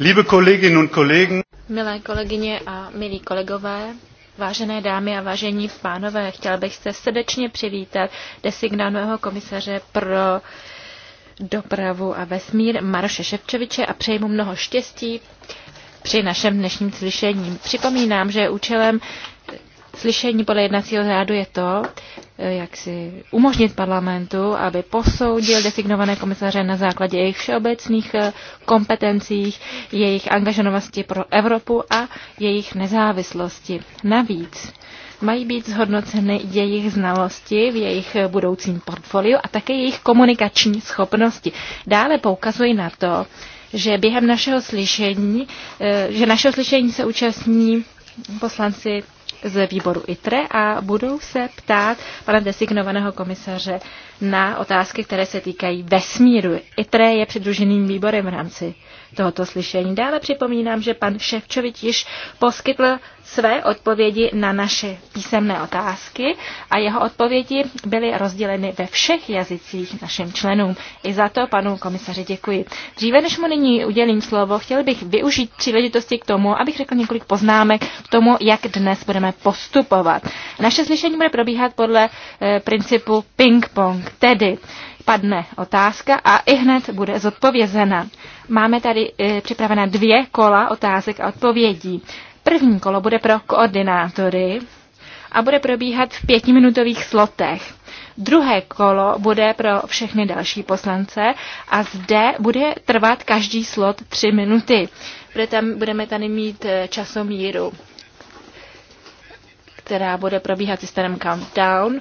Liebe Kolleginnen und Kollegen, Milé kolegyně a milí kolegové, vážené dámy a vážení pánové, chtěl bych se srdečně přivítat designovaného komisaře pro dopravu a vesmír Maroše Ševčoviče a přeji mu mnoho štěstí při našem dnešním slyšení. Připomínám, že účelem slyšení podle jednacího řádu je to, eh, jak si umožnit parlamentu, aby posoudil designované komisaře na základě jejich všeobecných eh, kompetencích, jejich angažovanosti pro Evropu a jejich nezávislosti. Navíc mají být zhodnoceny jejich znalosti v jejich eh, budoucím portfoliu a také jejich komunikační schopnosti. Dále poukazují na to, že během našeho slyšení, že našeho slyšení se účastní poslanci z výboru ITRE a budou se ptát pana designovaného komisaře na otázky, které se týkají vesmíru. ITRE je přidruženým výborem v rámci tohoto slyšení. Dále připomínám, že pan Ševčovič již poskytl své odpovědi na naše písemné otázky a jeho odpovědi byly rozděleny ve všech jazycích našim členům. I za to panu komisaři děkuji. Dříve než mu nyní udělím slovo, chtěl bych využít příležitosti k tomu, abych řekl několik poznámek k tomu, jak dnes budeme postupovat. Naše slyšení bude probíhat podle e, principu ping-pong, tedy padne otázka a i hned bude zodpovězena. Máme tady e, připravena dvě kola otázek a odpovědí. První kolo bude pro koordinátory a bude probíhat v pětiminutových slotech. Druhé kolo bude pro všechny další poslance a zde bude trvat každý slot tři minuty. Bude tam, budeme tady mít e, časomíru, která bude probíhat systémem countdown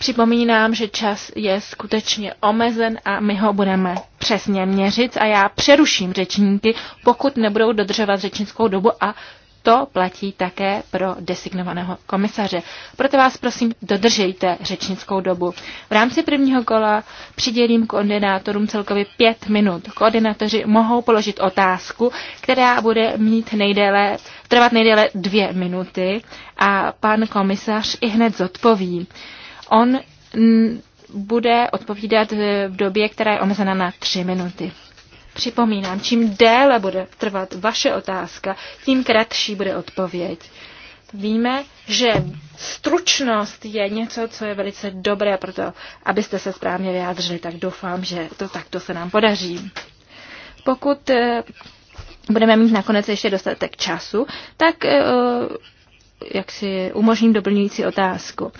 Připomínám, že čas je skutečně omezen a my ho budeme přesně měřit a já přeruším řečníky, pokud nebudou dodržovat řečnickou dobu a to platí také pro designovaného komisaře. Proto vás prosím, dodržejte řečnickou dobu. V rámci prvního kola přidělím koordinátorům celkově pět minut. Koordinátoři mohou položit otázku, která bude mít nejdéle, trvat nejdéle dvě minuty a pan komisař i hned zodpoví. On bude odpovídat v době, která je omezena na tři minuty. Připomínám, čím déle bude trvat vaše otázka, tím kratší bude odpověď. Víme, že stručnost je něco, co je velice dobré pro to, abyste se správně vyjádřili, tak doufám, že to takto se nám podaří. Pokud eh, budeme mít nakonec ještě dostatek času, tak eh, jak si umožním doplňující otázku.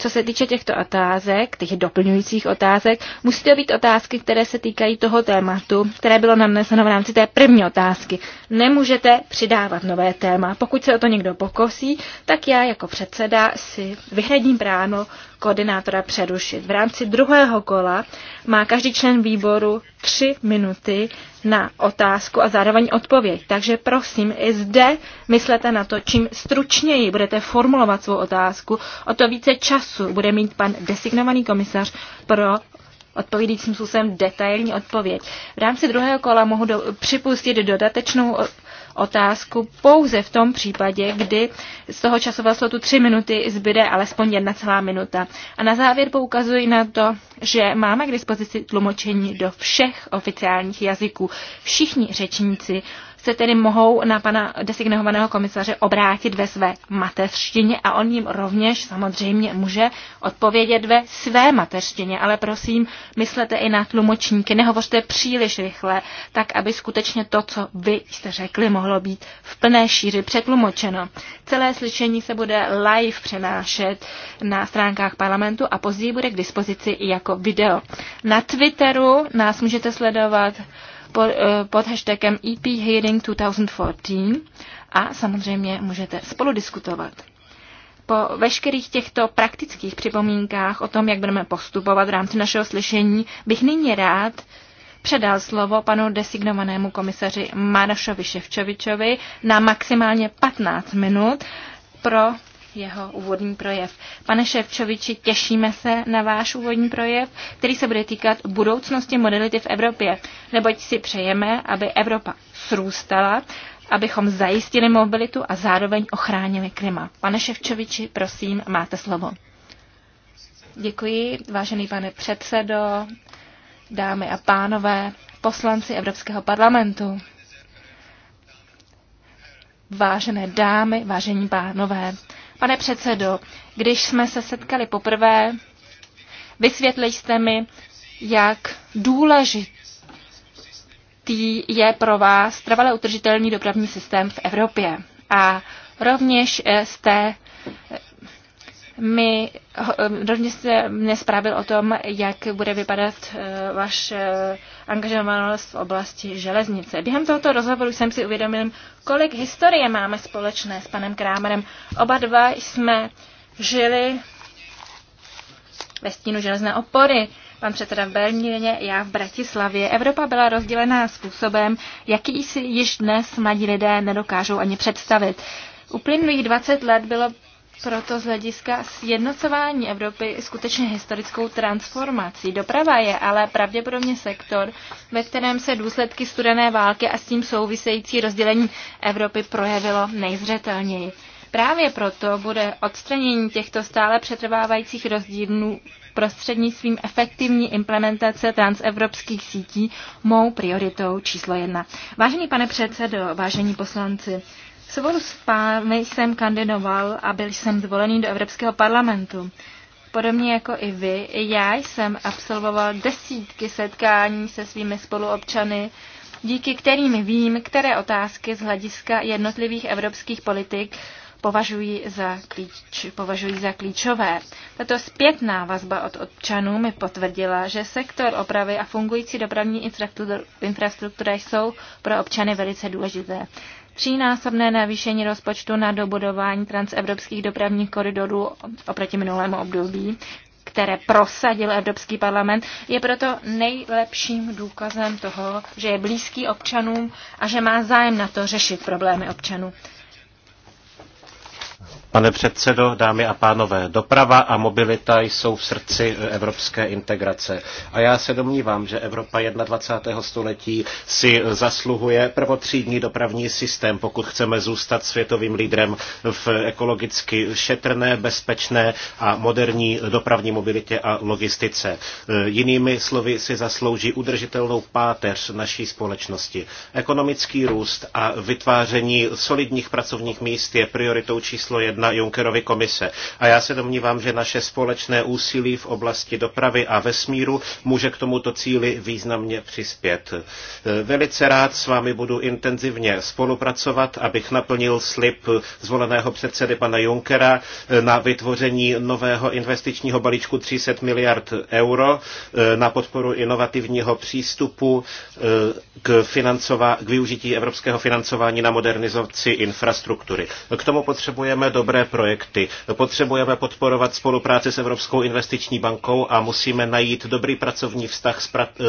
Co se týče těchto otázek, těch doplňujících otázek, musí to být otázky, které se týkají toho tématu, které bylo naneseno v rámci té první otázky. Nemůžete přidávat nové téma. Pokud se o to někdo pokosí, tak já jako předseda si vyhradím právo koordinátora přerušit. V rámci druhého kola má každý člen výboru tři minuty na otázku a zároveň odpověď. Takže prosím, i zde myslete na to, čím stručněji budete formulovat svou otázku, o to více času bude mít pan designovaný komisař pro odpovědícím způsobem detailní odpověď. V rámci druhého kola mohu do, připustit dodatečnou otázku pouze v tom případě, kdy z toho časového slotu tři minuty zbyde alespoň jedna celá minuta. A na závěr poukazuji na to, že máme k dispozici tlumočení do všech oficiálních jazyků. Všichni řečníci se tedy mohou na pana designovaného komisaře obrátit ve své mateřštině a on jim rovněž samozřejmě může odpovědět ve své mateřštině. Ale prosím, myslete i na tlumočníky, nehovořte příliš rychle, tak aby skutečně to, co vy jste řekli, mohlo být v plné šíři přetlumočeno. Celé slyšení se bude live přenášet na stránkách parlamentu a později bude k dispozici i jako video. Na Twitteru nás můžete sledovat Eh, pod hashtagem EP Hearing 2014 a samozřejmě můžete spolu diskutovat. Po veškerých těchto praktických připomínkách o tom, jak budeme postupovat v rámci našeho slyšení, bych nyní rád předal slovo panu designovanému komisaři Marošovi Ševčovičovi na maximálně 15 minut pro jeho úvodní projev. Pane Ševčoviči, těšíme se na váš úvodní projev, který se bude týkat budoucnosti modality v Evropě, neboť si přejeme, aby Evropa srůstala, abychom zajistili mobilitu a zároveň ochránili klima. Pane Ševčoviči, prosím, máte slovo. Děkuji, vážený pane předsedo, dámy a pánové, poslanci Evropského parlamentu, vážené dámy, vážení pánové. Pane předsedo, když jsme se setkali poprvé, vysvětli jste mi, jak důležitý je pro vás trvalé utržitelný dopravní systém v Evropě. A rovněž eh, jste mi eh, rovně se mě zprávil o tom, jak bude vypadat eh, vaše eh, angažovanost v oblasti železnice. Během tohoto rozhovoru jsem si uvědomil, kolik historie máme společné s panem Krámerem. Oba dva jsme žili ve stínu železné opory. Pan předseda v Berlíně, já v Bratislavě. Evropa byla rozdělená způsobem, jaký si již dnes mladí lidé nedokážou ani představit. Uplynulých 20 let bylo proto z hlediska sjednocování Evropy skutečně historickou transformací. Doprava je ale pravděpodobně sektor, ve kterém se důsledky studené války a s tím související rozdělení Evropy projevilo nejzřetelněji. Právě proto bude odstranění těchto stále přetrvávajících rozdílů prostřednictvím efektivní implementace transevropských sítí mou prioritou číslo jedna. Vážený pane předsedo, vážení poslanci, Spolu s jsem kandidoval a byl jsem zvolený do Evropského parlamentu. Podobně jako i vy, já jsem absolvoval desítky setkání se svými spoluobčany, díky kterým vím, které otázky z hlediska jednotlivých evropských politik považují za, klíč, považují za klíčové. Tato zpětná vazba od občanů mi potvrdila, že sektor opravy a fungující dopravní infrastruktura jsou pro občany velice důležité třínásobné navýšení rozpočtu na dobudování transevropských dopravních koridorů oproti minulému období, které prosadil Evropský parlament, je proto nejlepším důkazem toho, že je blízký občanům a že má zájem na to řešit problémy občanů. Pane předsedo, dámy a pánové, doprava a mobilita jsou v srdci eh, evropské integrace. A já se domnívám, že Evropa 21. století si eh, zasluhuje prvotřídní dopravní systém, pokud chceme zůstat světovým lídrem v ekologicky šetrné, bezpečné a moderní dopravní mobilitě a logistice. Eh, jinými slovy si zaslouží udržitelnou páteř naší společnosti. Ekonomický růst a vytváření solidních pracovních míst je prioritou číslo číslo jedna Junckerovy komise. A já se domnívám, že naše společné úsilí v oblasti dopravy a vesmíru může k tomuto cíli významně přispět. E, velice rád s vámi budu intenzivně spolupracovat, abych naplnil slib zvoleného předsedy pana Junckera e, na vytvoření nového investičního balíčku 300 miliard euro e, na podporu inovativního přístupu k, financova- k využití evropského financování na modernizaci infrastruktury. K tomu potřebujeme potřebujeme dobré projekty, potřebujeme podporovat spolupráci s Evropskou investiční bankou a musíme najít dobrý pracovní vztah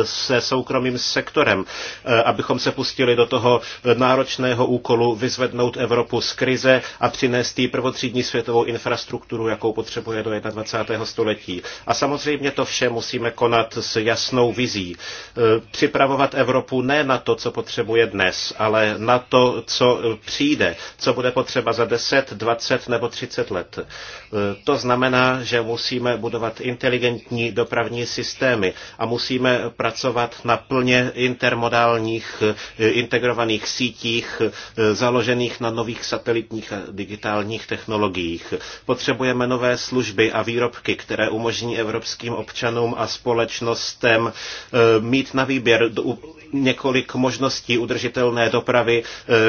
se soukromým sektorem, eh, abychom se pustili do toho náročného úkolu vyzvednout Evropu z krize a přinést jí prvotřídní světovou infrastrukturu, jakou potřebuje do 21. století. A samozřejmě to vše musíme konat s jasnou vizí. Eh, připravovat Evropu ne na to, co potřebuje dnes, ale na to, co přijde, co bude potřeba za 10, 20 20 nebo 30 let. E, to znamená, že musíme budovat inteligentní dopravní systémy a musíme pracovat na plně intermodálních e, integrovaných sítích e, založených na nových satelitních a digitálních technologiích. Potřebujeme nové služby a výrobky, které umožní evropským občanům a společnostem mít na výběr několik možností udržitelné dopravy,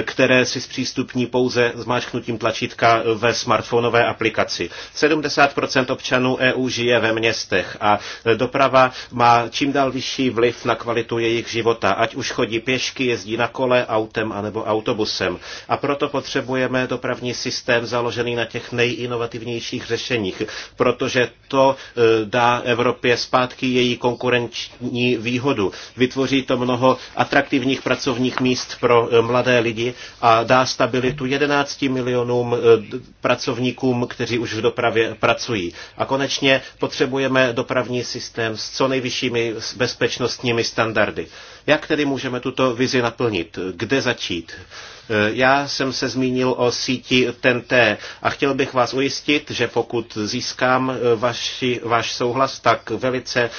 které si zpřístupní pouze zmáčknutím tlačítka ve smartphonové aplikaci. 70% občanů EU žije ve městech a doprava má čím dál vyšší vliv na kvalitu jejich života, ať už chodí pěšky, jezdí na kole, autem anebo autobusem. A proto potřebujeme dopravní systém založený na těch nejinovativnějších řešeních, protože to e, dá Evropě zpátky její konkurenční výhodu. Vytvoří to mnoho atraktivních pracovních míst pro e, mladé lidi a dá stabilitu 11 milionům e, pracovníkům, kteří už v dopravě pracují. A konečně potřebujeme dopravní systém s co nejvyššími bezpečnostními standardy. Jak tedy můžeme tuto vizi naplnit? Kde začít? E, já jsem se zmínil o síti TNT a chtěl bych vás ujistit, že pokud získám e, vaši, váš souhlas, tak velice e,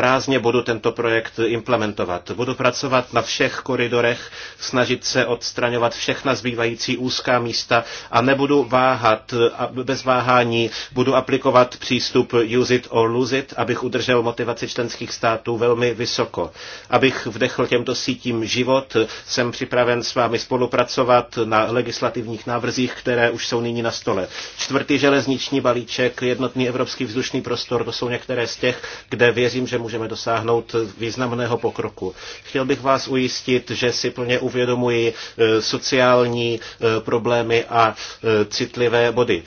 rázně budu tento projekt implementovat. Budu pracovat na všech koridorech, snažit se odstraňovat všechna zbývající úzká místa a nebudu váhat a bez váhání budu aplikovat přístup use it or lose it, abych udržel motivaci členských států velmi vysoko. Abych v vdechl těmto sítím život. Jsem připraven s vámi spolupracovat na legislativních návrzích, které už jsou nyní na stole. Čtvrtý železniční balíček, jednotný evropský vzdušný prostor, to jsou některé z těch, kde věřím, že můžeme dosáhnout významného pokroku. Chtěl bych vás ujistit, že si plně uvědomuji eh, sociální eh, problémy a eh, citlivé body.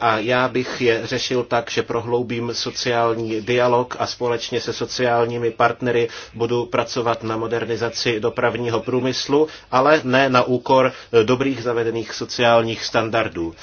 A já bych je řešil tak, že prohloubím sociální dialog a společně se sociálními partnery budu pracovat na na modernizaci dopravního průmyslu, ale ne na úkor eh, dobrých zavedených sociálních standardů.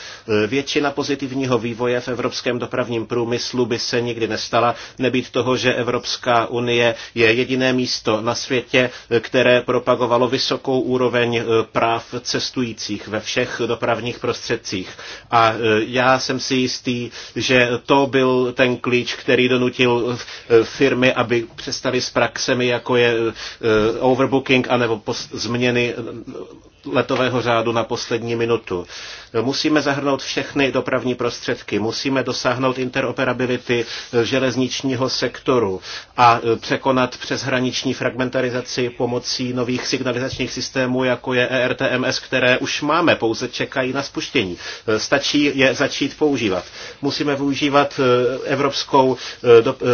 Eh, většina pozitivního vývoje v evropském dopravním průmyslu by se nikdy nestala, nebýt toho, že Evropská unie je jediné místo na světě, eh, které propagovalo vysokou úroveň práv cestujících ve všech dopravních prostředcích. A já jsem si jistý, že to byl ten klíč, který donutil firmy, aby přestali s praxemi, jako je Eh, overbooking anebo změny letového řádu na poslední minutu. Musíme zahrnout všechny dopravní prostředky, musíme dosáhnout interoperability eh, železničního sektoru a eh, překonat přeshraniční fragmentarizaci pomocí nových signalizačních systémů, jako je ERTMS, které už máme, pouze čekají na spuštění. Eh, stačí je začít používat. Musíme využívat Evropskou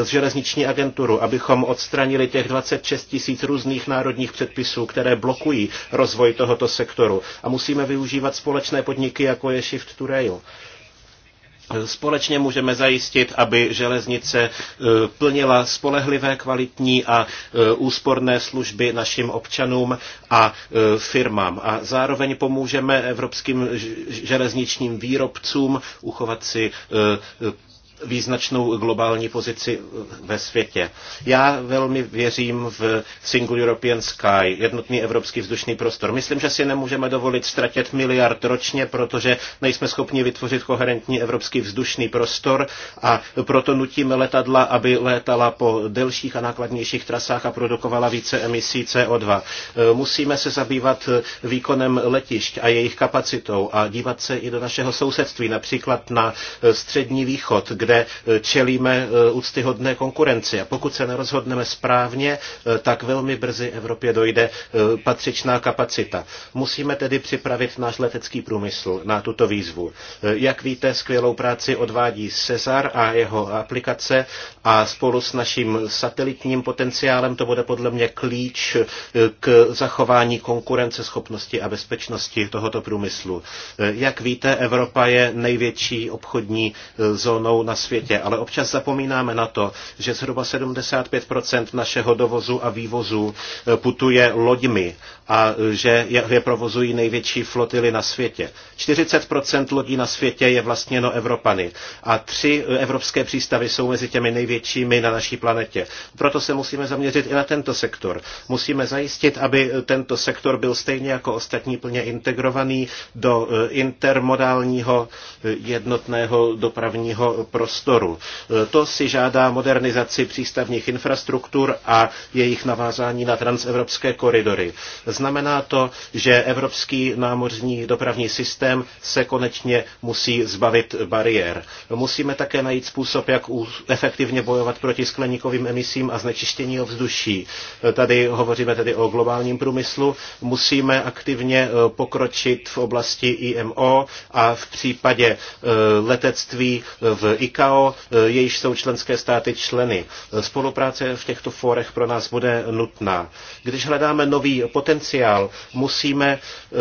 železniční agenturu, abychom odstranili těch 26 tisíc různých národních předpisů, které blokují rozvoj tohoto sektoru. A musíme využívat společné podniky, jako je Shift to Rail. Společně můžeme zajistit, aby železnice eh, plnila spolehlivé, kvalitní a eh, úsporné služby našim občanům a eh, firmám. A zároveň pomůžeme evropským železničním výrobcům uchovat si význačnou globální pozici ve světě. Já velmi věřím v Single European Sky, jednotný evropský vzdušný prostor. Myslím, že si nemůžeme dovolit ztratit miliard ročně, protože nejsme schopni vytvořit koherentní evropský vzdušný prostor a proto nutíme letadla, aby létala po delších a nákladnějších trasách a produkovala více emisí CO2. Musíme se zabývat výkonem letišť a jejich kapacitou a dívat se i do našeho sousedství, například na střední východ, kde eh, čelíme eh, úctyhodné konkurenci. A pokud se nerozhodneme správně, eh, tak velmi brzy Evropě dojde patřičná kapacita. Musíme tedy připravit náš letecký průmysl na tuto výzvu. Jak víte, skvělou práci odvádí Cezar a jeho aplikace a spolu s naším satelitním potenciálem to bude podle mě klíč k zachování konkurenceschopnosti a bezpečnosti tohoto průmyslu. Jak víte, Evropa je největší obchodní zónou na světě, ale občas zapomínáme na to, že zhruba 75% našeho dovozu a vývozu eh, putuje loďmi a že je provozují největší flotily na světě. 40% lodí na světě je vlastněno Evropany a tři evropské přístavy jsou mezi těmi největšími na naší planetě. Proto se musíme zaměřit i na tento sektor. Musíme zajistit, aby tento sektor byl stejně jako ostatní plně integrovaný do eh, intermodálního eh, jednotného dopravního prostoru. Eh, to si žádá modernizaci přístavních infrastruktur a jejich navázání na transevropské koridory Znamená to, že evropský námořní dopravní systém se konečně musí zbavit bariér. Musíme také najít způsob, jak efektivně bojovat proti skleníkovým emisím a znečištění ovzduší. Tady hovoříme tedy o globálním průmyslu. Musíme aktivně e, pokročit v oblasti IMO a v případě e, letectví v ICAO, e, jejíž jsou členské státy členy. Spolupráce v těchto fórech pro nás bude nutná. Když hledáme nový potenciál, potenciál. Musíme eh,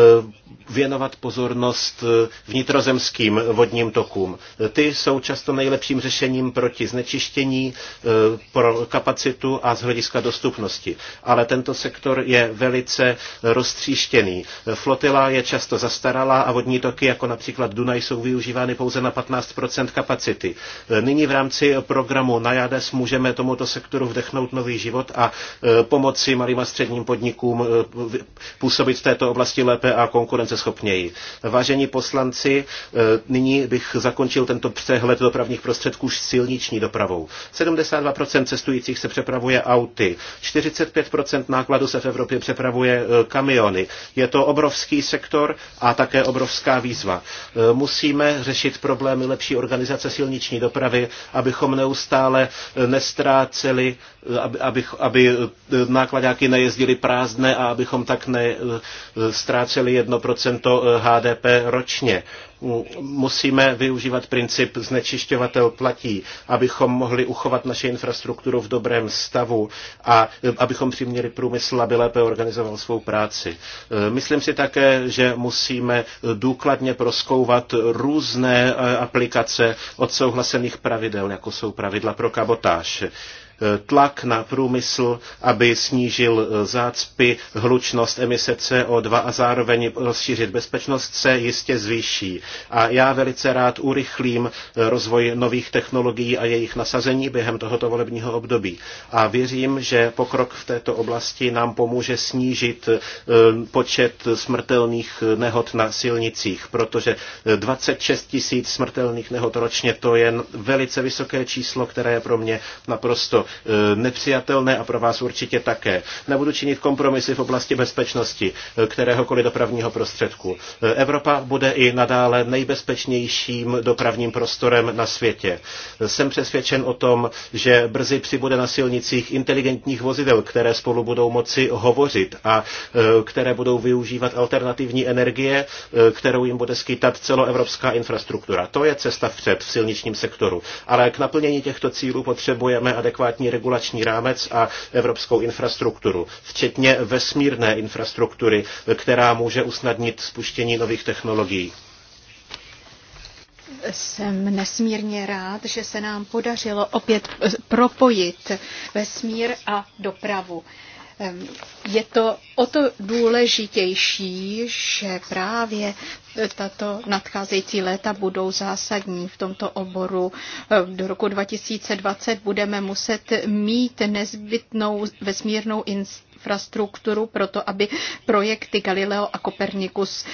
věnovat pozornost eh, vnitrozemským vodním tokům. Ty jsou často nejlepším řešením proti znečištění, eh, pro kapacitu a z hlediska dostupnosti. Ale tento sektor je velice roztříštěný. Flotila je často zastaralá a vodní toky, jako například Dunaj, jsou využívány pouze na 15 kapacity. Nyní v rámci programu Najades můžeme tomuto sektoru vdechnout nový život a pomoci malým a středním podnikům působit v této oblasti lépe a konkurenceschopněji. Vážení poslanci, e, nyní bych zakončil tento přehled dopravních prostředků silniční dopravou. 72% cestujících se přepravuje auty, 45% nákladu se v Evropě přepravuje e, kamiony. Je to obrovský sektor a také obrovská výzva. E, musíme řešit problémy lepší organizace silniční dopravy, abychom neustále nestráceli, aby, aby, aby nákladáky nejezdily prázdné a abychom tak ne, eh, ztráceli 1% eh, HDP ročně. Musíme využívat princip znečišťovatel platí, abychom mohli uchovat naši infrastrukturu v dobrém stavu a eh, abychom přiměli průmysl, aby lépe organizoval svou práci. Myslím si také, že musíme důkladně proskouvat různé aplikace odsouhlasených pravidel, jako jsou pravidla pro kabotáž tlak na průmysl, aby snížil eh, zácpy, hlučnost emise CO2 a zároveň rozšířit bezpečnost se jistě zvýší. A já velice rád urychlím eh, rozvoj nových technologií a jejich nasazení během tohoto volebního období. A věřím, že pokrok v této oblasti nám pomůže snížit eh, počet smrtelných nehod na silnicích, protože 26 tisíc smrtelných nehod ročně to je velice vysoké číslo, které je pro mě naprosto Eh, nepřijatelné a pro vás určitě také. Nebudu činit kompromisy v oblasti bezpečnosti eh, kteréhokoliv dopravního prostředku. Eh, Evropa bude i nadále nejbezpečnějším dopravním prostorem na světě. Jsem přesvědčen o tom, že brzy přibude na silnicích inteligentních vozidel, které spolu budou moci hovořit a které budou využívat alternativní energie, kterou jim bude skýtat celoevropská infrastruktura. To je cesta vpřed v silničním sektoru. Ale k naplnění těchto cílů potřebujeme adekvátní státní regulační rámec a evropskou infrastrukturu, včetně vesmírné infrastruktury, která může usnadnit spuštění nových technologií. Jsem nesmírně rád, že se nám podařilo opět propojit vesmír a dopravu. Je to o to důležitější, že právě tato nadcházející léta budou zásadní v tomto oboru. Do roku 2020 budeme muset mít nezbytnou vesmírnou infrastrukturu pro to, aby projekty Galileo a Copernicus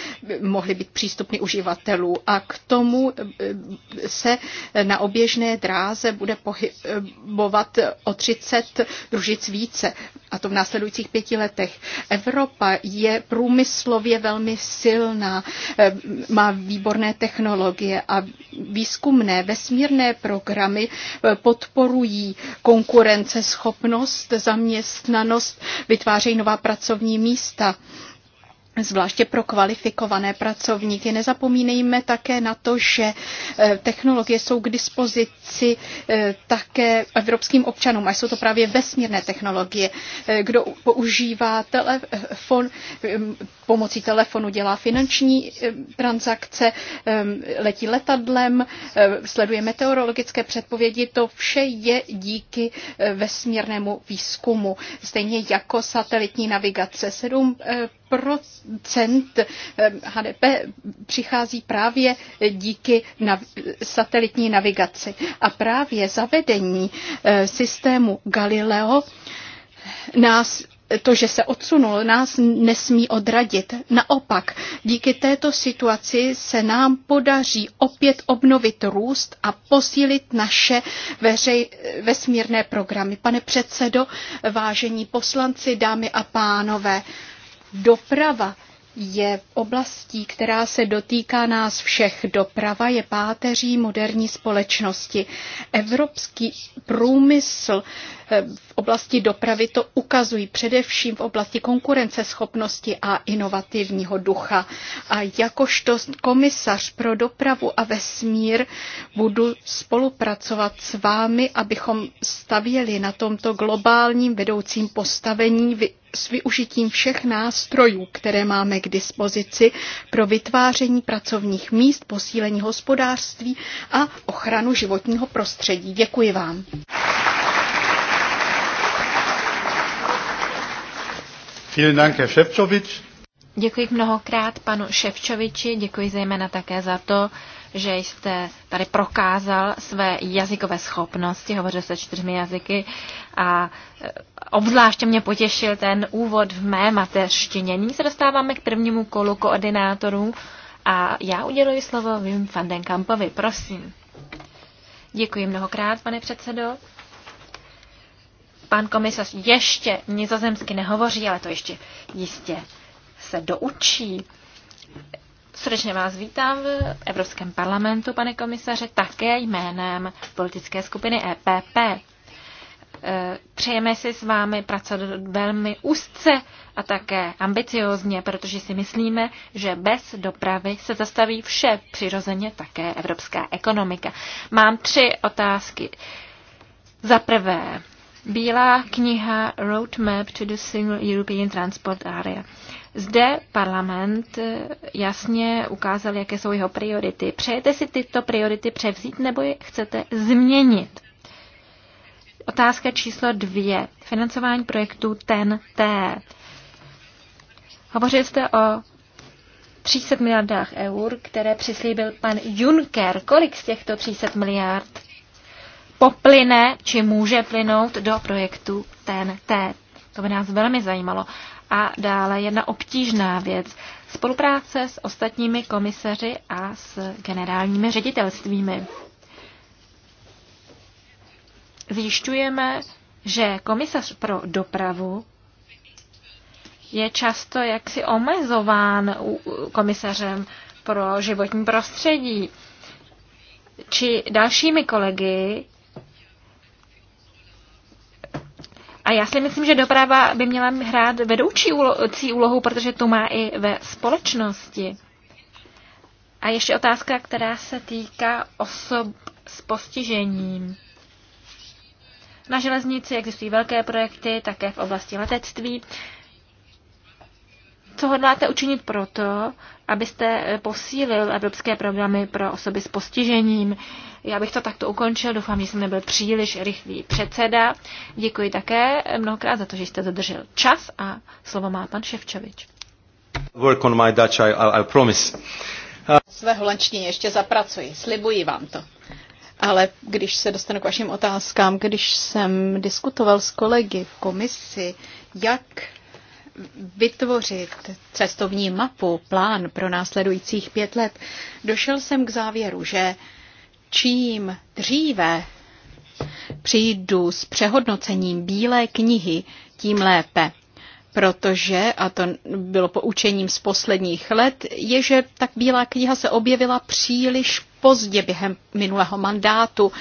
mohly být přístupny uživatelů. A k tomu eh, se na oběžné dráze bude pohybovat o 30 družic více, a to v následujících pěti letech. Evropa je průmyslově velmi silná, eh, má výborné technologie a výzkumné vesmírné programy eh, podporují konkurenceschopnost, zaměstnanost, vytvářejí nová pracovní místa zvláště pro kvalifikované pracovníky. Nezapomínejme také na to, že eh, technologie jsou k dispozici eh, také evropským občanům a jsou to právě vesmírné technologie. Eh, kdo používá telefon, ehm, pomocí telefonu dělá finanční ehm, transakce, ehm, letí letadlem, sleduje meteorologické předpovědi, to vše je díky vesmírnému výzkumu. Stejně jako satelitní navigace. 7 HDP ehm, přichází právě díky satelitní navigaci. A právě zavedení eh, systému Galileo nás to, že se odsunul, nás nesmí odradit. Naopak, díky této situaci se nám podaří opět obnovit růst a posílit naše veřej, vesmírné programy. Pane předsedo, vážení poslanci, dámy a pánové, Doprava je oblastí, která se dotýká nás všech. Doprava je páteří moderní společnosti. Evropský průmysl Eh, v oblasti dopravy to ukazují především v oblasti konkurenceschopnosti a inovativního ducha. A jakožto komisař pro dopravu a vesmír budu spolupracovat s vámi, abychom stavěli na tomto globálním vedoucím postavení s využitím všech nástrojů, které máme k dispozici pro vytváření pracovních míst, posílení hospodářství a ochranu životního prostředí. Děkuji vám. Vielen Dank, Herr Děkuji mnohokrát panu Ševčoviči, děkuji zejména také za to, že jste tady prokázal své jazykové schopnosti, hovořil se čtyřmi jazyky a eh, obzvláště mě potěšil ten úvod v mé mateřštině. Nyní se dostáváme k prvnímu kolu koordinátorů a já uděluji slovo Vim van den Kampovi, prosím. Děkuji mnohokrát, pane předsedo. Pan komisař ještě nizozemsky nehovoří, ale to ještě jistě se doučí. Srdečně vás vítám v Evropském parlamentu, pane komisaře, také jménem politické skupiny EPP. E, přejeme si s vámi pracovat velmi úzce a také ambiciozně, protože si myslíme, že bez dopravy se zastaví vše, přirozeně také evropská ekonomika. Mám tři otázky. Za prvé, Bílá kniha Roadmap to the Single European Transport Area. Zde parlament eh, jasně ukázal, jaké jsou jeho priority. Přejete si tyto priority převzít nebo je chcete změnit? Otázka číslo dvě. Financování projektu TEN-T. Hovořil jste o 300 miliardách eur, které přislíbil pan Juncker. Kolik z těchto 300 miliard poplyne, či může plynout do projektu TNT. To by nás velmi zajímalo. A dále jedna obtížná věc. Spolupráce s ostatními komisaři a s generálními ředitelstvími. Zjišťujeme, že komisař pro dopravu je často jaksi omezován komisařem pro životní prostředí či dalšími kolegy, A já si myslím, že doprava by měla hrát vedoucí úlohu, protože to má i ve společnosti. A ještě otázka, která se týká osob s postižením. Na železnici existují velké projekty, také v oblasti letectví. Co hodláte učinit proto, abyste eh, posílil evropské programy pro osoby s postižením. Já bych to takto ukončil, doufám, že jsem nebyl příliš rychlý předseda. Děkuji také eh, mnohokrát za to, že jste dodržel čas a slovo má pan Ševčovič. Work on my Dutch, I, I, I promise. Uh... Své holandštině ještě zapracuji, slibuji vám to. Ale když se dostanu k vašim otázkám, když jsem diskutoval s kolegy v komisi, jak vytvořit cestovní mapu, plán pro následujících pět let, došel jsem k závěru, že čím dříve přijdu s přehodnocením bílé knihy, tím lépe. Protože, a to bylo poučením z posledních let, je, že tak bílá kniha se objevila příliš pozdě během minulého mandátu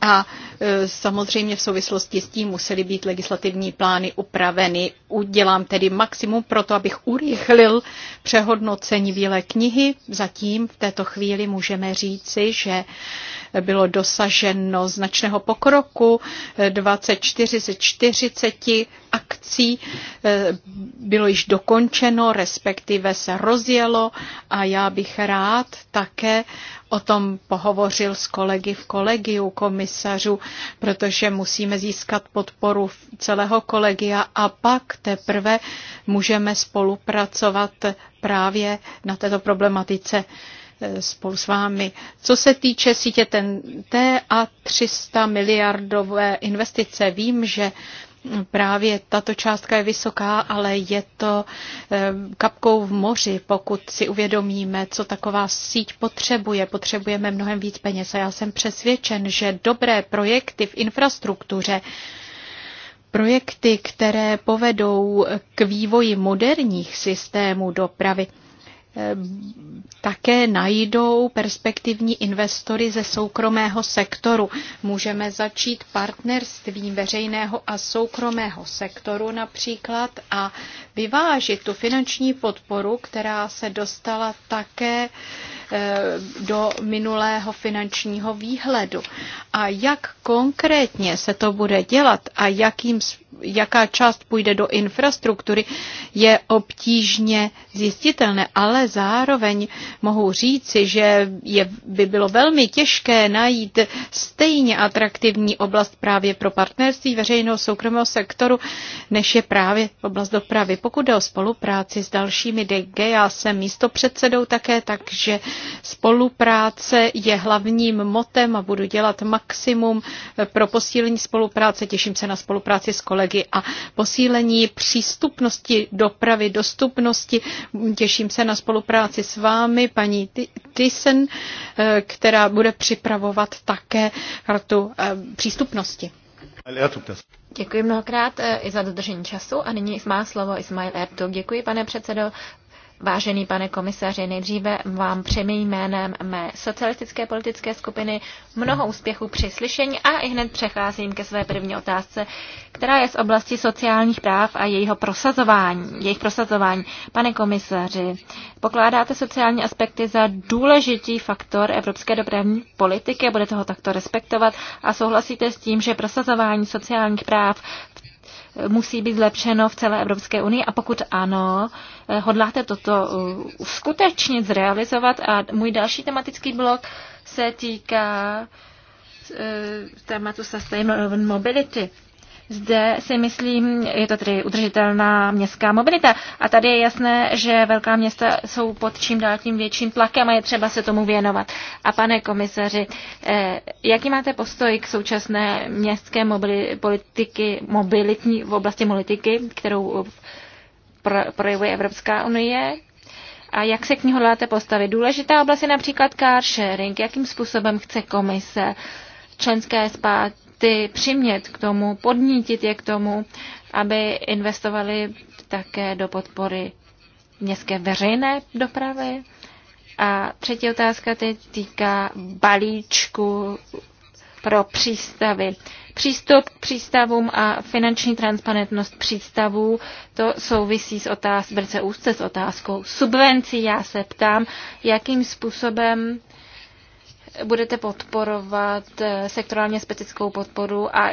a e, samozřejmě v souvislosti s tím musely být legislativní plány upraveny. Udělám tedy maximum pro to, abych urychlil přehodnocení Bílé knihy. Zatím v této chvíli můžeme říci, že bylo dosaženo značného pokroku. E, 24 ze 40 akcí eh, bylo již dokončeno, respektive se rozjelo a já bych rád také o tom pohovořil s kolegy v kolegiu komisařů, protože musíme získat podporu celého kolegia a pak teprve můžeme spolupracovat právě na této problematice eh, spolu s vámi. Co se týče sítě T a 300 miliardové investice, vím, že Právě tato částka je vysoká, ale je to eh, kapkou v moři, pokud si uvědomíme, co taková síť potřebuje. Potřebujeme mnohem víc peněz a já jsem přesvědčen, že dobré projekty v infrastruktuře projekty, které povedou k vývoji moderních systémů dopravy, Eh, také najdou perspektivní investory ze soukromého sektoru. Můžeme začít partnerstvím veřejného a soukromého sektoru například a vyvážit tu finanční podporu, která se dostala také eh, Eh, do minulého finančního výhledu. A jak konkrétně se to bude dělat a jakým, jaká část půjde do infrastruktury, je obtížně zjistitelné, ale zároveň mohu říci, že je, by bylo velmi těžké najít stejně atraktivní oblast právě pro partnerství veřejného soukromého sektoru, než je právě oblast dopravy. Pokud jde o spolupráci s dalšími DG, já jsem místo předsedou také, takže Spolupráce je hlavním motem a budu dělat maximum pro posílení spolupráce. Těším se na spolupráci s kolegy a posílení přístupnosti dopravy, dostupnosti. Těším se na spolupráci s vámi, paní Tyson, eh, která bude připravovat také kartu eh, přístupnosti. Děkuji mnohokrát eh, i za dodržení času a nyní má slovo Ismail Ertug. Děkuji, pane předsedo. Vážený pane komisaři, nejdříve vám přemý jménem mé socialistické politické skupiny mnoho úspěchů při slyšení a i hned přecházím ke své první otázce, která je z oblasti sociálních práv a jejího prosazování, jejich prosazování. Pane komisaři, pokládáte sociální aspekty za důležitý faktor evropské dopravní politiky a budete ho takto respektovat a souhlasíte s tím, že prosazování sociálních práv musí být zlepšeno v celé Evropské unii a pokud ano, hodláte toto uh, skutečně zrealizovat. A můj další tematický blok se týká uh, tématu sustainable mobility. Zde si myslím, je to tedy udržitelná městská mobilita. A tady je jasné, že velká města jsou pod čím dál tím větším tlakem a je třeba se tomu věnovat. A pane komisaři, eh, jaký máte postoj k současné městské mobili- politiky, mobilitní v oblasti politiky, kterou projevuje Evropská unie a jak se k ní hodláte postavit. Důležitá oblast je například car sharing, jakým způsobem chce komise členské spáty přimět k tomu, podnítit je k tomu, aby investovali také do podpory městské veřejné dopravy. A třetí otázka teď týká balíčku pro přístavy. Přístup k přístavům a finanční transparentnost přístavů, to souvisí s otázkou, velice úzce s otázkou subvencí. Já se ptám, jakým způsobem budete podporovat eh, sektorálně specifickou podporu a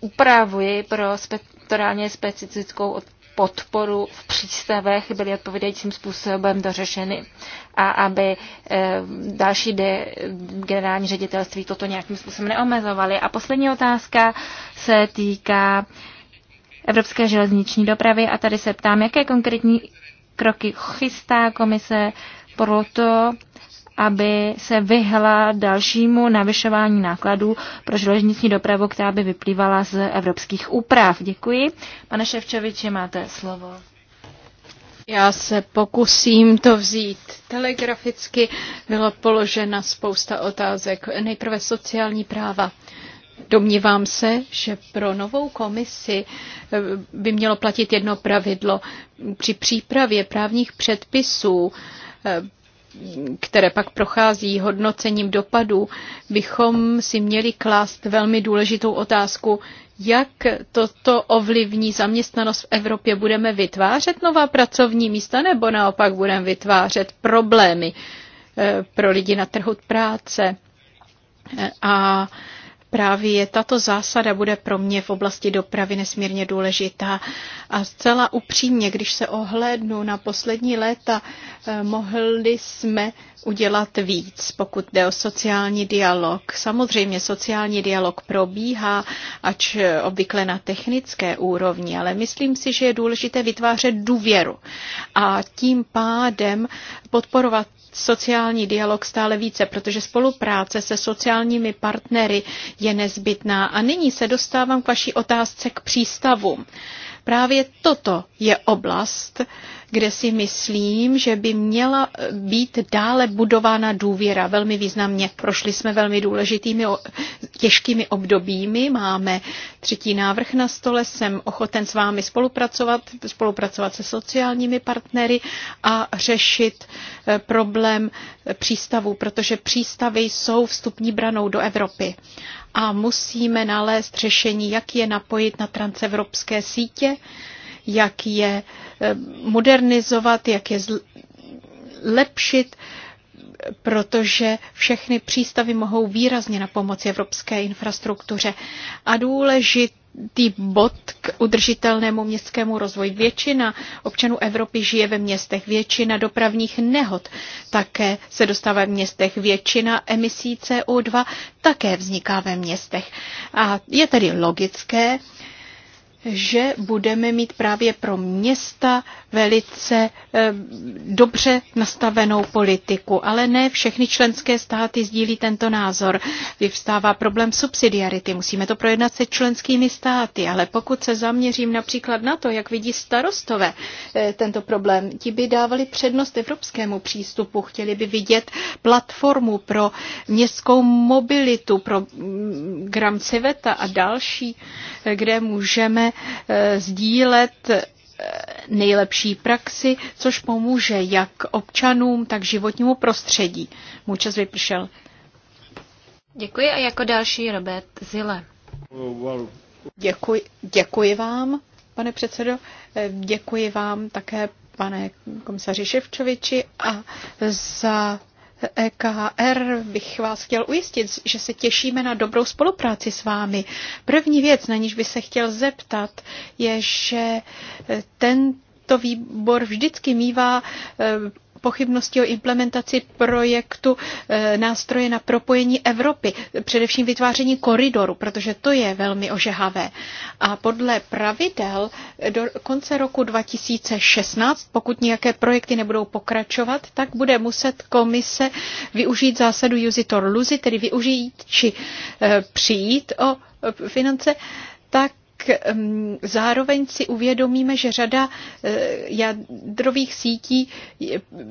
úpravy pro sektorálně specifickou podporu v přístavech byly odpovědajícím způsobem dořešeny a aby eh, další de, generální ředitelství toto nějakým způsobem neomezovaly. A poslední otázka se týká evropské železniční dopravy a tady se ptám, jaké konkrétní kroky chystá komise proto, aby se vyhla dalšímu navyšování nákladů pro železniční dopravu, která by vyplývala z evropských úprav. Děkuji. Pane Ševčoviči, máte slovo. Já se pokusím to vzít telegraficky. Bylo položena spousta otázek. Nejprve sociální práva. Domnívám se, že pro novou komisi eh, by mělo platit jedno pravidlo. Při přípravě právních předpisů eh, které pak prochází hodnocením dopadů, bychom si měli klást velmi důležitou otázku, jak toto ovlivní zaměstnanost v Evropě. Budeme vytvářet nová pracovní místa nebo naopak budeme vytvářet problémy eh, pro lidi na trhu práce? Eh, a Právě tato zásada bude pro mě v oblasti dopravy nesmírně důležitá. A zcela upřímně, když se ohlédnu na poslední léta, eh, mohli jsme udělat víc, pokud jde o sociální dialog. Samozřejmě sociální dialog probíhá, ač obvykle na technické úrovni, ale myslím si, že je důležité vytvářet důvěru a tím pádem podporovat sociální dialog stále více, protože spolupráce se sociálními partnery je nezbytná. A nyní se dostávám k vaší otázce k přístavům. Právě toto je oblast, kde si myslím, že by měla být dále budována důvěra velmi významně. Prošli jsme velmi důležitými těžkými obdobími. Máme třetí návrh na stole. Jsem ochoten s vámi spolupracovat, spolupracovat se sociálními partnery a řešit eh, problém přístavů, protože přístavy jsou vstupní branou do Evropy a musíme nalézt řešení, jak je napojit na transevropské sítě, jak je eh, modernizovat, jak je zlepšit, protože všechny přístavy mohou výrazně na pomoci evropské infrastruktuře. A důležité tý bod k udržitelnému městskému rozvoji. Většina občanů Evropy žije ve městech, většina dopravních nehod také se dostává v městech, většina emisí CO2 také vzniká ve městech. A je tedy logické, že budeme mít právě pro města velice eh, dobře nastavenou politiku, ale ne všechny členské státy sdílí tento názor. Vyvstává problém subsidiarity, musíme to projednat se členskými státy, ale pokud se zaměřím například na to, jak vidí starostové eh, tento problém, ti by dávali přednost evropskému přístupu, chtěli by vidět platformu pro městskou mobilitu, pro mm, Gram Civeta a další, eh, kde můžeme Eh, sdílet eh, nejlepší praxi, což pomůže jak občanům, tak životnímu prostředí. Můj čas vypršel. Děkuji a jako další Robert Zile. Děkuji, děkuji vám, pane předsedo. Eh, děkuji vám také, pane komisaři Ševčoviči, a za EKR bych vás chtěl ujistit, že se těšíme na dobrou spolupráci s vámi. První věc, na níž by se chtěl zeptat, je, že ten to výbor vždycky mývá pochybnosti o implementaci projektu eh, nástroje na propojení Evropy, především vytváření koridoru, protože to je velmi ožehavé. A podle pravidel do konce roku 2016, pokud nějaké projekty nebudou pokračovat, tak bude muset komise využít zásadu use it or lose it, tedy využít či eh, přijít o eh, finance, tak zároveň si uvědomíme, že řada eh, jadrových sítí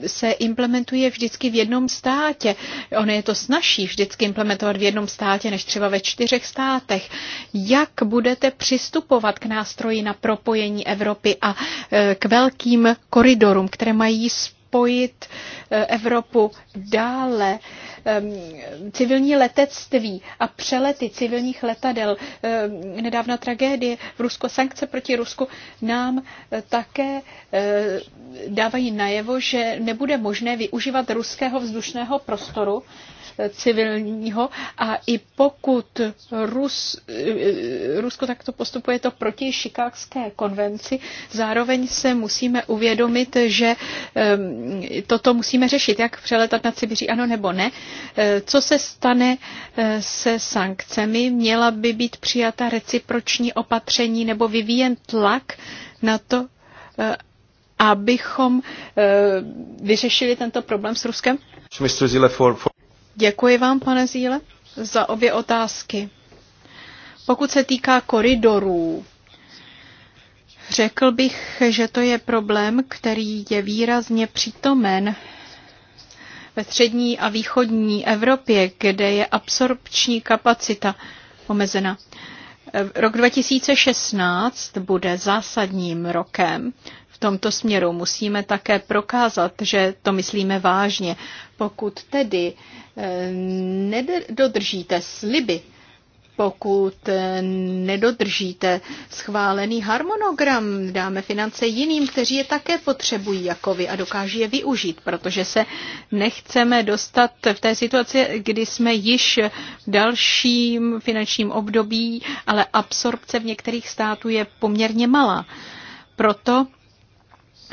se implementuje vždycky v jednom státě. Ono je to snažší vždycky implementovat v jednom státě, než třeba ve čtyřech státech. Jak budete přistupovat k nástroji na propojení Evropy a eh, k velkým koridorům, které mají spojit eh, Evropu dále. Ehm, civilní letectví a přelety civilních letadel, ehm, nedávna tragédie v Rusko, sankce proti Rusku nám eh, také eh, dávají najevo, že nebude možné využívat ruského vzdušného prostoru civilního a i pokud Rus, Rusko takto postupuje to proti šikákské konvenci, zároveň se musíme uvědomit, že toto musíme řešit, jak přeletat nad Sibiří, ano nebo ne. E, co se stane e, se sankcemi? Měla by být přijata reciproční opatření nebo vyvíjen tlak na to, e, abychom vyřešili tento problém s Ruskem? Mr. Zile, for, for... Děkuji vám, pane Zíle, za obě otázky. Pokud se týká koridorů, řekl bych, že to je problém, který je výrazně přítomen ve střední a východní Evropě, kde je absorpční kapacita omezena. Rok 2016 bude zásadním rokem. V tomto směru musíme také prokázat, že to myslíme vážně. Pokud tedy nedodržíte sliby, pokud nedodržíte schválený harmonogram, dáme finance jiným, kteří je také potřebují jako vy a dokáží je využít, protože se nechceme dostat v té situaci, kdy jsme již v dalším finančním období, ale absorpce v některých států je poměrně malá. Proto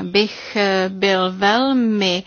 bych byl velmi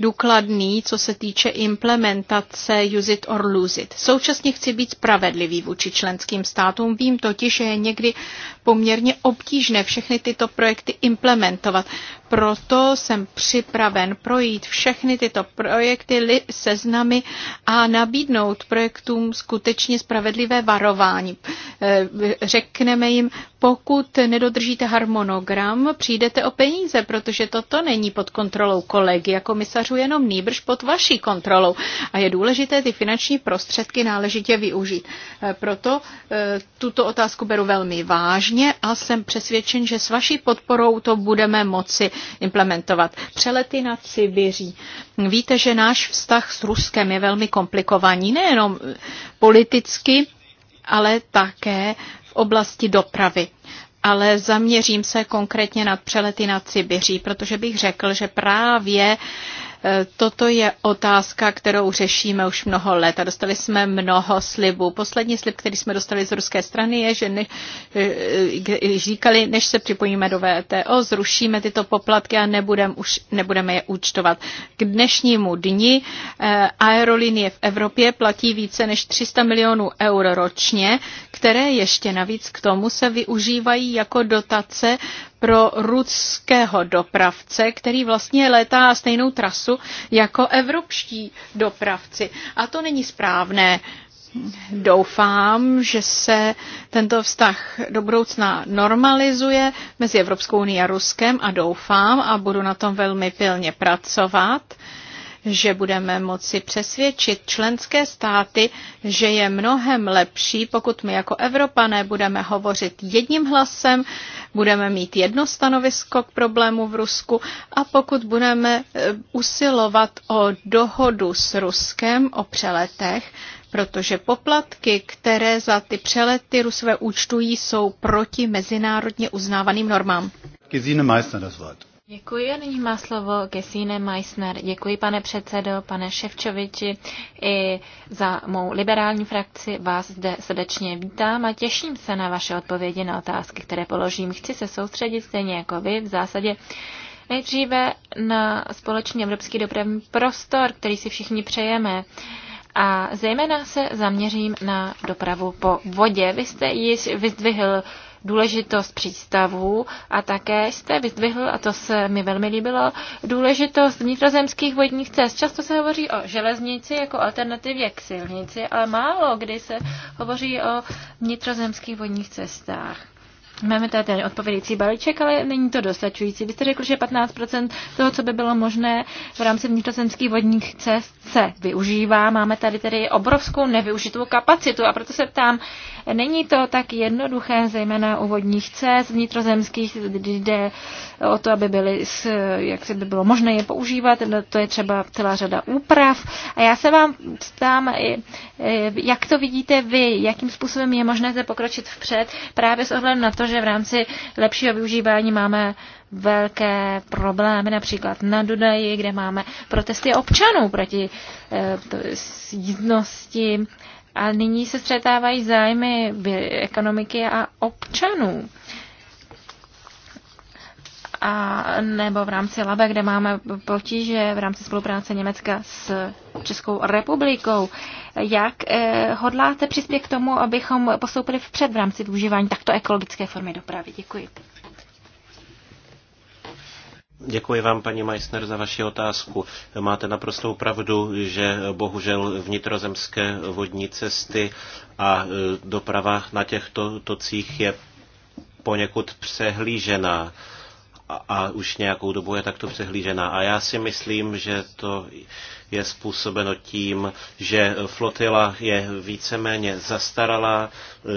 důkladný, co se týče implementace use it or lose it. Současně chci být spravedlivý vůči členským státům. Vím totiž, že je někdy poměrně obtížné všechny tyto projekty implementovat, proto jsem připraven projít všechny tyto projekty seznamy a nabídnout projektům skutečně spravedlivé varování. Eh, řekneme jim, pokud nedodržíte harmonogram, přijdete o peníze, protože toto není pod kontrolou kolegy a komisařů, jenom nýbrž pod vaší kontrolou. A je důležité ty finanční prostředky náležitě využít. Eh, proto eh, tuto otázku beru velmi vážně a jsem přesvědčen, že s vaší podporou to budeme moci implementovat. Přelety nad Sibiří. Víte, že náš vztah s Ruskem je velmi komplikovaný, nejenom politicky, ale také v oblasti dopravy ale zaměřím se konkrétně na přelety nad Sibiří, protože bych řekl, že právě Eh, toto je otázka, kterou řešíme už mnoho let a dostali jsme mnoho slibů. Poslední slib, který jsme dostali z ruské strany, je, že ne, eh, eh, říkali, než se připojíme do VTO, zrušíme tyto poplatky a nebudem už, nebudeme je účtovat. K dnešnímu dni aerolinie v Evropě platí více než 300 milionů euro ročně, které ještě navíc k tomu se využívají jako dotace pro ruského dopravce, který vlastně létá stejnou trasu jako evropští dopravci. A to není správné. Doufám, že se tento vztah do budoucna normalizuje mezi Evropskou unii a Ruskem a doufám a budu na tom velmi pilně pracovat, že budeme moci přesvědčit členské státy, že je mnohem lepší, pokud my jako Evropané budeme hovořit jedním hlasem, budeme mít jedno stanovisko k problému v Rusku a pokud budeme eh, usilovat o dohodu s Ruskem o přeletech, protože poplatky, které za ty přelety Rusové účtují, jsou proti mezinárodně uznávaným normám. Gesine Meissner das Wort. Děkuji a nyní má slovo Gesine Meissner. Děkuji, pane předsedo, pane Ševčoviči, i za mou liberální frakci vás zde srdečně vítám a těším se na vaše odpovědi na otázky, které položím. Chci se soustředit stejně jako vy v zásadě nejdříve na společný evropský dopravní prostor, který si všichni přejeme a zejména se zaměřím na dopravu po vodě. Vy jste již vyzdvihl důležitost přístavů a také jste vyzdvihl, a to se mi velmi líbilo, důležitost vnitrozemských vodních cest. Často se hovoří o železnici jako alternativě k silnici, ale málo kdy se hovoří o vnitrozemských vodních cestách. Máme tady ten odpovědící balíček, ale není to dostačující. Vy jste řekl, že 15% toho, co by bylo možné v rámci vnitrozemských vodních cest, se využívá. Máme tady tedy obrovskou nevyužitou kapacitu a proto se ptám, Není to tak jednoduché, zejména u vodních cest vnitrozemských, kdy jde o to, aby byly, jak se by bylo možné je používat, no, to je třeba celá řada úprav. A já se vám ptám, jak to vidíte vy, jakým způsobem je možné se pokročit vpřed, právě s ohledem na to, že v rámci lepšího využívání máme velké problémy, například na Dudaji, kde máme protesty občanů proti e, jízdnosti a nyní se střetávají zájmy ekonomiky a občanů. A nebo v rámci LABE, kde máme potíže v rámci spolupráce Německa s Českou republikou. Jak eh, hodláte přispět k tomu, abychom postoupili vpřed v rámci využívání takto ekologické formy dopravy? Děkuji. Děkuji vám, paní Meissner, za vaši otázku. Máte naprostou pravdu, že bohužel vnitrozemské vodní cesty a e, doprava na těchto tocích je poněkud přehlížená a, a už nějakou dobu je takto přehlížená. A já si myslím, že to je způsobeno tím, že flotila je víceméně zastaralá,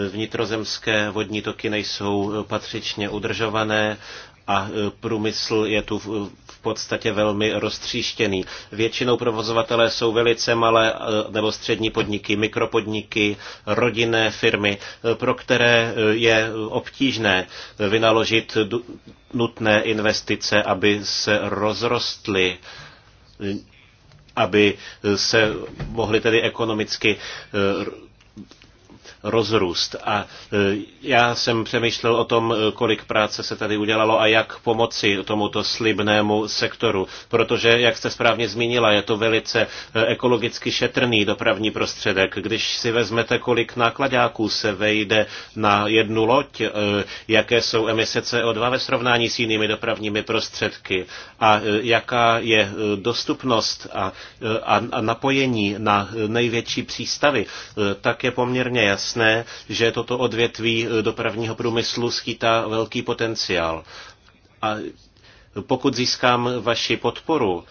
e, vnitrozemské vodní toky nejsou patřičně udržované, a e, průmysl je tu v podstatě velmi roztříštěný. Většinou provozovatelé jsou velice malé e, nebo střední podniky, mikropodniky, rodinné firmy, e, pro které je obtížné vynaložit nutné investice, aby se rozrostly aby se mohli tedy ekonomicky rozrůst. A e, já jsem přemýšlel o tom, e, kolik práce se tady udělalo a jak pomoci tomuto slibnému sektoru, protože, jak jste správně zmínila, je to velice e, ekologicky šetrný dopravní prostředek. Když si vezmete, kolik nákladáků se vejde na jednu loď, jaké jsou emise CO2 ve srovnání s jinými dopravními prostředky a jaká je dostupnost a, a, a napojení na největší přístavy, tak je poměrně jasné, jasné, že toto odvětví eh, dopravního průmyslu schytá velký potenciál. A pokud získám vaši podporu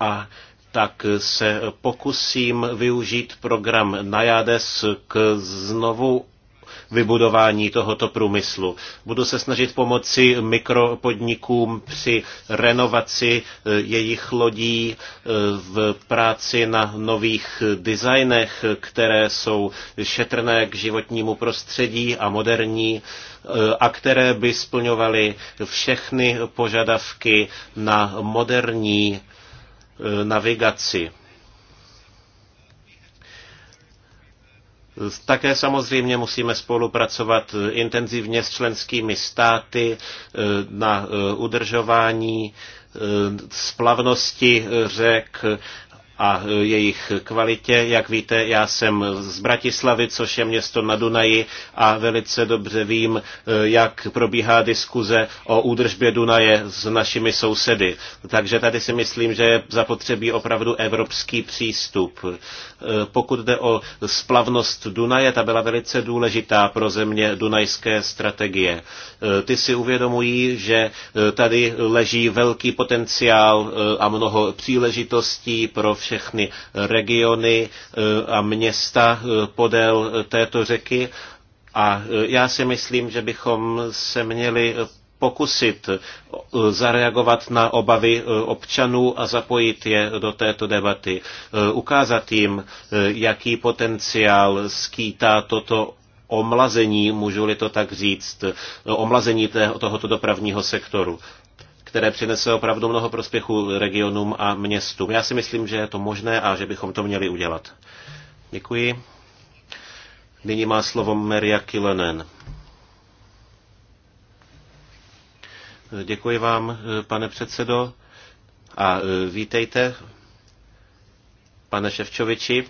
a tak se pokusím využít program Najades k znovu vybudování tohoto průmyslu. Budu se snažit pomoci mikropodnikům při renovaci eh, jejich lodí eh, v práci na nových designech, které jsou šetrné k životnímu prostředí a moderní eh, a které by splňovaly všechny požadavky na moderní navigaci. Také samozřejmě musíme spolupracovat intenzivně s členskými státy eh, na eh, udržování eh, splavnosti řek, a e, jejich kvalitě. Jak víte, já jsem z Bratislavy, což je město na Dunaji a velice dobře vím, e, jak probíhá diskuze o údržbě Dunaje s našimi sousedy. Takže tady si myslím, že je zapotřebí opravdu evropský přístup. E, pokud jde o splavnost Dunaje, ta byla velice důležitá pro země dunajské strategie. Ty si uvědomují, že tady leží velký potenciál a mnoho příležitostí pro všechny regiony eh, a města eh, podél eh, této řeky. A já si myslím, že bychom se měli pokusit zareagovat na obavy občanů a zapojit je do této debaty. Ukázat jim, jaký potenciál skýtá toto omlazení, můžu-li to tak říct, omlazení tohoto dopravního sektoru které přinese opravdu mnoho prospěchu regionům a městům. Já si myslím, že je to možné a že bychom to měli udělat. Děkuji. Nyní má slovo Maria Kilenen. Děkuji vám, pane předsedo, a e, vítejte, pane Ševčoviči.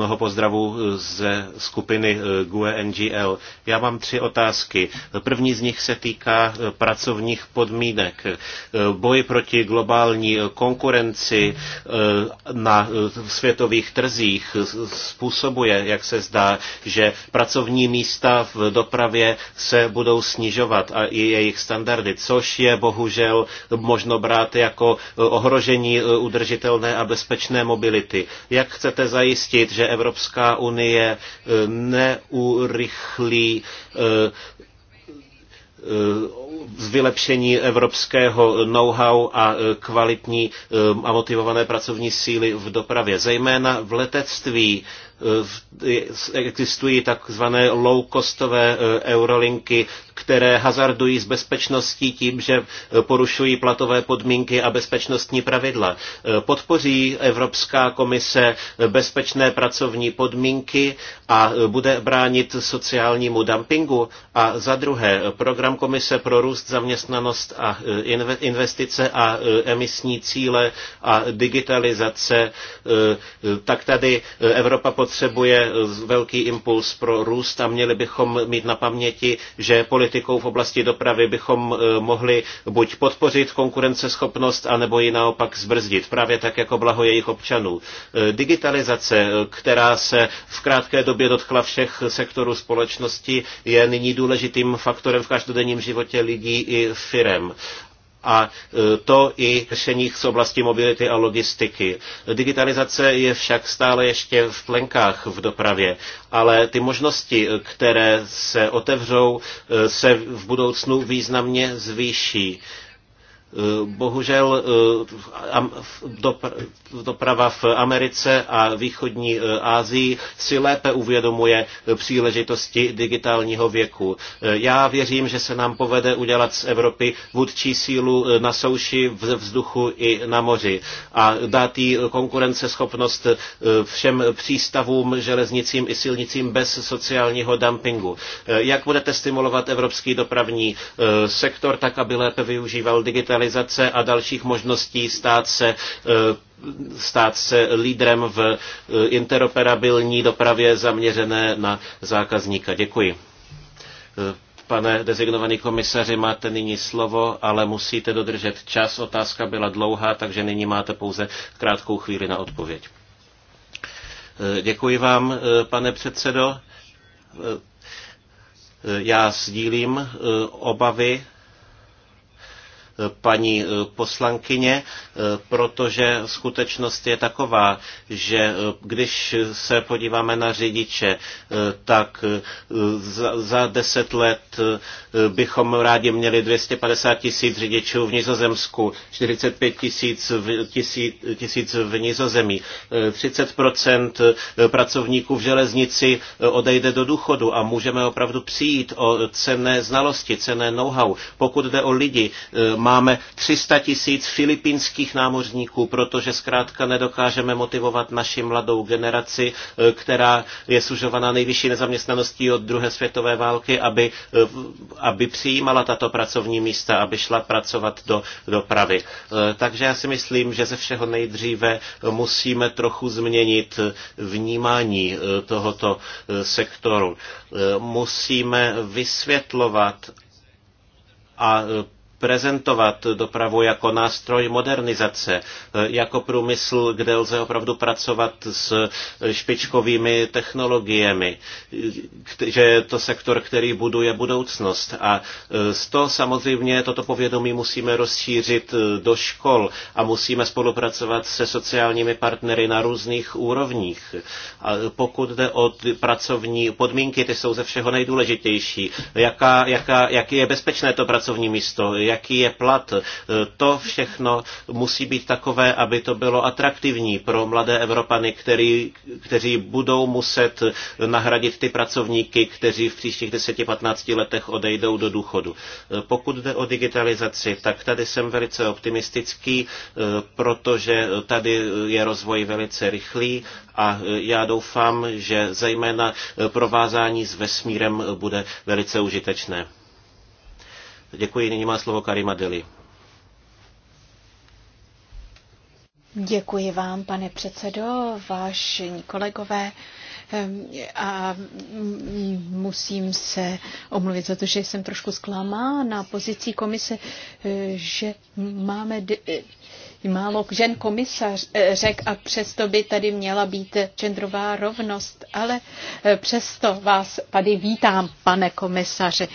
Mnoho pozdravů eh, ze skupiny eh, GUE NGL. Já mám tři otázky. První z nich se týká eh, pracovních podmínek. Boj proti globální konkurenci na světových trzích způsobuje, jak se zdá, že pracovní místa v dopravě se budou snižovat a i jejich standardy, což je bohužel možno brát jako ohrožení udržitelné a bezpečné mobility. Jak chcete zajistit, že Evropská unie eh, neurychlí eh, eh, vylepšení evropského know-how a kvalitní a motivované pracovní síly v dopravě. Zejména v letectví existují takzvané low-costové eh, eurolinky, které hazardují s bezpečností tím, že eh, porušují platové podmínky a bezpečnostní pravidla. Eh, podpoří Evropská komise bezpečné pracovní podmínky a bude bránit sociálnímu dumpingu. A za druhé, program komise pro růst, zaměstnanost a investice a emisní cíle a digitalizace, tak tady Evropa pod potřebuje velký impuls pro růst a měli bychom mít na paměti, že politikou v oblasti dopravy bychom eh, mohli buď podpořit konkurenceschopnost, anebo ji naopak zbrzdit, právě tak jako blaho jejich občanů. Eh, digitalizace, eh, která se v krátké době dotkla všech sektorů společnosti, je nyní důležitým faktorem v každodenním životě lidí i firem a e, to i řešeních z oblasti mobility a logistiky. Digitalizace je však stále ještě v plenkách v dopravě, ale ty možnosti, které se otevřou, e, se v budoucnu významně zvýší. Eh, bohužel eh, doprava v Americe a východní eh, Asii si lépe uvědomuje příležitosti digitálního věku. Já věřím, že se nám povede udělat z Evropy vůdčí sílu na souši, v vzduchu i na moři a dát jí konkurenceschopnost všem přístavům, železnicím i silnicím bez sociálního dumpingu. Jak budete stimulovat evropský dopravní sektor tak, aby lépe využíval digitální digitalizace a dalších možností stát se eh, stát se lídrem v eh, interoperabilní dopravě zaměřené na zákazníka. Děkuji. Eh, pane dezignovaný komisaři, máte nyní slovo, ale musíte dodržet čas. Otázka byla dlouhá, takže nyní máte pouze krátkou chvíli na odpověď. Děkuji vám, pane předsedo. Já sdílím obavy paní eh, poslankyně, eh, protože skutečnost je taková, že eh, když se podíváme na řidiče, tak za, za deset let bychom rádi měli 250 tisíc řidičů v Nizozemsku, 45 tisíc v, tisíc, tisíc v Nizozemí, 30 pracovníků v železnici odejde do důchodu a můžeme opravdu přijít o cenné znalosti, cenné know-how. Pokud jde o lidi, má máme 300 tisíc filipínských námořníků, protože zkrátka nedokážeme motivovat naši mladou generaci, eh, která je sužovaná nejvyšší nezaměstnaností od druhé světové války, aby, eh, aby přijímala tato pracovní místa, aby šla pracovat do dopravy. Eh, takže já si myslím, že ze všeho nejdříve musíme trochu změnit vnímání tohoto sektoru. Musíme vysvětlovat a prezentovat dopravu jako nástroj modernizace, eh, jako průmysl, kde lze opravdu pracovat s eh, špičkovými technologiemi, že je to sektor, který buduje budoucnost. A eh, z toho samozřejmě toto povědomí musíme rozšířit do škol a musíme spolupracovat se sociálními partnery na různých úrovních. A pokud jde o pracovní podmínky, ty jsou ze všeho nejdůležitější. Jaká, jaká, jaký je bezpečné to pracovní místo? jaký je plat. E, to všechno musí být takové, aby to bylo atraktivní pro mladé Evropany, který, kteří budou muset nahradit ty pracovníky, kteří v příštích 10-15 letech odejdou do důchodu. E, pokud jde o digitalizaci, tak tady jsem velice optimistický, e, protože tady je rozvoj velice rychlý a já doufám, že zejména provázání s vesmírem bude velice užitečné. Děkuji, nyní má slovo Karima Deli. Děkuji vám, pane předsedo, vážení kolegové. Ehm, a musím se omluvit za to, že jsem trošku na pozici komise, eh, že máme málo žen komisařek eh, a přesto by tady měla být genderová rovnost, ale eh, přesto vás tady vítám, pane komisaři.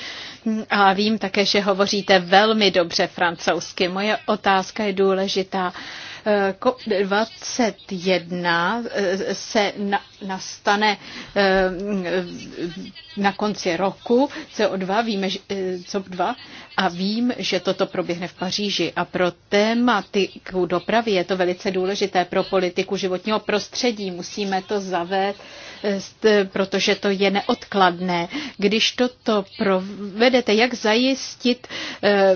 A vím také, že hovoříte velmi dobře francouzsky. Moje otázka je důležitá. Eh, eh, COP21 eh, se na, nastane na konci roku CO2, víme, že, COP2, a vím, že toto proběhne v Paříži. A pro tématiku dopravy je to velice důležité pro politiku životního prostředí. Musíme to zavést protože to je neodkladné. Když toto provedete, jak zajistit eh,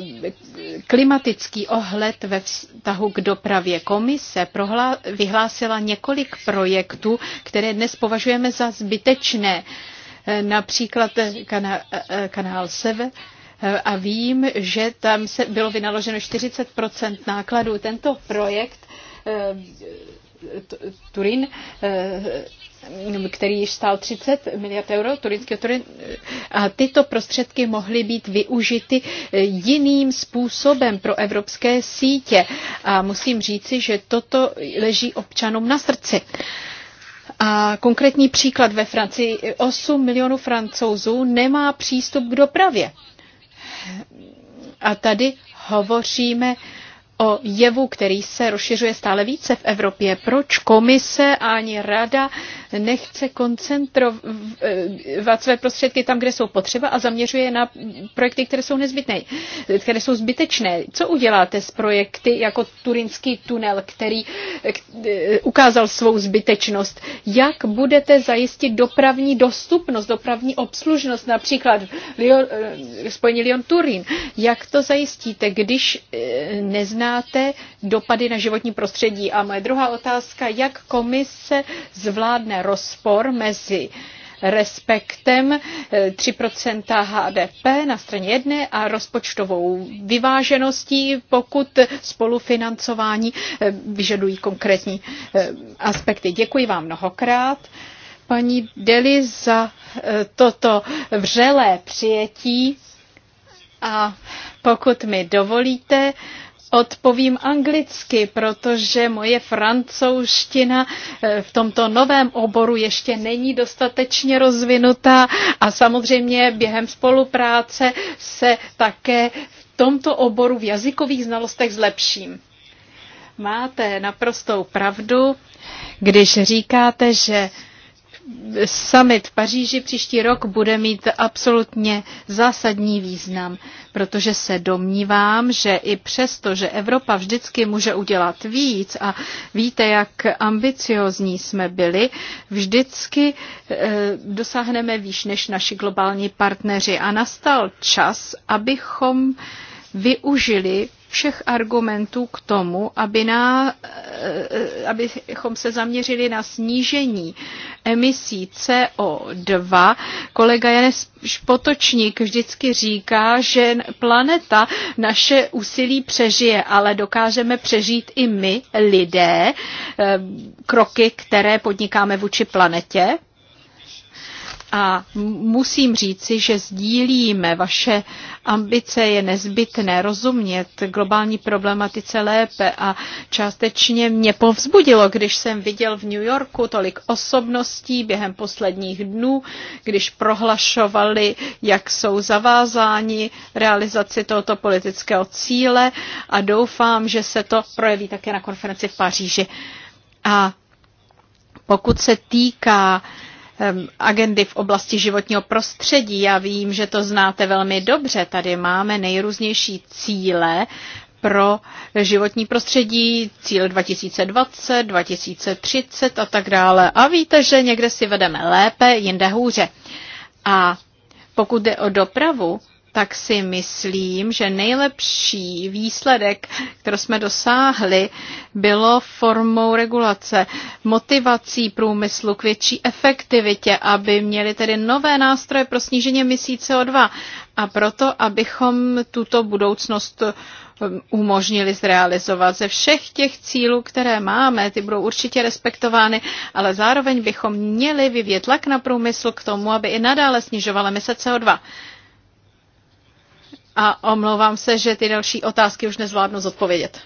klimatický ohled ve vztahu k dopravě? Komise vyhlásila několik projektů, které dnes považujeme za zbytečné, eh, například eh, kanál, kanál Seve, a vím, že tam se bylo vynaloženo 40 nákladů. Tento projekt Turin který již stál 30 miliard euro turinského turin, a tyto prostředky mohly být využity eh, jiným způsobem pro evropské sítě. A musím říci, že toto leží občanům na srdci. A konkrétní příklad ve Francii. 8 milionů francouzů nemá přístup k dopravě. A tady hovoříme o jevu, který se rozšiřuje stále více v Evropě. Proč komise ani rada nechce koncentrovat své prostředky tam, kde jsou potřeba a zaměřuje na projekty, které jsou nezbytné, které jsou zbytečné. Co uděláte s projekty jako Turinský tunel, který eh, ukázal svou zbytečnost? Jak budete zajistit dopravní dostupnost, dopravní obslužnost, například Lyon, eh, spojení Lyon-Turín? Jak to zajistíte, když eh, neznáte dopady na životní prostředí? A moje druhá otázka, jak komise zvládne rozpor mezi respektem 3% eh, HDP na straně jedné a rozpočtovou vyvážeností, pokud spolufinancování eh, vyžadují konkrétní eh, aspekty. Děkuji vám mnohokrát paní Deli za toto vřelé přijetí a pokud mi dovolíte, odpovím anglicky, protože moje francouzština eh, v tomto novém oboru ještě není dostatečně rozvinutá a samozřejmě během spolupráce se také v tomto oboru v jazykových znalostech zlepším. Máte naprostou pravdu, když říkáte, že summit v Paříži příští rok bude mít absolutně zásadní význam, protože se domnívám, že i přesto, že Evropa vždycky může udělat víc a víte, jak ambiciozní jsme byli, vždycky eh, dosáhneme výš než naši globální partneři a nastal čas, abychom využili všech argumentů k tomu, aby na, eh, abychom se zaměřili na snížení emisí CO2. Kolega Janes Potočník vždycky říká, že planeta naše úsilí přežije, ale dokážeme přežít i my, lidé, eh, kroky, které podnikáme vůči planetě. A musím říci, že sdílíme vaše ambice, je nezbytné rozumět globální problematice lépe a částečně mě povzbudilo, když jsem viděl v New Yorku tolik osobností během posledních dnů, když prohlašovali, jak jsou zavázáni realizaci tohoto politického cíle a doufám, že se to projeví také na konferenci v Paříži. A pokud se týká agendy v oblasti životního prostředí. Já vím, že to znáte velmi dobře. Tady máme nejrůznější cíle pro životní prostředí, cíl 2020, 2030 a tak dále. A víte, že někde si vedeme lépe, jinde hůře. A pokud jde o dopravu, tak si myslím, že nejlepší výsledek, který jsme dosáhli, bylo formou regulace, motivací průmyslu k větší efektivitě, aby měli tedy nové nástroje pro snížení emisí CO2 a proto, abychom tuto budoucnost um, umožnili zrealizovat. Ze všech těch cílů, které máme, ty budou určitě respektovány, ale zároveň bychom měli vyvět tlak na průmysl k tomu, aby i nadále snižovala mise CO2. A omlouvám se, že ty další otázky už nezvládnu zodpovědět.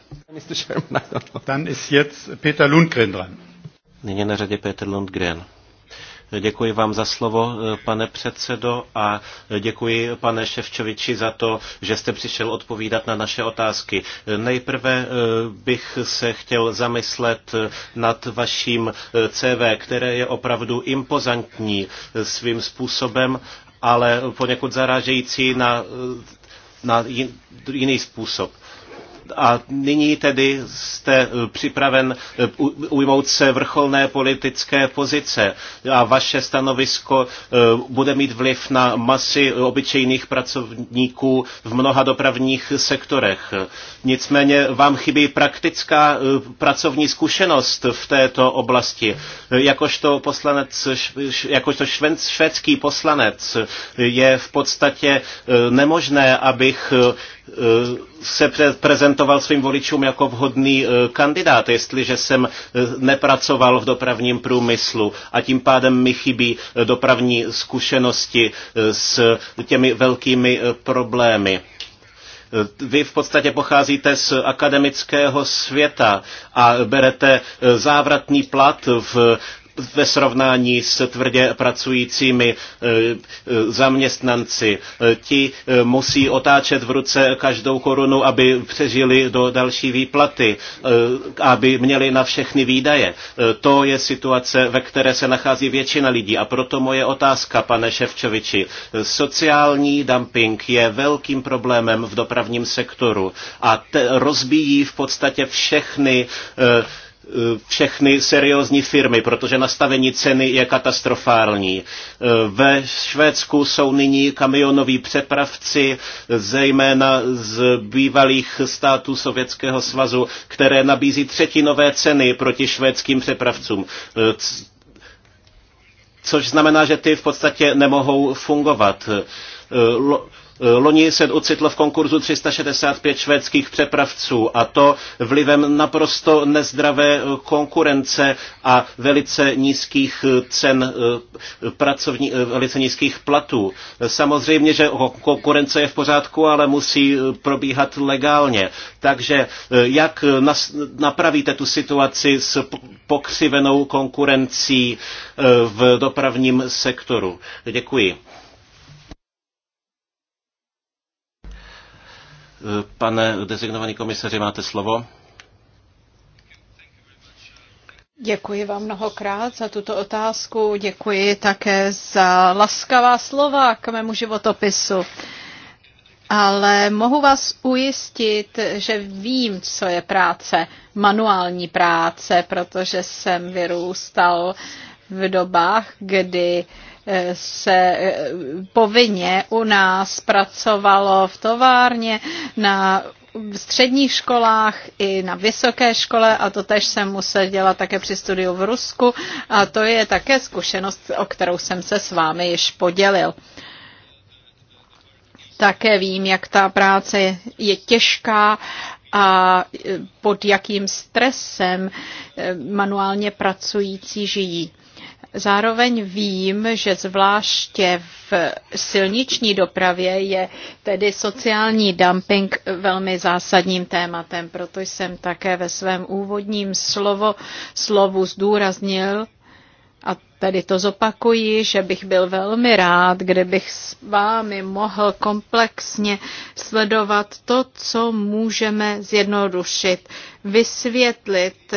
Dann je Lundgren Nyní na řadě Peter Lundgren. Děkuji vám za slovo, pane předsedo, a děkuji, pane Ševčoviči, za to, že jste přišel odpovídat na naše otázky. Nejprve eh, bych se chtěl zamyslet eh, nad vaším eh, CV, které je opravdu impozantní svým způsobem ale poněkud zarážející na na jiný způsob. A nyní tedy jste eh, připraven eh, ujmout se vrcholné politické pozice a vaše stanovisko eh, bude mít vliv na masy obyčejných pracovníků v mnoha dopravních sektorech. Nicméně vám chybí praktická pracovní zkušenost v této oblasti. Jakožto, poslanec, jakožto švédský poslanec je v podstatě nemožné, abych Eh, se prezentoval svým voličům jako vhodný eh, kandidát, jestliže jsem eh, nepracoval v dopravním průmyslu a tím pádem mi chybí dopravní zkušenosti s těmi velkými problémy. Vy v podstatě pocházíte z akademického světa a berete závratný plat v ve srovnání s tvrdě pracujícími e, e, zaměstnanci. E, ti musí otáčet v ruce každou korunu, aby přežili do další výplaty, aby měli na všechny výdaje. To je situace, ve které se nachází většina lidí. A proto moje otázka, pane Ševčoviči. Sociální dumping je velkým problémem v dopravním sektoru a te rozbíjí v podstatě všechny Eh, všechny seriózní firmy, protože nastavení ceny je katastrofální. Eh, ve Švédsku jsou nyní kamionoví přepravci, zejména z bývalých států Sovětského svazu, které nabízí třetinové ceny proti švédským přepravcům eh, což znamená, že ty v podstatě nemohou fungovat. Loni se ocitlo v konkurzu 365 švédských přepravců a to vlivem naprosto nezdravé konkurence a velice nízkých cen eh, pracovní, eh, velice nízkých platů. Samozřejmě, že konkurence je v pořádku, ale musí eh, probíhat legálně. Takže jak napravíte tu situaci s pokřivenou konkurencí v dopravním sektoru? Děkuji. Pane designovaný komisaři, máte slovo. Děkuji vám mnohokrát za tuto otázku. Děkuji také za laskavá slova k mému životopisu. Ale mohu vás ujistit, že vím, co je práce, manuální práce, protože jsem vyrůstal v dobách, kdy uh, se eh, povinně u nás pracovalo v továrně na v středních školách i na vysoké škole a to tež jsem musel dělat také při studiu v Rusku a to je také zkušenost, o kterou jsem se s vámi již podělil. Také vím, jak ta práce je těžká a pod jakým stresem eh, manuálně pracující žijí. Zároveň vím, že zvláště v silniční dopravě je tedy sociální dumping velmi zásadním tématem, proto jsem také ve svém úvodním slovo, slovu zdůraznil, a tedy to zopakuji, že bych byl velmi rád, kdybych s vámi mohl komplexně sledovat to, co můžeme zjednodušit, vysvětlit,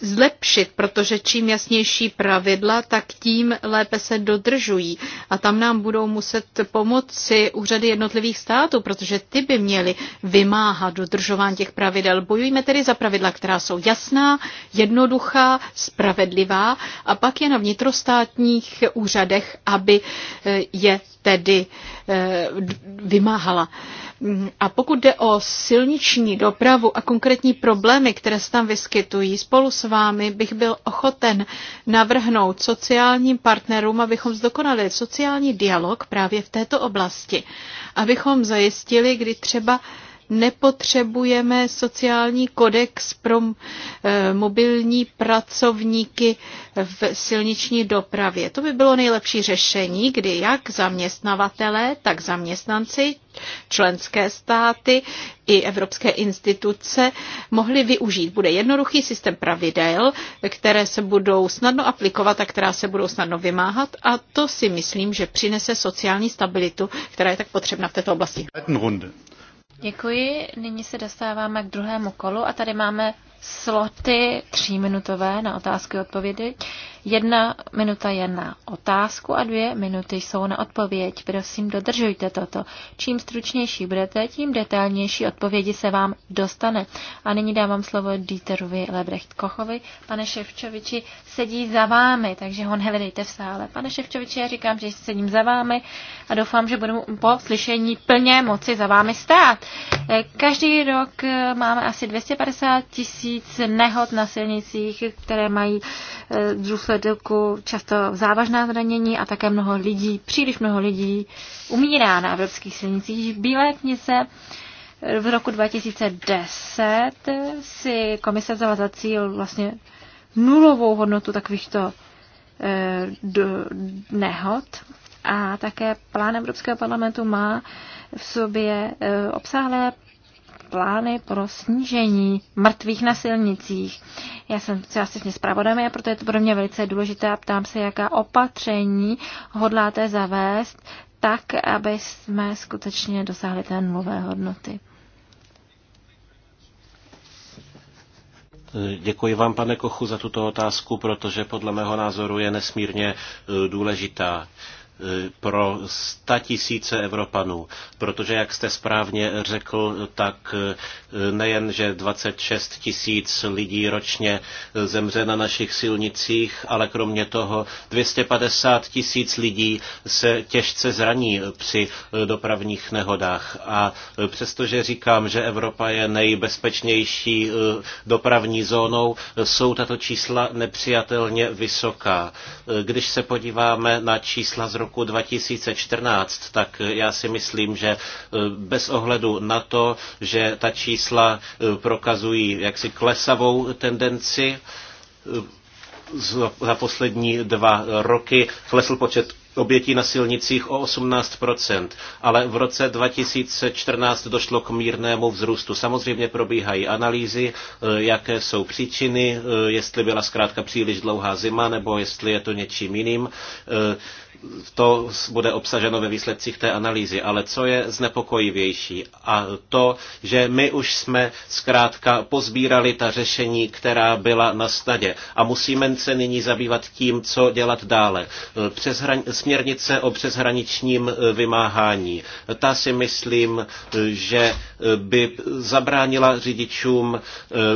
zlepšit, protože čím jasnější pravidla, tak tím lépe se dodržují. A tam nám budou muset pomoci úřady jednotlivých států, protože ty by měly vymáhat dodržování těch pravidel. Bojujeme tedy za pravidla, která jsou jasná, jednoduchá, spravedlivá a pak je na vnitrostátních úřadech, aby eh, je tedy eh, vymáhala. Mhm. A pokud jde o silniční dopravu a konkrétní problémy, které se tam vyskytují, spolu s vámi bych byl ochoten navrhnout sociálním partnerům, abychom zdokonali sociální dialog právě v této oblasti, abychom zajistili, kdy třeba Nepotřebujeme sociální kodex pro eh, mobilní pracovníky v silniční dopravě. To by bylo nejlepší řešení, kdy jak zaměstnavatelé, tak zaměstnanci, členské státy i evropské instituce mohli využít. Bude jednoduchý systém pravidel, které se budou snadno aplikovat a která se budou snadno vymáhat a to si myslím, že přinese sociální stabilitu, která je tak potřebná v této oblasti. Děkuji. Nyní se dostáváme k druhému kolu a tady máme sloty tříminutové na otázky a odpovědi. Jedna minuta je na otázku a dvě minuty jsou na odpověď. Prosím, dodržujte toto. Čím stručnější budete, tím detailnější odpovědi se vám dostane. A nyní dávám slovo Dieterovi Lebrecht Kochovi. Pane Ševčoviči, sedí za vámi, takže ho nehledejte v sále. Pane Ševčoviči, já říkám, že sedím za vámi a doufám, že budu po slyšení plně moci za vámi stát. Každý rok eh, máme asi 250 tisíc nehod na silnicích, které mají důsledky eh, důsledku často závažná zranění a také mnoho lidí, příliš mnoho lidí umírá na evropských silnicích. V Bílé knize v roku 2010 si komise vzala za cíl vlastně nulovou hodnotu takovýchto eh, nehod a také plán Evropského parlamentu má v sobě eh, obsáhlé plány pro snížení mrtvých na silnicích. Já jsem částečně zpravodajem a proto je to pro mě velice důležité a ptám se, jaká opatření hodláte zavést tak, aby jsme skutečně dosáhli té nulové hodnoty. Děkuji vám, pane Kochu, za tuto otázku, protože podle mého názoru je nesmírně eh, důležitá pro sta tisíce Evropanů, protože, jak jste správně řekl, tak e, nejen, že 26 tisíc lidí ročně zemře na našich silnicích, ale kromě toho 250 tisíc lidí se těžce zraní při e, dopravních nehodách. A e, přestože říkám, že Evropa je nejbezpečnější dopravní zónou, jsou tato čísla nepřijatelně vysoká. Když se podíváme na čísla z roku roku 2014, tak já si myslím, že eh, bez ohledu na to, že ta čísla eh, prokazují jaksi klesavou tendenci, eh, za poslední dva roky klesl počet obětí na silnicích o 18 ale v roce 2014 došlo k mírnému vzrůstu. Samozřejmě probíhají analýzy, jaké jsou příčiny, jestli byla zkrátka příliš dlouhá zima nebo jestli je to něčím jiným to bude obsaženo ve výsledcích té analýzy. Ale co je znepokojivější? A to, že my už jsme zkrátka pozbírali ta řešení, která byla na stadě A musíme se nyní zabývat tím, co dělat dále. Přeshran- směrnice o přeshraničním e, vymáhání. Ta si myslím, e, že e, by zabránila řidičům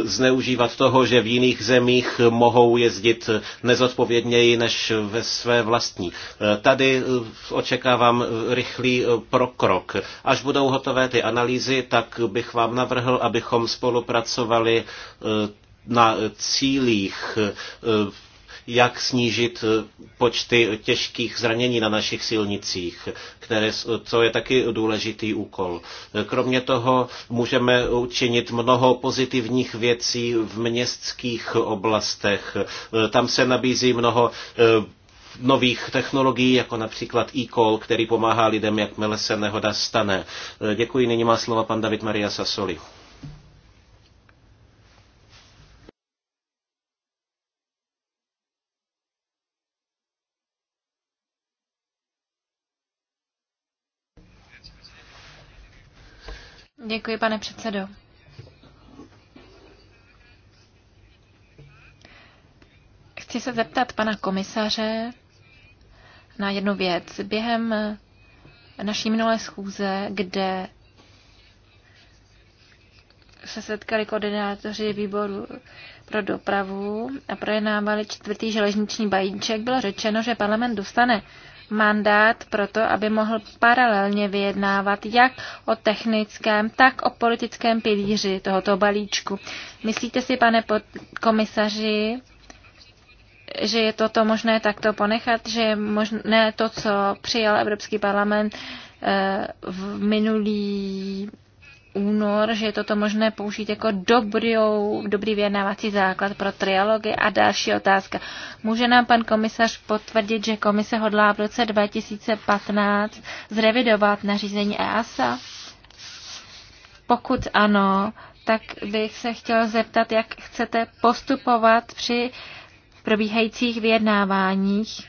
zneužívat toho, že v jiných zemích mohou jezdit nezodpovědněji než ve své vlastní. Tady eh, očekávám eh, rychlý eh, prokrok. Až budou hotové ty analýzy, tak bych vám navrhl, abychom spolupracovali na cílích jak snížit počty těžkých zranění na našich silnicích, které, co je taky důležitý úkol. Kromě toho můžeme učinit mnoho pozitivních věcí v městských oblastech. Tam se nabízí mnoho nových technologií, jako například e-call, který pomáhá lidem, jakmile se nehoda stane. E, děkuji, nyní má slova pan David Maria Sasoli. Děkuji, pane předsedo. Chci se zeptat pana komisaře, na jednu věc. Během naší minulé schůze, kde se setkali koordinátoři výboru pro dopravu a projednávali čtvrtý železniční bajíček, bylo řečeno, že parlament dostane mandát pro to, aby mohl paralelně vyjednávat jak o technickém, tak o politickém pilíři tohoto balíčku. Myslíte si, pane komisaři, že je toto možné takto ponechat, že je možné to, co přijal Evropský parlament eh, v minulý únor, že je toto možné použít jako dobrou, dobrý vyjednávací základ pro trialogy. A další otázka. Může nám pan komisař potvrdit, že komise hodlá v roce 2015 zrevidovat nařízení EASA? Pokud ano, tak bych se chtěl zeptat, jak chcete postupovat při uh, probíhajících vyjednáváních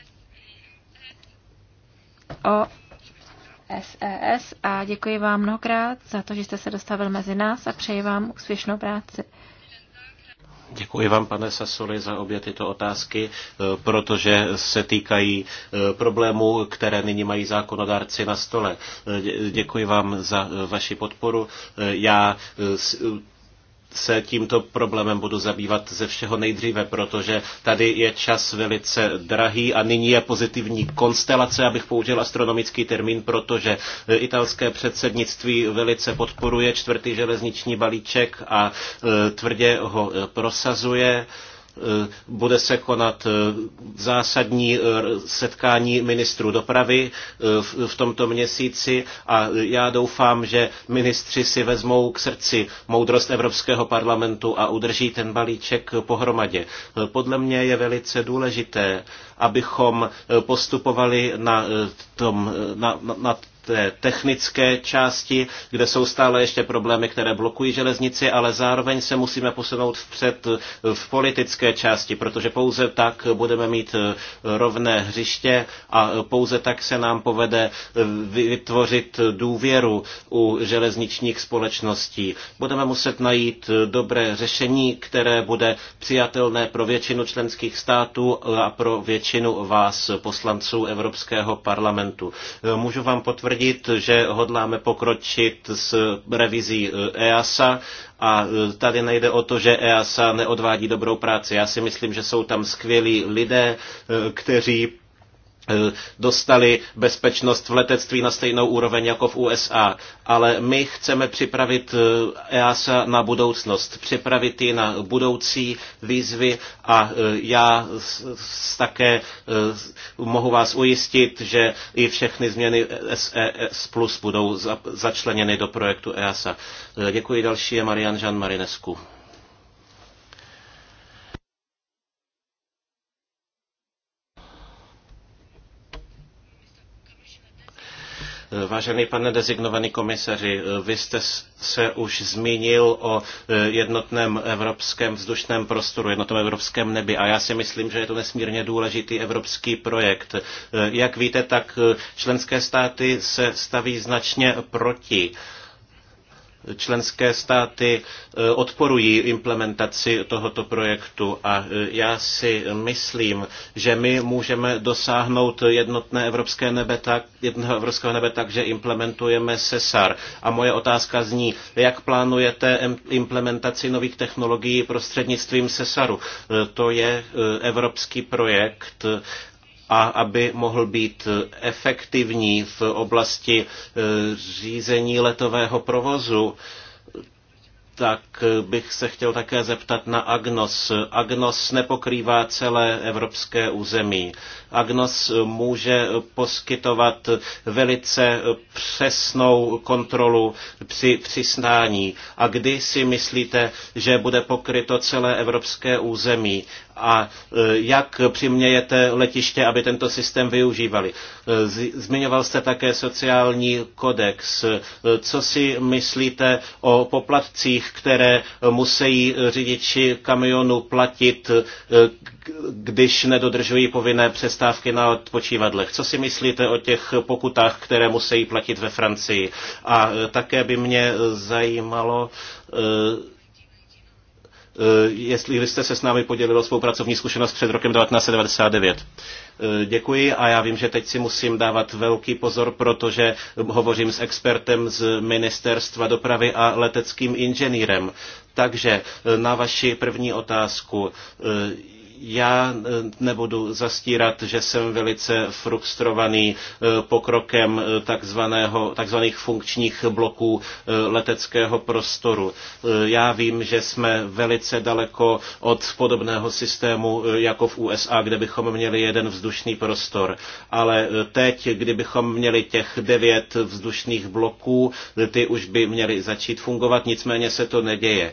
o SES e a děkuji vám mnohokrát za to, že jste se dostavil mezi nás a přeji vám úspěšnou práci. Děkuji vám, pane Sasoli, za obě tyto otázky, eh, protože se týkají eh, problémů, které nyní mají zákonodárci na stole. Eh, děkuji vám za vaši podporu. Já se tímto problémem budu zabývat ze všeho nejdříve, protože tady je čas velice drahý a nyní je pozitivní konstelace, abych použil astronomický termín, protože italské předsednictví velice podporuje čtvrtý železniční balíček a e, tvrdě ho e, prosazuje. Eh, bude se konat eh, zásadní eh, setkání ministrů dopravy v tomto měsíci a já doufám, že ministři si vezmou k srdci moudrost Evropského parlamentu a udrží ten balíček pohromadě. Podle mě je velice důležité, abychom postupovali na, tom, na, na, na té technické části, kde jsou stále ještě problémy, které blokují železnici, ale zároveň se musíme posunout vpřed v politické části, protože pouze tak budeme mít eh, rovné hřiště a eh, pouze tak se nám povede eh, vytvořit důvěru u železničních společností. Budeme muset najít dobré řešení, které bude přijatelné pro většinu členských států a pro většinu vás, poslanců Evropského parlamentu. Můžu vám potvrdit, tvrdit, že hodláme pokročit s revizí EASA eh, e a eh, tady nejde o to, že EASA neodvádí dobrou práci. Já si myslím, že jsou tam skvělí lidé, eh, kteří Eh, dostali bezpečnost v letectví na stejnou úroveň jako v USA. Ale my chceme připravit EASA eh, e na budoucnost, připravit ji na budoucí výzvy a eh, já také mohu vás ujistit, že i všechny změny SES e Plus budou začleněny do projektu EASA. Děkuji další je Marian Jean Marinescu. Vážený pane designovaný komisaři, vy jste se už zmínil o e, jednotném evropském vzdušném prostoru, jednotném evropském nebi a já si myslím, že je to nesmírně důležitý evropský projekt. E, jak víte, tak e, členské státy se staví značně proti členské státy e, odporují implementaci tohoto projektu a e, já si myslím, že my můžeme dosáhnout jednotné evropské nebe tak, jednoho evropského nebe tak, že implementujeme SESAR. A moje otázka zní, jak plánujete implementaci nových technologií prostřednictvím SESARu? E, to je evropský projekt a aby mohl být efektivní v oblasti e, řízení letového provozu, tak bych se chtěl také zeptat na Agnos. Agnos nepokrývá celé evropské území. Agnos může poskytovat velice přesnou kontrolu při přistání. A kdy si myslíte, že bude pokryto celé evropské území a e, jak přimějete letiště, aby tento systém využívali. E, zmiňoval jste také sociální kodex. E, co si myslíte o poplatcích, které musí řidiči kamionu platit, když nedodržují povinné přestávky na odpočívadlech? Co si myslíte o těch pokutách, které musí platit ve Francii? A také by mě zajímalo, Eh, jestli jste se s námi podělil svou pracovní zkušenost před rokem 1999. Eh, děkuji a já vím, že teď si musím dávat velký pozor, protože hovořím s expertem z Ministerstva dopravy a leteckým inženýrem. Takže eh, na vaši první otázku já eh, nebudu zastírat, že jsem velice frustrovaný eh, pokrokem eh, takzvaného, takzvaných funkčních bloků leteckého prostoru. Já vím, že jsme velice daleko od podobného systému jako v USA, kde bychom měli jeden vzdušný prostor. Ale teď, kdybychom měli těch devět vzdušných bloků, ty už by měly začít fungovat, nicméně se to neděje.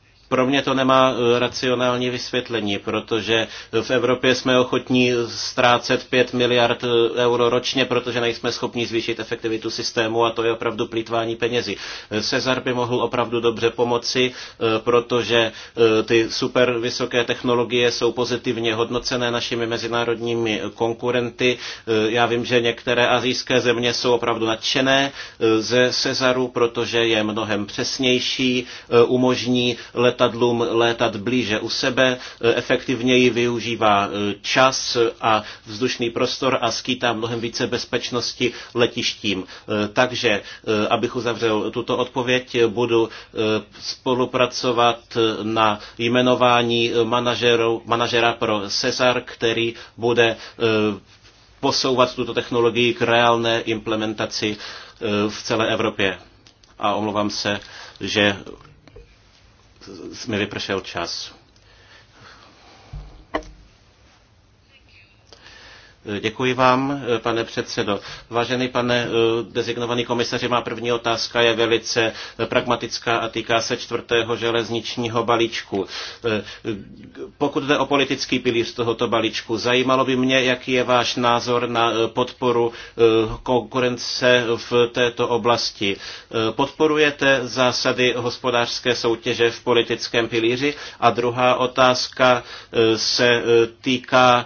Pro mě to nemá eh, racionální vysvětlení, protože v Evropě jsme ochotní ztrácet 5 miliard eh, euro ročně, protože nejsme schopni zvýšit efektivitu systému a to je opravdu plítvání penězi. Eh, Cezar by mohl opravdu dobře pomoci, protože ty super vysoké technologie jsou pozitivně hodnocené našimi mezinárodními konkurenty. Já vím, že některé azijské země jsou opravdu nadšené ze Cezaru, protože je mnohem přesnější, umožní let letadlům létat blíže u sebe, e, efektivněji využívá e, čas a vzdušný prostor a skýtá mnohem více bezpečnosti letištím. E, takže, abych uzavřel tuto odpověď, budu spolupracovat na jmenování manažeru, manažera pro Cesar, který bude posouvat tuto technologii k reálné implementaci v celé Evropě. A omlouvám se, že mi vypršel čas. Děkuji vám, pane předsedo. Vážený pane eh, designovaný komisaři, má první otázka je velice eh, pragmatická a týká se čtvrtého železničního balíčku. Eh, pokud jde o politický pilíř tohoto balíčku, zajímalo by mě, jaký je váš názor na podporu konkurence v této oblasti. Podporujete zásady hospodářské soutěže v politickém pilíři? A druhá otázka se týká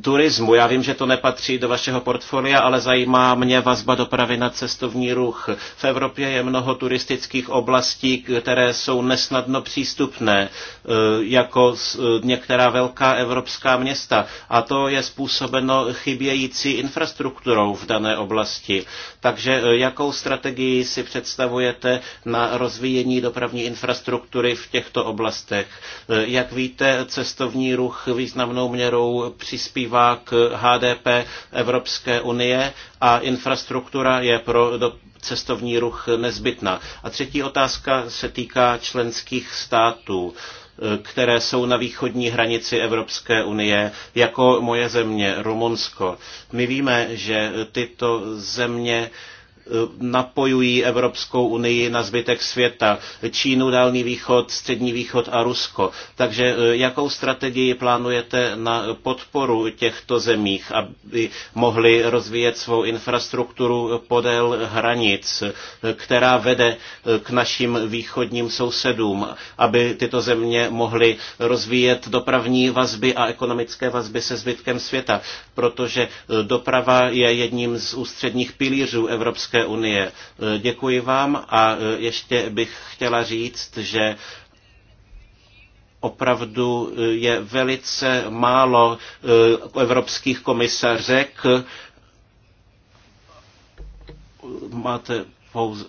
turismu. Já vím, že to nepatří do vašeho portfolia, ale zajímá mě vazba dopravy na cestovní ruch. V Evropě je mnoho turistických oblastí, které jsou nesnadno přístupné, e, jako e, některá velká evropská města. A to je způsobeno chybějící infrastrukturou v dané oblasti. Takže e, jakou strategii si představujete na rozvíjení dopravní infrastruktury v těchto oblastech? Jak víte, cestovní ruch významnou měrou přispívá přispívá k HDP Evropské unie a infrastruktura je pro do cestovní ruch nezbytná. A třetí otázka se týká členských států eh, které jsou na východní hranici Evropské unie, jako moje země, Rumunsko. My víme, že tyto země napojují Evropskou unii na zbytek světa, Čínu, Dálný východ, Střední východ a Rusko. Takže e, jakou strategii plánujete na podporu těchto zemích, aby mohli rozvíjet svou infrastrukturu podél hranic, která vede e, k našim východním sousedům, aby tyto země mohly rozvíjet dopravní vazby a ekonomické vazby se zbytkem světa, protože e, doprava je jedním z ústředních pilířů Evropské Evropské unie. E, děkuji vám a e, ještě bych chtěla říct, že opravdu e, je velice málo evropských komisařek. Máte pouze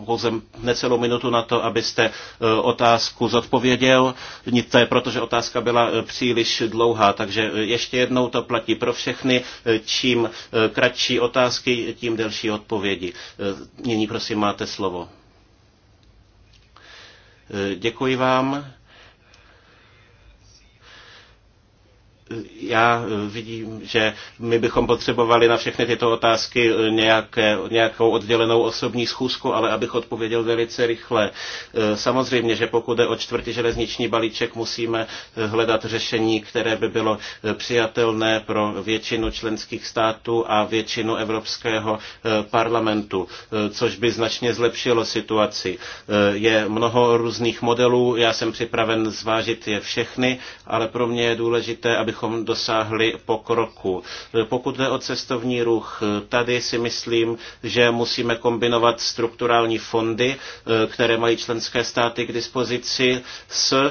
pouzem necelou minutu na to, abyste e, otázku zodpověděl. To je proto, že otázka byla e, příliš dlouhá, takže e, ještě jednou to platí pro všechny. Čím kratší otázky, tím delší odpovědi. Nyní prosím máte slovo. Děkuji vám. já vidím, že my bychom potřebovali na všechny tyto otázky nějaké, nějakou oddělenou osobní schůzku, ale abych odpověděl velice rychle. Eh, samozřejmě, že pokud je o čtvrtý železniční balíček, musíme eh, hledat řešení, které by bylo eh, přijatelné pro většinu členských států a většinu Evropského parlamentu, což by značně zlepšilo situaci. Je mnoho různých modelů, já jsem připraven zvážit je všechny, ale pro mě je důležité, aby abychom dosáhli pokroku. Pokud jde o cestovní ruch, tady si myslím, že musíme kombinovat strukturální fondy, eh, které mají členské státy k dispozici, s eh,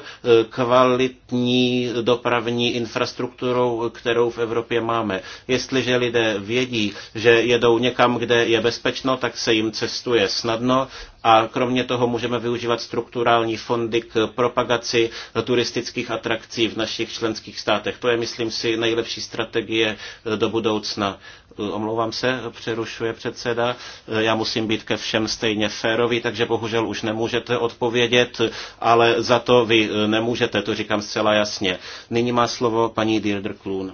kvalitní dopravní infrastrukturou, kterou v Evropě máme. Jestliže lidé vědí, že jedou někam, kde je bezpečno, tak se jim cestuje snadno a kromě toho můžeme využívat strukturální fondy k propagaci turistických atrakcí v našich členských státech. To je, myslím si, nejlepší strategie eh, do budoucna. Eh, omlouvám se, přerušuje předseda. Eh, já musím být ke všem stejně férový, takže bohužel už nemůžete odpovědět, ale za to vy nemůžete, to říkám zcela jasně. Nyní má slovo paní Dirdr Klun.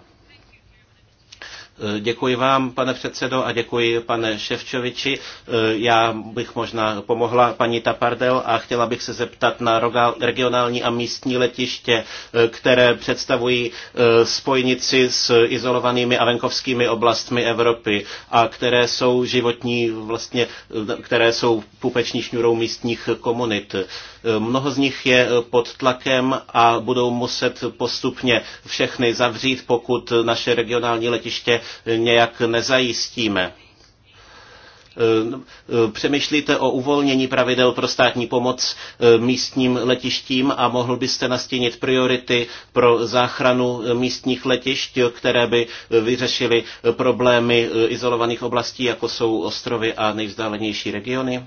Eh, děkuji vám, pane předsedo, a děkuji, pane Ševčoviči. Eh, já bych možná pomohla paní Tapardel a chtěla bych se zeptat na regionální a místní letiště, eh, které představují spojnici s izolovanými a venkovskými oblastmi Evropy a které jsou životní, vlastně, které jsou pupeční šňurou místních komunit. Mnoho z nich je pod tlakem a budou muset postupně všechny zavřít, pokud naše regionální letiště nějak nezajistíme. Eh, eh, přemýšlíte o uvolnění pravidel pro státní pomoc eh, místním letištím a mohl byste nastínit priority pro záchranu místních letišť, které by vyřešily problémy izolovaných oblastí, jako jsou ostrovy a nejvzdálenější regiony?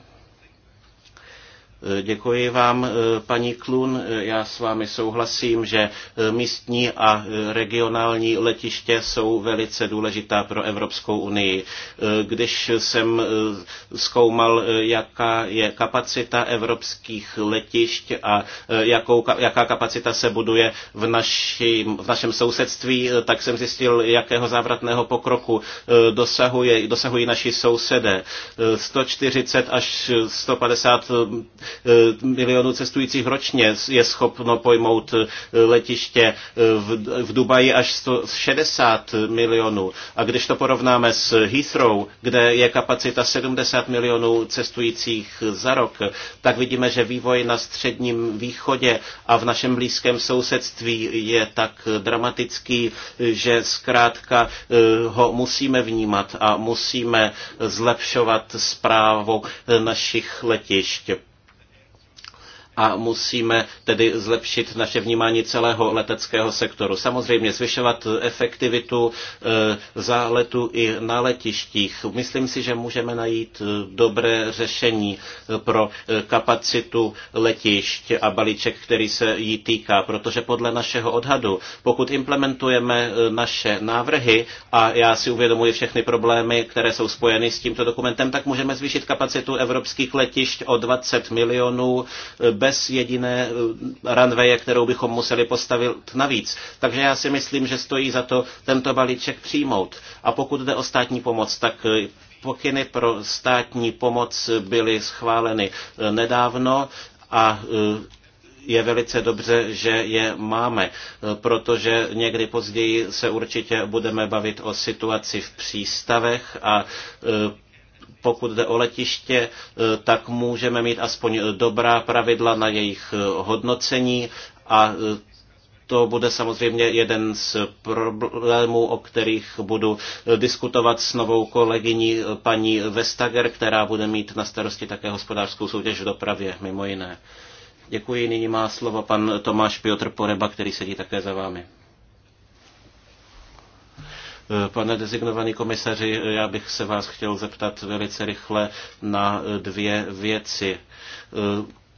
Děkuji vám, eh, paní Klun. Já s vámi souhlasím, že eh, místní a eh, regionální letiště jsou velice důležitá pro Evropskou unii. Když jsem zkoumal, jaká je kapacita evropských letišť a jakou, jaká kapacita se buduje v, naši, v našem sousedství, tak jsem zjistil, jakého závratného pokroku dosahuje, dosahují naši sousedé. 140 až 150 Eh, milionů cestujících ročně je schopno pojmout eh, letiště v, v Dubaji až 160 milionů. A když to porovnáme s Heathrow, kde je kapacita 70 milionů cestujících za rok, tak vidíme, že vývoj na středním východě a v našem blízkém sousedství je tak dramatický, že zkrátka eh, ho musíme vnímat a musíme zlepšovat zprávu našich letišť a musíme tedy zlepšit naše vnímání celého leteckého sektoru. Samozřejmě zvyšovat efektivitu e, letu i na letištích. Myslím si, že můžeme najít e, dobré řešení e, pro kapacitu letišť a balíček, který se jí týká, protože podle našeho odhadu, pokud implementujeme naše návrhy, a já si uvědomuji všechny problémy, které jsou spojeny s tímto dokumentem, tak můžeme zvýšit kapacitu evropských letišť o 20 milionů bez jediné eh, ranveje, kterou bychom museli postavit navíc. Takže já si myslím, že stojí za to tento balíček přijmout. A pokud jde o státní pomoc, tak eh, pokyny pro státní pomoc byly schváleny eh, nedávno a je velice dobře, že je máme, protože někdy později se určitě budeme bavit o situaci v přístavech a pokud jde o letiště, e, tak můžeme mít aspoň dobrá pravidla na jejich e, hodnocení a e, to bude samozřejmě jeden z problémů, o kterých budu diskutovat s novou kolegyní paní Vestager, která bude mít na starosti také hospodářskou soutěž v dopravě, mimo jiné. Děkuji, nyní má slovo pan Tomáš Piotr Poreba, který sedí také za vámi. Pane designovaný komisaři, já bych se vás chtěl zeptat velice rychle na dvě věci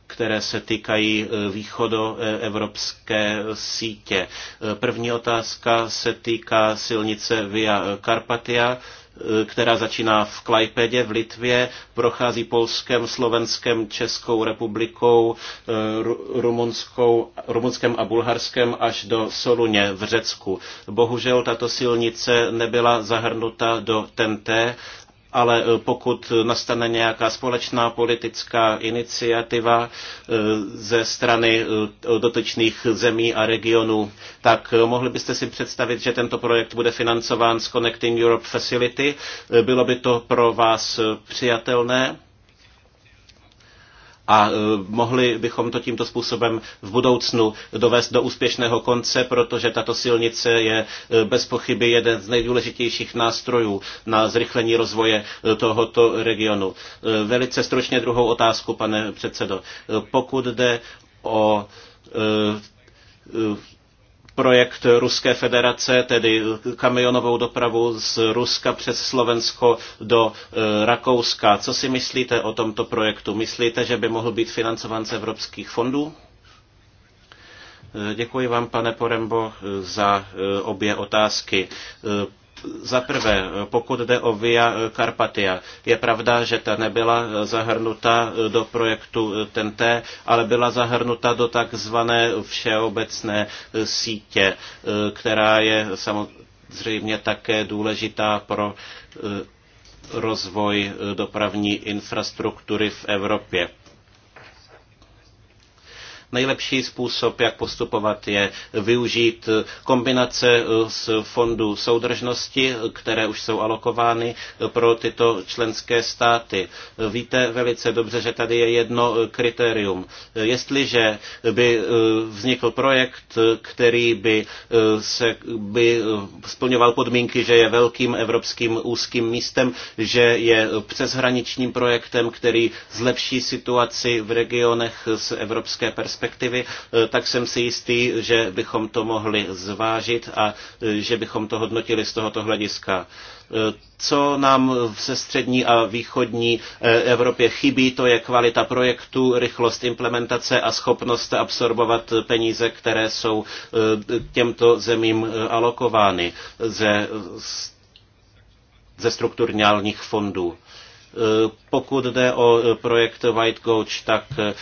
které se týkají východoevropské sítě. První otázka se týká silnice Via Carpatia Eh, která začíná v Klajpedě v Litvě, prochází Polskem, Slovenskem, Českou republikou, eh, Rumunskou, Rumunskem a Bulharskem až do Soluně v Řecku. Bohužel tato silnice nebyla zahrnuta do TNT, ale eh, pokud nastane nějaká společná politická iniciativa eh, ze strany eh, dotečných zemí a regionů, tak mohli byste si představit, že tento projekt bude financován z Connecting Europe Facility. Bylo by to pro vás přijatelné? a e, mohli bychom to tímto způsobem v budoucnu dovést do úspěšného konce, protože tato silnice je e, bez pochyby jeden z nejdůležitějších nástrojů na zrychlení rozvoje e, tohoto regionu. Velice stručně druhou otázku, pane předsedo. Pokud jde o projekt Ruské federace, tedy kamionovou dopravu z Ruska přes Slovensko do e, Rakouska. Co si myslíte o tomto projektu? Myslíte, že by mohl být financován z evropských fondů? E, děkuji vám, pane Porembo, e, za obě otázky. Za prvé, pokud jde o Via Carpatia, je pravda, že ta nebyla zahrnuta do projektu TNT, ale byla zahrnuta do takzvané všeobecné sítě, která je samozřejmě také důležitá pro eh, rozvoj dopravní infrastruktury v Evropě. Nejlepší způsob, jak postupovat, je využít kombinace eh, z fondů soudržnosti, které už jsou alokovány eh, pro tyto členské státy. Víte velice dobře, že tady je jedno eh, kritérium. Jestliže by vznikl projekt, který by, se, by splňoval podmínky, že je velkým evropským úzkým místem, že je přeshraničním projektem, který zlepší situaci v regionech z evropské perspektivy, perspektivy, eh, tak jsem si jistý, že bychom to mohli zvážit a eh, že bychom to hodnotili z tohoto hlediska eh, co nám se střední a východní Evropě chybí, to je kvalita projektu, rychlost implementace a schopnost absorbovat peníze, které jsou těmto zemím alokovány ze, ze strukturálních fondů. Eh, pokud jde o eh, projekt White Coach, tak eh,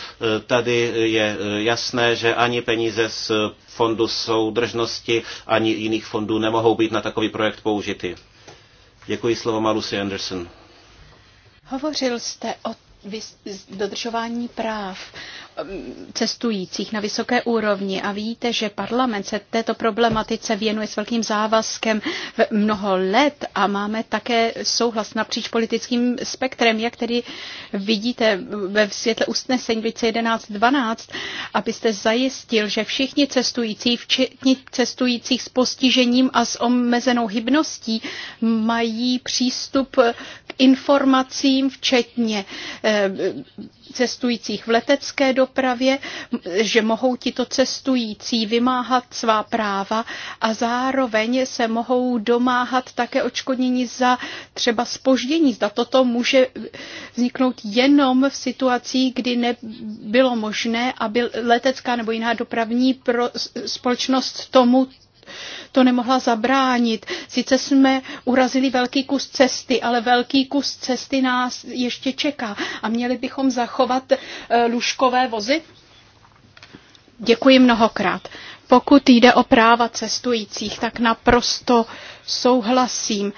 tady je jasné, že ani peníze z fondu soudržnosti, ani jiných fondů nemohou být na takový projekt použity. Děkuji slovo Marusi Anderson. Hovořil jste o dodržování práv cestujících na vysoké úrovni a víte, že parlament se této problematice věnuje s velkým závazkem v mnoho let a máme také souhlas napříč politickým spektrem, jak tedy vidíte ve světle usnesení 2011-12, abyste zajistil, že všichni cestující, včetně cestujících s postižením a s omezenou hybností, mají přístup k informacím, včetně eh, cestujících v letecké dopravě, že mohou tito cestující vymáhat svá práva a zároveň se mohou domáhat také očkodnění za třeba spoždění. Zda toto může vzniknout jenom v situaci, kdy nebylo možné, aby letecká nebo jiná dopravní pro společnost tomu to nemohla zabránit. Sice jsme urazili velký kus cesty, ale velký kus cesty nás ještě čeká a měli bychom zachovat eh, lůžkové vozy. Děkuji mnohokrát. Pokud jde o práva cestujících, tak naprosto souhlasím. Uh,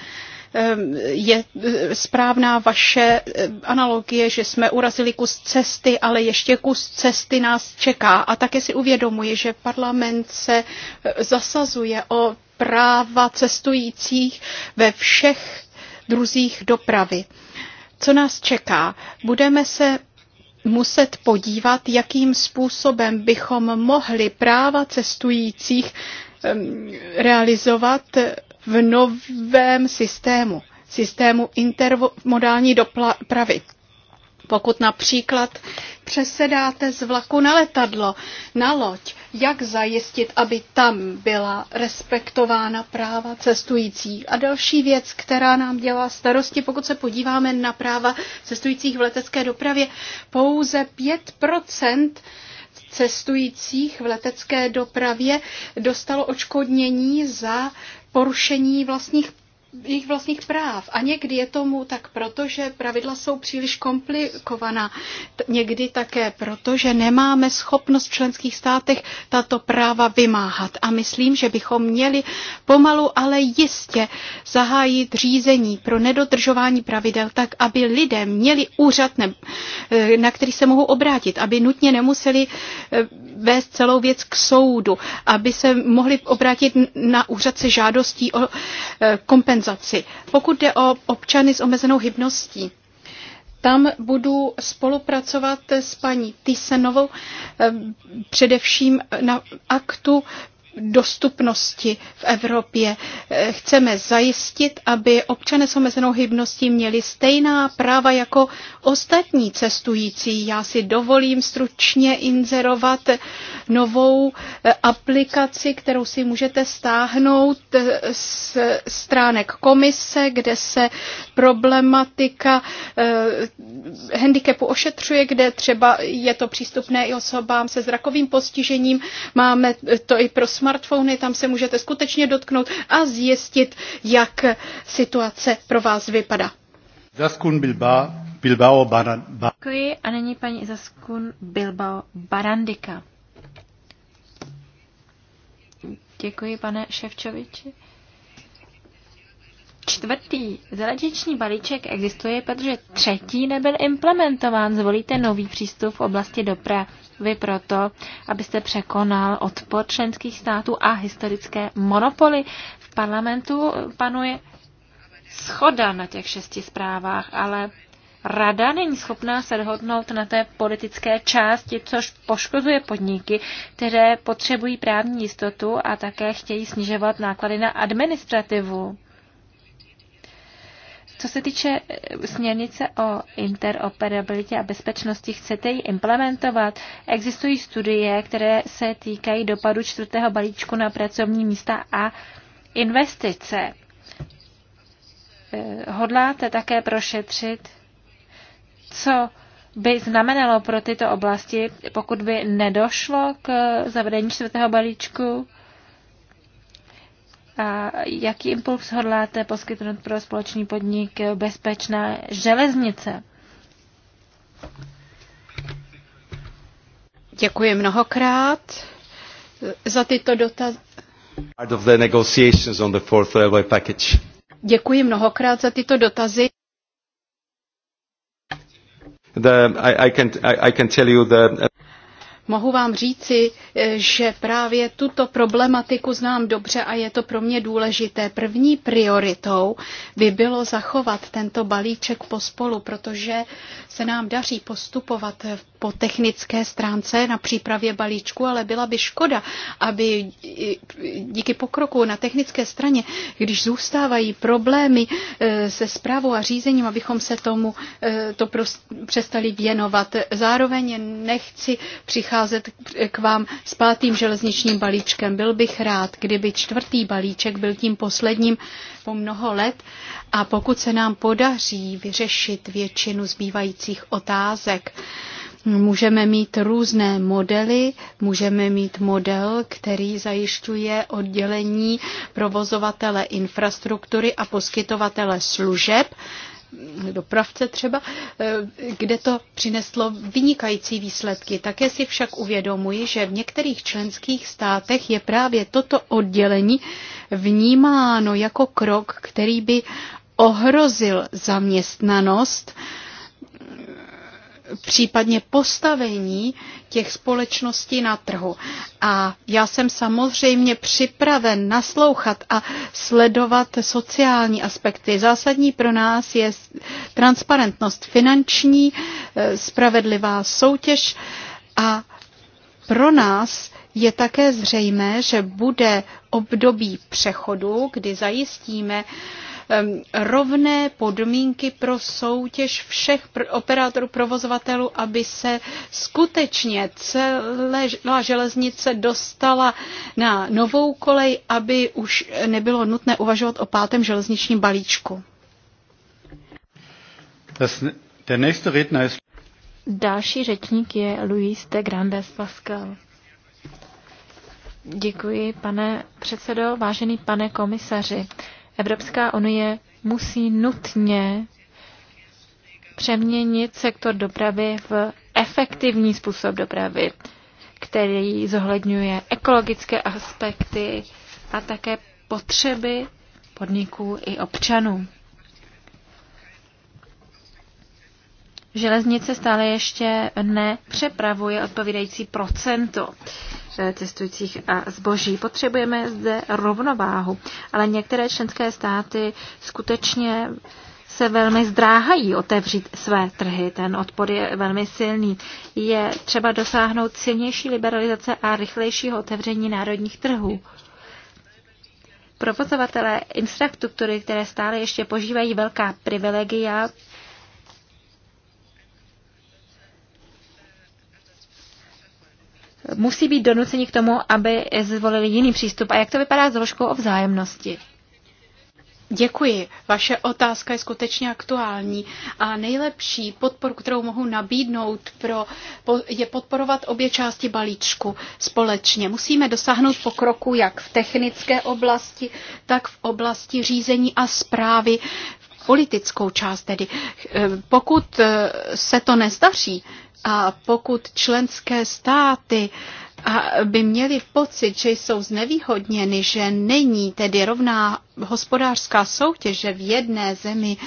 Ehm, je eh, správná vaše eh, analogie, že jsme urazili kus cesty, ale ještě kus cesty nás čeká. A také si uvědomuji, že parlament se eh, zasazuje o práva cestujících ve všech druzích dopravy. Co nás čeká? Budeme se muset podívat, jakým způsobem bychom mohli práva cestujících ehm, realizovat v novém systému, systému intermodální dopravy. Pokud například přesedáte z vlaku na letadlo, na loď, jak zajistit, aby tam byla respektována práva cestujících. A další věc, která nám dělá starosti, pokud se podíváme na práva cestujících v letecké dopravě, pouze 5 cestujících v letecké dopravě dostalo očkodnění za porušení vlastních jejich vlastních práv. A někdy je tomu tak proto, že pravidla jsou příliš komplikovaná. Někdy také proto, že nemáme schopnost v členských státech tato práva vymáhat. A myslím, že bychom měli pomalu, ale jistě zahájit řízení pro nedodržování pravidel tak, aby lidé měli úřad, na který se mohou obrátit, aby nutně nemuseli eh, vést celou věc k soudu, aby se mohli obrátit na úřad se žádostí o e, kompenzaci. Pokud jde o občany s omezenou hybností, tam budu spolupracovat s paní Tysenovou, e, především na aktu dostupnosti v Evropě. Eh, chceme zajistit, aby občané s omezenou hybností měli stejná práva jako ostatní cestující. Já si dovolím stručně inzerovat novou eh, aplikaci, kterou si můžete stáhnout eh, z stránek komise, kde se problematika handicapu ošetřuje, kde třeba je to přístupné i osobám se zrakovým postižením. Máme to i pro smartfony, tam se můžete skutečně dotknout a zjistit, jak situace pro vás vypadá. Zaskun Bilbao, Bilbao Barandika. Děkuji a nyní paní Zaskun Bilbao Barandika. Děkuji, pane Ševčoviči. Čtvrtý zelečiční balíček existuje, protože třetí nebyl implementován. Zvolíte nový přístup v oblasti dopravy vy proto, abyste překonal odpor členských států a historické monopoly. V parlamentu panuje schoda na těch šesti zprávách, ale Rada není schopná se dohodnout na té politické části, což poškozuje podniky, které potřebují právní jistotu a také chtějí snižovat náklady na administrativu. Co se týče eh, směrnice o interoperabilitě a bezpečnosti, chcete ji implementovat? Existují studie, které se týkají dopadu čtvrtého balíčku na pracovní místa a investice. Eh, hodláte také prošetřit, co by znamenalo pro tyto oblasti, pokud by nedošlo k eh, zavedení čtvrtého balíčku? A jaký impuls hodláte poskytnout pro společný podnik Bezpečná železnice? Děkuji mnohokrát za tyto dotazy. Děkuji mnohokrát za tyto dotazy. The, I, I can, I, I can tell you the, Mohu vám říci, eh, že právě tuto problematiku znám dobře a je to pro mě důležité. První prioritou by bylo zachovat tento balíček pospolu, protože se nám daří postupovat po technické stránce na přípravě balíčku, ale byla by škoda, aby eh, díky pokroku na technické straně, když zůstávají problémy eh, se zprávou a řízením, abychom se tomu to přestali věnovat. Zároveň nechci přicházet přicházet k vám s pátým železničním balíčkem. Byl bych rád, kdyby čtvrtý balíček byl tím posledním po mnoho let a pokud se nám podaří vyřešit většinu zbývajících otázek, Můžeme mít různé modely, můžeme mít model, který zajišťuje oddělení provozovatele infrastruktury a poskytovatele služeb, dopravce třeba, eh, kde to přineslo vynikající výsledky. Také si však uvědomuji, že v některých členských státech je právě toto oddělení vnímáno jako krok, který by ohrozil zaměstnanost, případně postavení těch společností na trhu. A já jsem samozřejmě připraven naslouchat a sledovat sociální aspekty. Zásadní pro nás je transparentnost finanční, eh, spravedlivá soutěž a pro nás je také zřejmé, že bude období přechodu, kdy zajistíme rovné podmínky pro soutěž všech operátorů, provozovatelů, aby se skutečně celá železnice dostala na novou kolej, aby už nebylo nutné uvažovat o pátém železničním balíčku. Das, der nächste Redner ist Další řečník je Luis de Grandes Pascal. Děkuji, pane předsedo, vážený pane komisaři. Evropská unie musí nutně přeměnit sektor dopravy v efektivní způsob dopravy, který zohledňuje ekologické aspekty a také potřeby podniků i občanů. železnice stále ještě nepřepravuje odpovídající procento eh, cestujících a zboží. Potřebujeme zde rovnováhu, ale některé členské státy skutečně se velmi zdráhají otevřít své trhy. Ten odpor je velmi silný. Je třeba dosáhnout silnější liberalizace a rychlejšího otevření národních trhů. Provozovatelé infrastruktury, které stále ještě požívají velká privilegia, musí být donuceni k tomu, aby zvolili jiný přístup. A jak to vypadá s ložkou o vzájemnosti? Děkuji. Vaše otázka je skutečně aktuální a nejlepší podporu, kterou mohu nabídnout, pro, je podporovat obě části balíčku společně. Musíme dosáhnout pokroku jak v technické oblasti, tak v oblasti řízení a zprávy politickou část tedy. Eh, pokud eh, se to nezdaří a pokud členské státy eh, by měli pocit, že jsou znevýhodněny, že není tedy rovná hospodářská soutěž, že v jedné zemi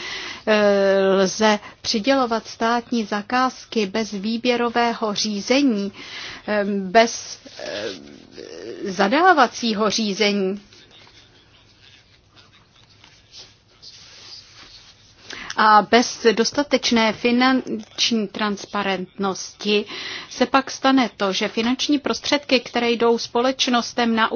lze přidělovat státní zakázky bez výběrového řízení, bez zadávacího řízení, A bez dostatečné finanční transparentnosti se pak stane to, že finanční prostředky, které jdou společnostem na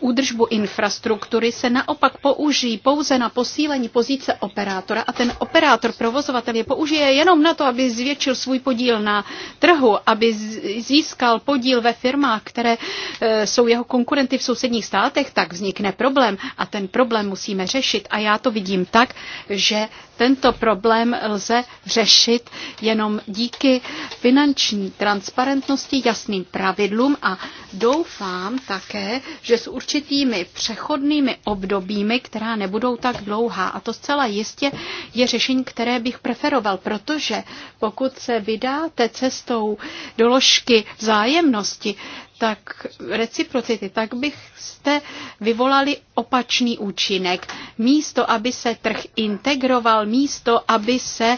údržbu infrastruktury se naopak použijí pouze na posílení pozice operátora a ten operátor, provozovatel je použije jenom na to, aby zvětšil svůj podíl na trhu, aby získal podíl ve firmách, které e, jsou jeho konkurenty v sousedních státech, tak vznikne problém a ten problém musíme řešit. A já to vidím tak, že tento problém lze řešit jenom díky finanční transparentnosti, jasným pravidlům a doufám také, že s určitými přechodnými obdobími, která nebudou tak dlouhá. A to zcela jistě je řešení, které bych preferoval, protože pokud se vydáte cestou doložky vzájemnosti, tak reciprocity, tak byste vyvolali opačný účinek. Místo, aby se trh integroval, místo, aby se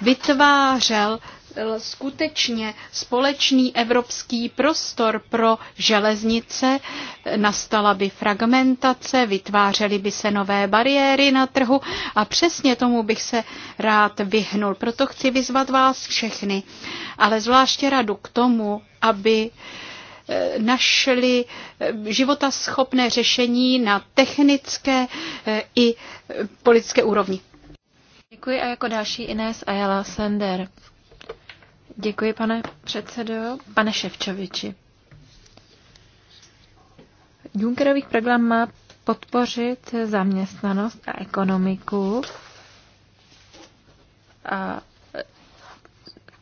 vytvářel Eh, skutečně společný evropský prostor pro železnice, nastala by fragmentace, vytvářely by se nové bariéry na trhu a přesně tomu bych se rád vyhnul. Proto chci vyzvat vás všechny, ale zvláště radu k tomu, aby eh, našli eh, životaschopné řešení na technické i politické úrovni. Děkuji a jako další Inés Ayala Sender. Děkuji, pane předsedo. Pane Ševčoviči. Junckerový program má podpořit zaměstnanost a ekonomiku. A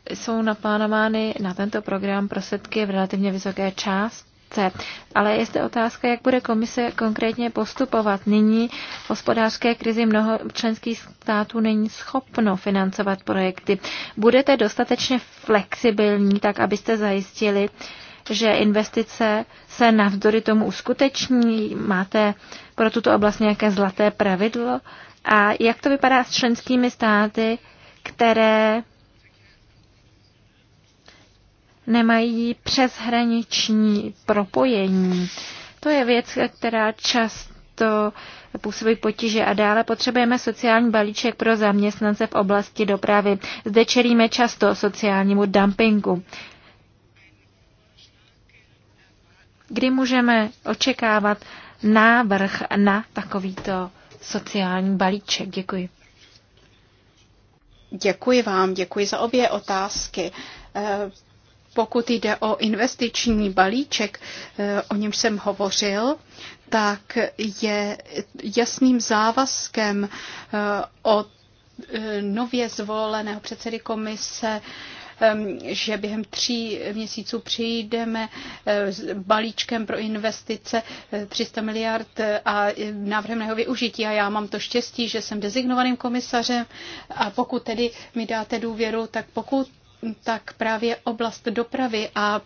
jsou naplánovány na tento program prostředky v relativně vysoké část, obce. Ale je zde otázka, jak bude komise konkrétně postupovat. Nyní v hospodářské krizi mnoho členských států není schopno financovat projekty. Budete dostatečně flexibilní, tak abyste zajistili, že investice se navzdory tomu uskuteční? Máte pro tuto oblast nějaké zlaté pravidlo? A jak to vypadá s členskými státy, které nemají přeshraniční propojení. To je věc, která často působí potíže a dále potřebujeme sociální balíček pro zaměstnance v oblasti dopravy. Zde čelíme často sociálnímu dumpingu. Kdy můžeme očekávat návrh na takovýto sociální balíček? Děkuji. Děkuji vám, děkuji za obě otázky. Eh, pokud jde o investiční balíček, eh, o němž jsem hovořil, tak je jasným závazkem eh, od eh, nově zvoleného předsedy komise že během tří měsíců přijdeme s balíčkem pro investice 300 miliard a návrhem na jeho využití. A já mám to štěstí, že jsem designovaným komisařem a pokud tedy mi dáte důvěru, tak pokud tak právě oblast dopravy a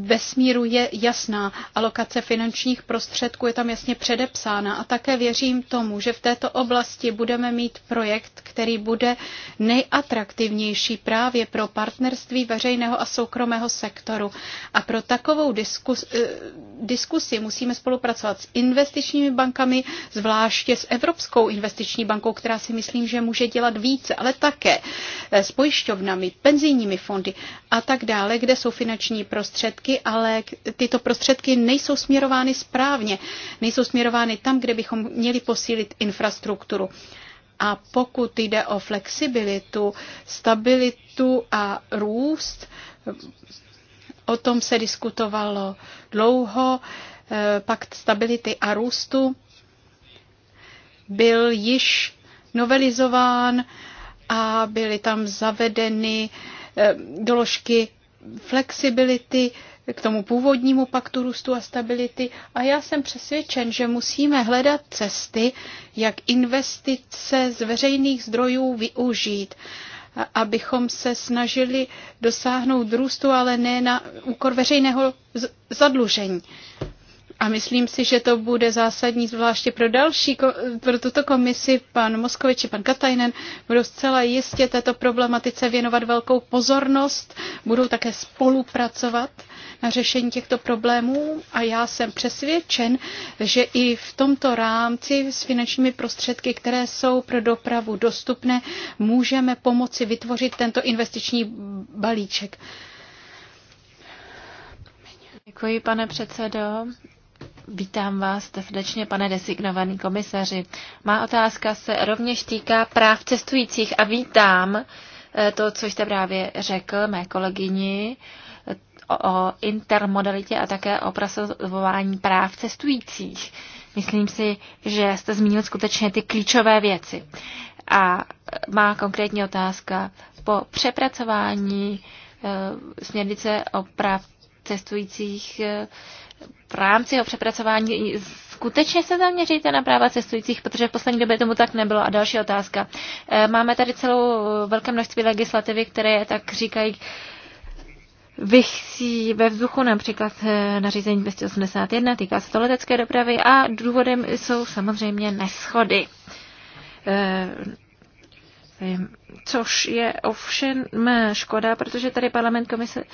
vesmíru je jasná, alokace finančních prostředků je tam jasně předepsána a také věřím tomu, že v této oblasti budeme mít projekt, který bude nejatraktivnější právě pro partnerství veřejného a soukromého sektoru. A pro takovou diskus, eh, diskusi musíme spolupracovat s investičními bankami, zvláště s Evropskou investiční bankou, která si myslím, že může dělat více, ale také s pojišťovnami, penzijními fondy a tak dále, kde jsou finanční finanční prostředky, ale tyto prostředky nejsou směrovány správně. Nejsou směrovány tam, kde bychom měli posílit infrastrukturu. A pokud jde o flexibilitu, stabilitu a růst, o tom se diskutovalo dlouho. E, pakt stability a růstu byl již novelizován a byly tam zavedeny e, doložky flexibility, k tomu původnímu paktu růstu a stability. A já jsem přesvědčen, že musíme hledat cesty, jak investice z veřejných zdrojů využít, abychom se snažili dosáhnout růstu, ale ne na úkor veřejného zadlužení. A myslím si, že to bude zásadní zvláště pro další, pro tuto komisi, pan Moskovič či pan Katajnen budou zcela jistě této problematice věnovat velkou pozornost, budou také spolupracovat na řešení těchto problémů a já jsem přesvědčen, že i v tomto rámci s finančními prostředky, které jsou pro dopravu dostupné, můžeme pomoci vytvořit tento investiční balíček. Děkuji, pane předsedo. Vítám vás srdečně, pane designovaný komisaři. Má otázka se rovněž týká práv cestujících a vítám eh, to, co jste právě řekl mé kolegyni eh, o intermodalitě a také o prosazování práv cestujících. Myslím si, že jste zmínil skutečně ty klíčové věci. A má konkrétní otázka. Po přepracování eh, směrnice o práv cestujících v rámci jeho přepracování skutečně se zaměříte na práva cestujících, protože v poslední době tomu tak nebylo. A další otázka. Eh, máme tady celou eh, velké množství legislativy, které tak říkají vychcí ve vzduchu například eh, nařízení 281, týká se to letecké dopravy a důvodem jsou samozřejmě neschody Ehm, což je ovšem mm, škoda, protože tady parlament, komise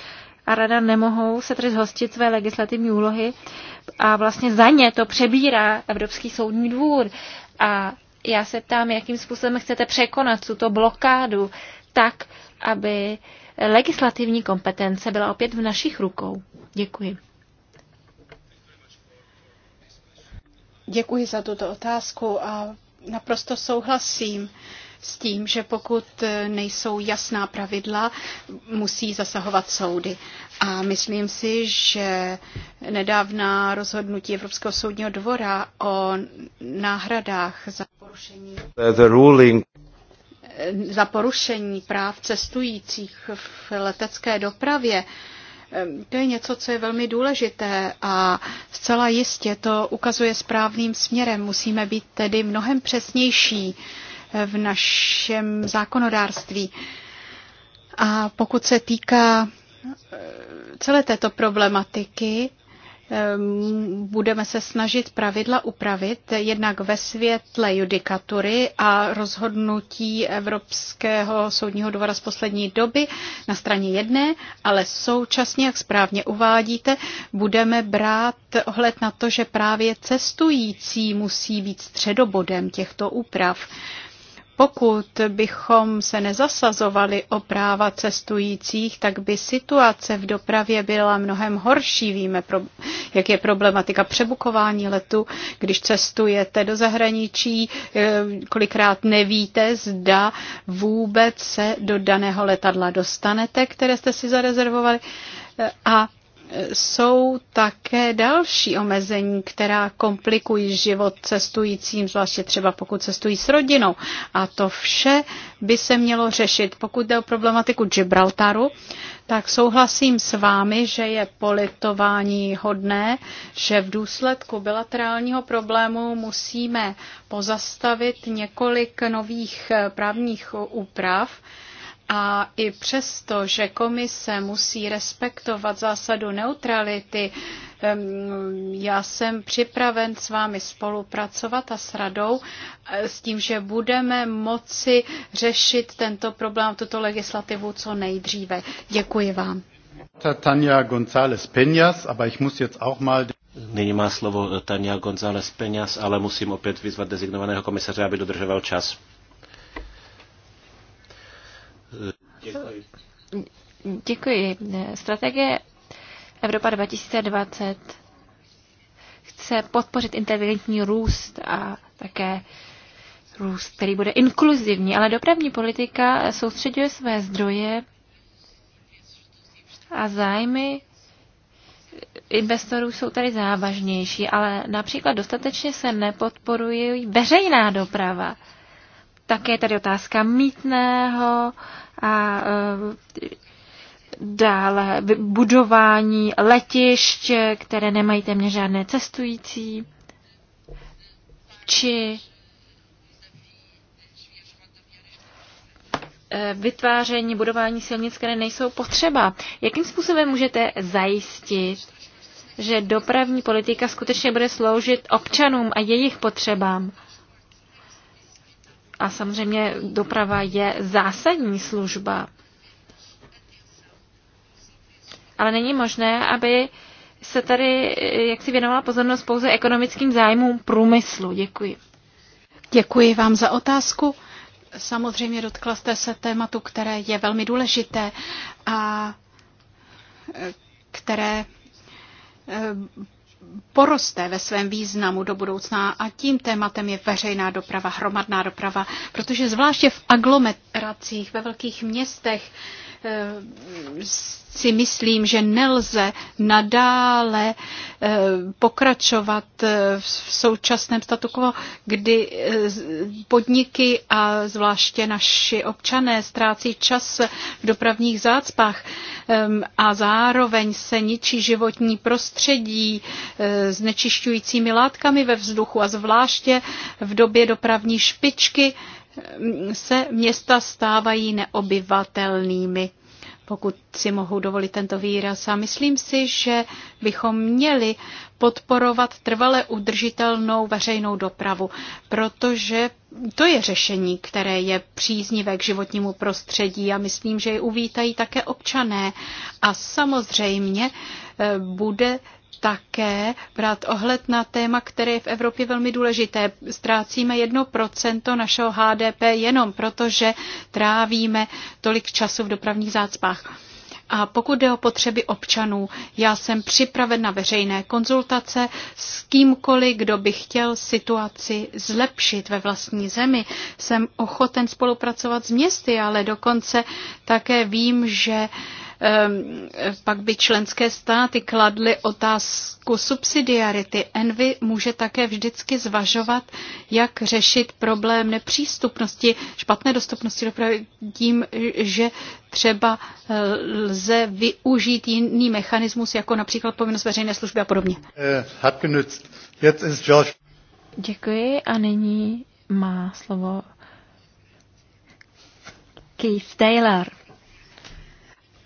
a rada nemohou se tedy zhostit své legislativní úlohy a vlastně za ně to přebírá Evropský soudní dvůr. A já se ptám, jakým způsobem chcete překonat tuto blokádu tak, aby legislativní kompetence byla opět v našich rukou. Děkuji. Děkuji za tuto otázku a naprosto souhlasím s tím, že pokud e, nejsou jasná pravidla, musí zasahovat soudy. A myslím si, že nedávná rozhodnutí Evropského soudního dvora o náhradách za porušení the ruling e, za porušení práv cestujících v letecké dopravě. E, to je něco, co je velmi důležité a zcela jistě to ukazuje správným směrem. Musíme být tedy mnohem přesnější v našem zákonodárství. A pokud se týká eh, celé této problematiky, eh, budeme se snažit pravidla upravit jednak ve světle judikatury a rozhodnutí Evropského soudního dvora z poslední doby na straně jedné, ale současně, jak správně uvádíte, budeme brát ohled na to, že právě cestující musí být středobodem těchto úprav. Pokud bychom se nezasazovali o práva cestujících, tak by situace v dopravě byla mnohem horší. Víme, jak je problematika přebukování letu, když cestujete do zahraničí, eh, kolikrát nevíte, zda vůbec se do daného letadla dostanete, které jste si zarezervovali. Eh, a jsou také další omezení, která komplikují život cestujícím, zvláště třeba pokud cestují s rodinou. A to vše by se mělo řešit. Pokud jde o problematiku Gibraltaru, tak souhlasím s vámi, že je politování hodné, že v důsledku bilaterálního problému musíme pozastavit několik nových právních úprav, a i přesto, že komise musí respektovat zásadu neutrality, já jsem připraven s vámi spolupracovat a s radou e, s tím, že budeme moci řešit tento problém, tuto legislativu co nejdříve. Děkuji vám. Tania González Peñas, aber ich muss jetzt auch mal Nyní má slovo Tania González Peñas, ale musím opět vyzvat dezignovaného komisaře, aby dodržoval čas. Děkuji. Děkuji. Strategie Evropa 2020 chce podpořit inteligentní růst a také růst, který bude inkluzivní, ale dopravní politika soustředuje své zdroje a zájmy investorů jsou tady závažnější, ale například dostatečně se nepodporuje veřejná doprava. Také je tady otázka mítného a eh, dále budování letišť, které nemají téměř žádné cestující, či eh, vytváření, budování silnic, které nejsou potřeba. Jakým způsobem můžete zajistit, že dopravní politika skutečně bude sloužit občanům a jejich potřebám? A samozřejmě doprava je zásadní služba. Ale není možné, aby se tady jak si věnovala pozornost pouze ekonomickým zájmům průmyslu. Děkuji. Děkuji vám za otázku. Samozřejmě dotkla jste se tématu, které je velmi důležité a e, které e, poroste ve svém významu do budoucna a tím tématem je veřejná doprava, hromadná doprava, protože zvláště v aglomeracích, ve velkých městech, Eh, si myslím, že nelze nadále eh, pokračovat eh, v současném statu quo, kdy podniky a zvláště naši občané ztrácí čas v dopravních zácpách ehm, a zároveň se ničí životní prostředí znečišťujícími látkami ve vzduchu a zvláště v době dopravní špičky se města stávají neobyvatelnými pokud si mohu dovolit tento výraz. A myslím si, že bychom měli podporovat trvale udržitelnou veřejnou dopravu, protože to je řešení, které je příznivé k životnímu prostředí a myslím, že je uvítají také občané. A samozřejmě eh, bude také brát ohled na téma, které je v Evropě velmi důležité. Ztrácíme 1% našeho HDP jenom proto, že trávíme tolik času v dopravních zácpách. A pokud jde o potřeby občanů, já jsem připraven na veřejné konzultace s kýmkoliv, kdo by chtěl situaci zlepšit ve vlastní zemi. Jsem ochoten spolupracovat s městy, ale dokonce také vím, že Ehm, pak by členské státy kladly otázku subsidiarity. Envy může také vždycky zvažovat, jak řešit problém nepřístupnosti, špatné dostupnosti dopravy tím, že třeba eh, lze využít jiný mechanismus, jako například povinnost veřejné služby a podobně. Eh, Děkuji a nyní má slovo Keith Taylor.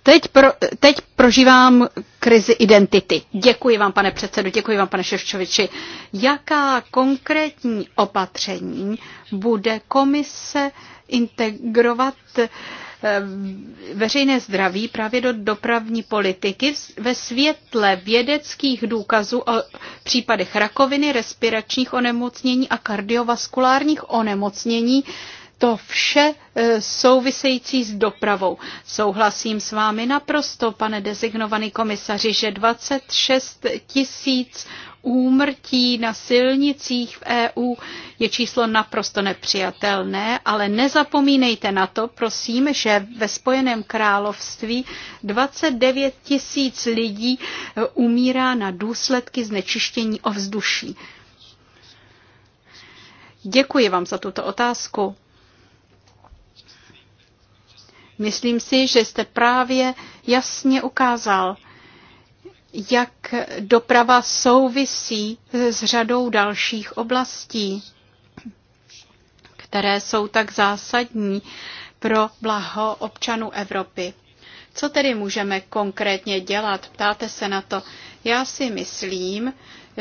Teď, pro, teď prožívám krizi identity. Děkuji vám, pane předsedu, děkuji vám, pane Ševčoviči. Jaká konkrétní opatření bude komise integrovat eh, veřejné zdraví právě do dopravní politiky ve světle vědeckých důkazů o případech rakoviny, respiračních onemocnění a kardiovaskulárních onemocnění, to vše e, související s dopravou. Souhlasím s vámi naprosto, pane designovaný komisaři, že 26 tisíc úmrtí na silnicích v EU je číslo naprosto nepřijatelné, ale nezapomínejte na to, prosím, že ve Spojeném království 29 tisíc lidí e, umírá na důsledky znečištění ovzduší. Děkuji vám za tuto otázku. Myslím si, že jste právě jasně ukázal, jak doprava souvisí s řadou dalších oblastí, které jsou tak zásadní pro blaho občanů Evropy. Co tedy můžeme konkrétně dělat? Ptáte se na to. Já si myslím,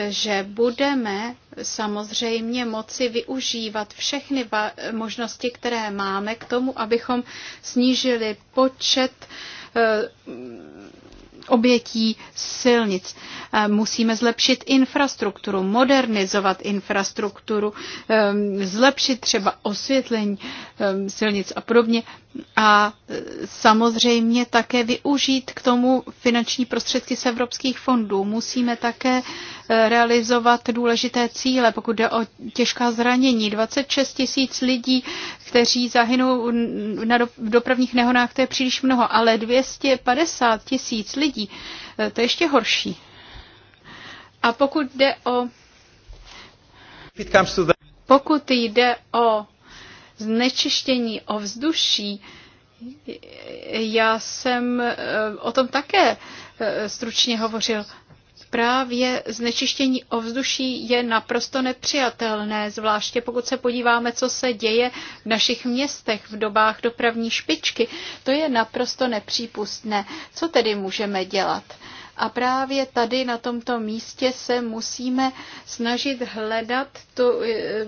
že budeme samozřejmě moci využívat všechny možnosti, které máme k tomu, abychom snížili počet eh, obětí silnic. Eh, musíme zlepšit infrastrukturu, modernizovat infrastrukturu, eh, zlepšit třeba osvětlení silnic a podobně a e, samozřejmě také využít k tomu finanční prostředky z evropských fondů. Musíme také e, realizovat důležité cíle, pokud jde o těžká zranění. 26 tisíc lidí, kteří zahynou v dopravních nehodách, to je příliš mnoho, ale 250 tisíc lidí, e, to je ještě horší. A pokud jde o pokud jde o znečištění ovzduší. Já jsem eh, o tom také eh, stručně hovořil. Právě znečištění ovzduší je naprosto nepřijatelné, zvláště pokud se podíváme, co se děje v našich městech v dobách dopravní špičky. To je naprosto nepřípustné. Co tedy můžeme dělat? A právě tady na tomto místě se musíme snažit hledat tu eh,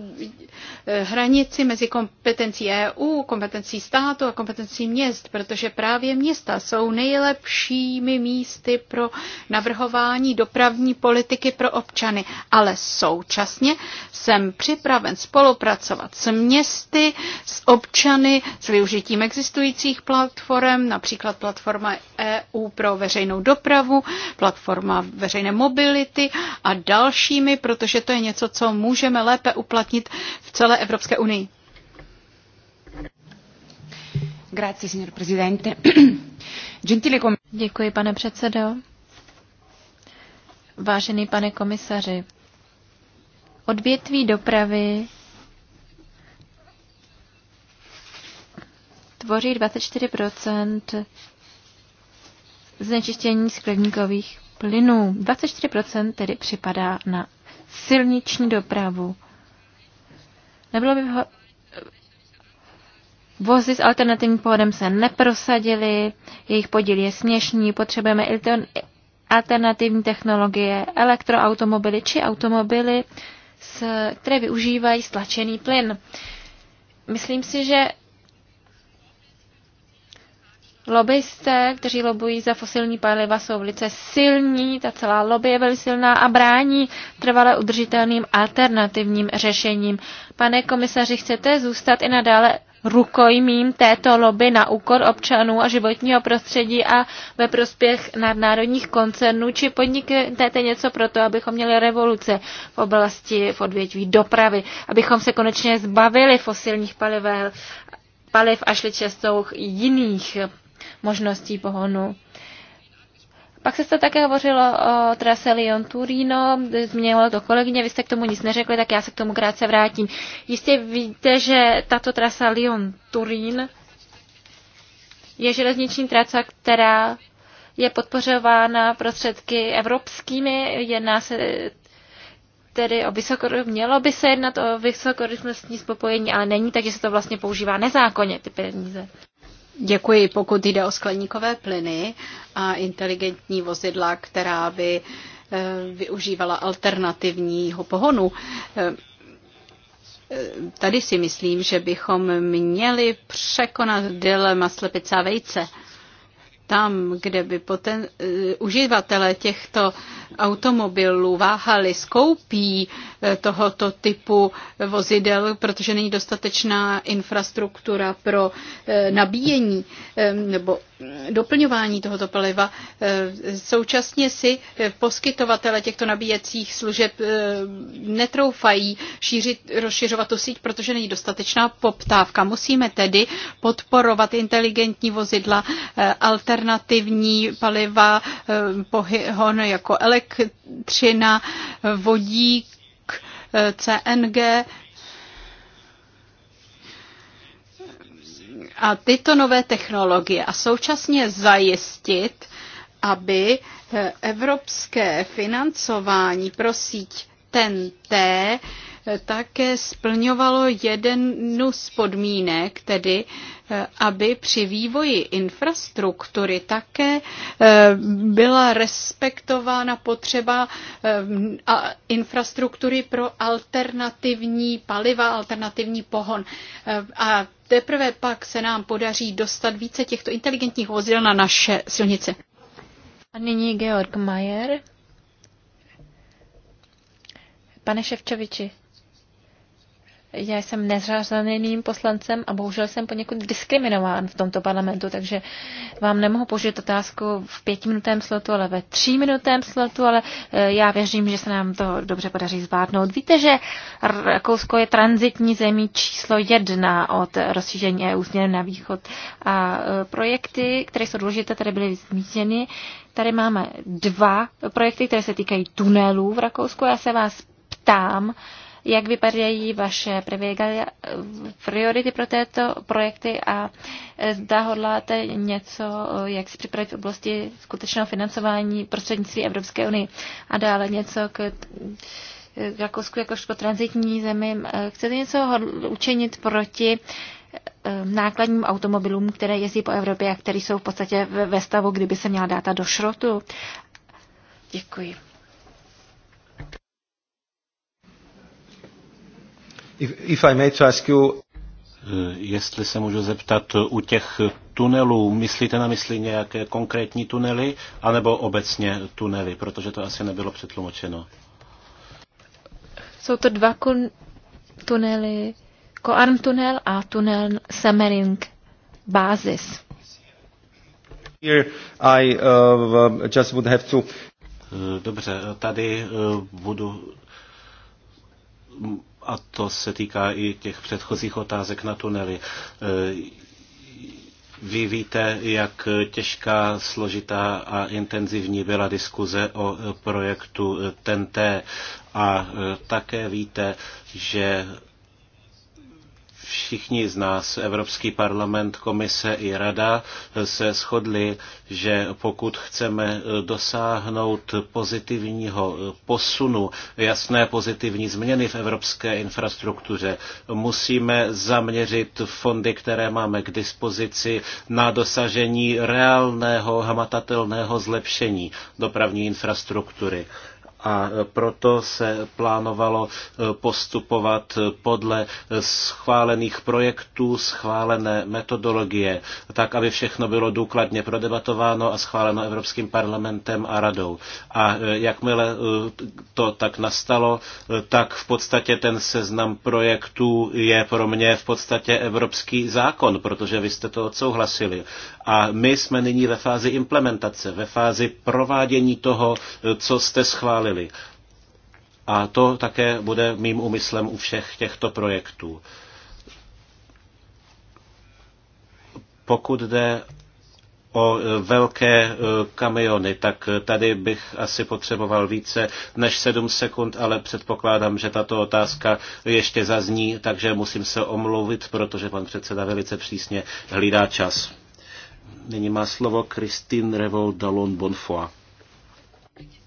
eh, hranici mezi kompetencí EU, kompetencí státu a kompetencí měst, protože právě města jsou nejlepšími místy pro navrhování dopravní politiky pro občany. Ale současně jsem připraven spolupracovat s městy, s občany, s využitím existujících platform, například platforma EU pro veřejnou dopravu, platforma veřejné mobility a dalšími, protože to je něco, co můžeme lépe uplatnit v celé Evropské unii. Grazie, signor Presidente. Gentile Děkuji, pane předsedo. Vážený pane komisaři, odvětví dopravy tvoří 24 znečištění skleníkových plynů. 24% tedy připadá na silniční dopravu. Nebylo by ho... Vozy s alternativním pohodem se neprosadily, jejich podíl je směšný, potřebujeme alternativní technologie, elektroautomobily či automobily, které využívají stlačený plyn. Myslím si, že Lobbysté, kteří lobují za fosilní paliva, jsou velice silní, ta celá lobby je velmi silná a brání trvale udržitelným alternativním řešením. Pane komisaři, chcete zůstat i nadále rukojmím této lobby na úkor občanů a životního prostředí a ve prospěch nadnárodních koncernů, či podniknete něco pro to, abychom měli revoluce v oblasti v odvětví dopravy, abychom se konečně zbavili fosilních paliv, paliv a šli cestou jiných možností pohonu. Pak se to také hovořilo o trase Lyon-Turino, změnilo to kolegyně, vy jste k tomu nic neřekli, tak já se k tomu krátce vrátím. Jistě víte, že tato trasa Lyon-Turín je železniční trasa, která je podpořována prostředky evropskými, jedná se tedy o vysokoryb, mělo by se jednat o vysokorychlostní spopojení, ale není, takže se to vlastně používá nezákonně, ty peníze. Děkuji. Pokud jde o skleníkové plyny a inteligentní vozidla, která by eh, využívala alternativního pohonu, eh, tady si myslím, že bychom měli překonat dilema slepice a vejce tam, kde by poten, eh, uživatelé těchto automobilů váhali s koupí eh, tohoto typu vozidel, protože není dostatečná infrastruktura pro eh, nabíjení nebo doplňování tohoto paliva. Eh, současně si eh, poskytovatele těchto nabíjecích služeb eh, netroufají šířit, rozšiřovat tu síť, protože není dostatečná poptávka. Musíme tedy podporovat inteligentní vozidla, alternativní paliva, pohon jako elektřina, vodík, CNG, a tyto nové technologie a současně zajistit, aby eh, evropské financování pro síť TNT eh, také splňovalo jednu z podmínek, tedy eh, aby při vývoji infrastruktury také byla respektována potřeba infrastruktury pro alternativní paliva, alternativní pohon. A teprve pak se nám podaří dostat více těchto inteligentních vozidel na naše silnice. A nyní Georg Mayer. Pane Ševčoviči, já jsem nezřazeným poslancem a bohužel jsem poněkud diskriminován v tomto parlamentu, takže vám nemohu použít otázku v pětiminutém slotu, ale ve tříminutém slotu, ale e, já věřím, že se nám to dobře podaří zvládnout. Víte, že Rakousko je transitní zemí číslo jedna od rozšíření EU směrem na východ a e, projekty, které jsou důležité, tady byly zmíněny. Tady máme dva projekty, které se týkají tunelů v Rakousku. Já se vás ptám, jak vypadají vaše eh, priority pro této projekty a eh, zda hodláte něco, eh, jak si připravit v oblasti skutečného financování prostřednictví Evropské unie a dále něco k Rakousku jakožto transitní zemi. Chcete něco učinit proti nákladním automobilům, které jezdí po Evropě a které jsou v podstatě ve stavu, kdyby se měla dáta do šrotu? Děkuji. If, I may to ask you... Eh, jestli se můžu zeptat, eh, u těch tunelů myslíte na mysli nějaké konkrétní tunely, anebo obecně tunely, protože to asi nebylo přetlumočeno. Jsou to dva kun- tunely, Koarm tunel a tunel Semering Basis. Here I uh, just would have to... Dobře, tady budu a to se týká i těch předchozích otázek na tunely. E, vy víte, jak těžká, složitá a intenzivní byla diskuze o projektu TNT a e, také víte, že všichni z nás, Evropský parlament, komise i rada, se shodli, že pokud chceme dosáhnout pozitivního posunu, jasné pozitivní změny v evropské infrastruktuře, musíme zaměřit fondy, které máme k dispozici, na dosažení reálného, hmatatelného zlepšení dopravní infrastruktury a proto se plánovalo e, postupovat podle schválených projektů, schválené metodologie, tak, aby všechno bylo důkladně prodebatováno a schváleno Evropským parlamentem a radou. A e, jakmile e, to tak nastalo, tak v podstatě ten seznam projektů je pro mě v podstatě evropský zákon, protože vy jste to odsouhlasili. A my jsme nyní ve fázi implementace, ve fázi provádění toho, co jste schválili posílili. A to také bude mým úmyslem u všech těchto projektů. Pokud jde o e, velké e, kamiony, tak e, tady bych asi potřeboval více než sedm sekund, ale předpokládám, že tato otázka ještě zazní, takže musím se omluvit, protože pan předseda velice přísně hlídá čas. Nyní má slovo Christine Revol dalon Bonfoy.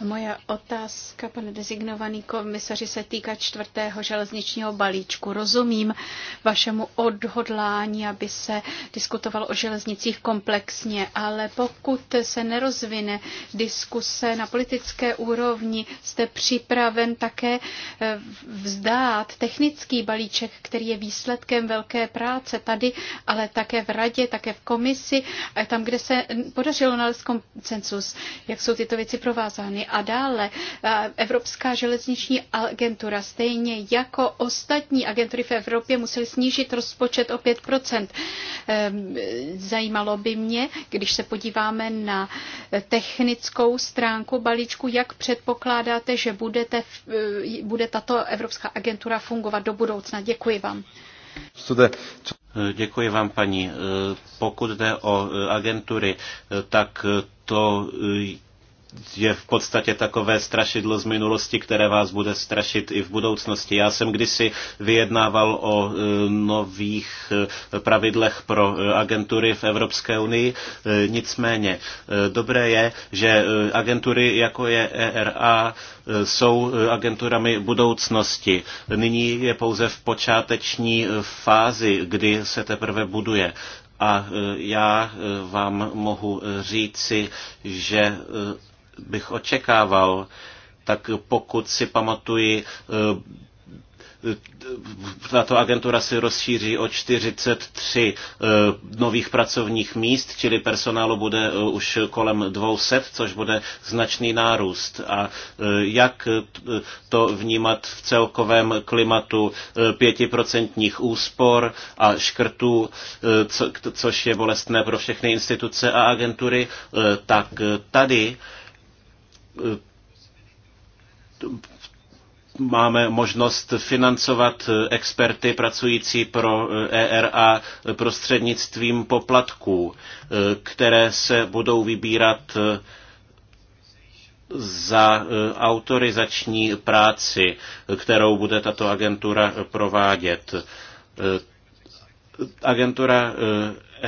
Moje otázka, pane designovaný komisaři, se týká čtvrtého železničního balíčku. Rozumím vašemu odhodlání, aby se diskutovalo o železnicích komplexně, ale pokud se nerozvine diskuse na politické úrovni, jste připraven také eh, vzdát technický balíček, který je výsledkem velké práce tady, ale také v radě, také v komisi, tam, kde se podařilo nalézt koncensus, jak jsou tyto věci provázány a dále. Eh, Evropská železniční agentura, stejně jako ostatní agentury v Evropě, musely snížit rozpočet o 5%. Ehm, zajímalo by mě, když se podíváme na technickou stránku balíčku, jak předpokládáte, že budete, eh, bude tato Evropská agentura fungovat do budoucna. Děkuji vám. Eh, děkuji vám, paní. Pokud jde o agentury, tak to je v podstatě takové strašidlo z minulosti, které vás bude strašit i v budoucnosti. Já jsem kdysi vyjednával o e, nových e, pravidlech pro e, agentury v Evropské unii, nicméně dobré je, že agentury jako je ERA jsou agenturami budoucnosti. Nyní je pouze v počáteční fázi, kdy se teprve buduje. A já vám mohu říci, že bych očekával, tak pokud si pamatuji, tato eh, agentura se rozšíří o 43 eh, nových pracovních míst, čili personálu bude eh, už kolem 200, což bude značný nárůst. A jak to vnímat v celkovém klimatu 5% úspor a škrtů, což je bolestné pro všechny instituce a agentury, tak tady Eh, máme možnost financovat eh, experty pracující pro ERA eh, e prostřednictvím poplatků, které se budou vybírat za autorizační práci, kterou bude tato agentura provádět. Agentura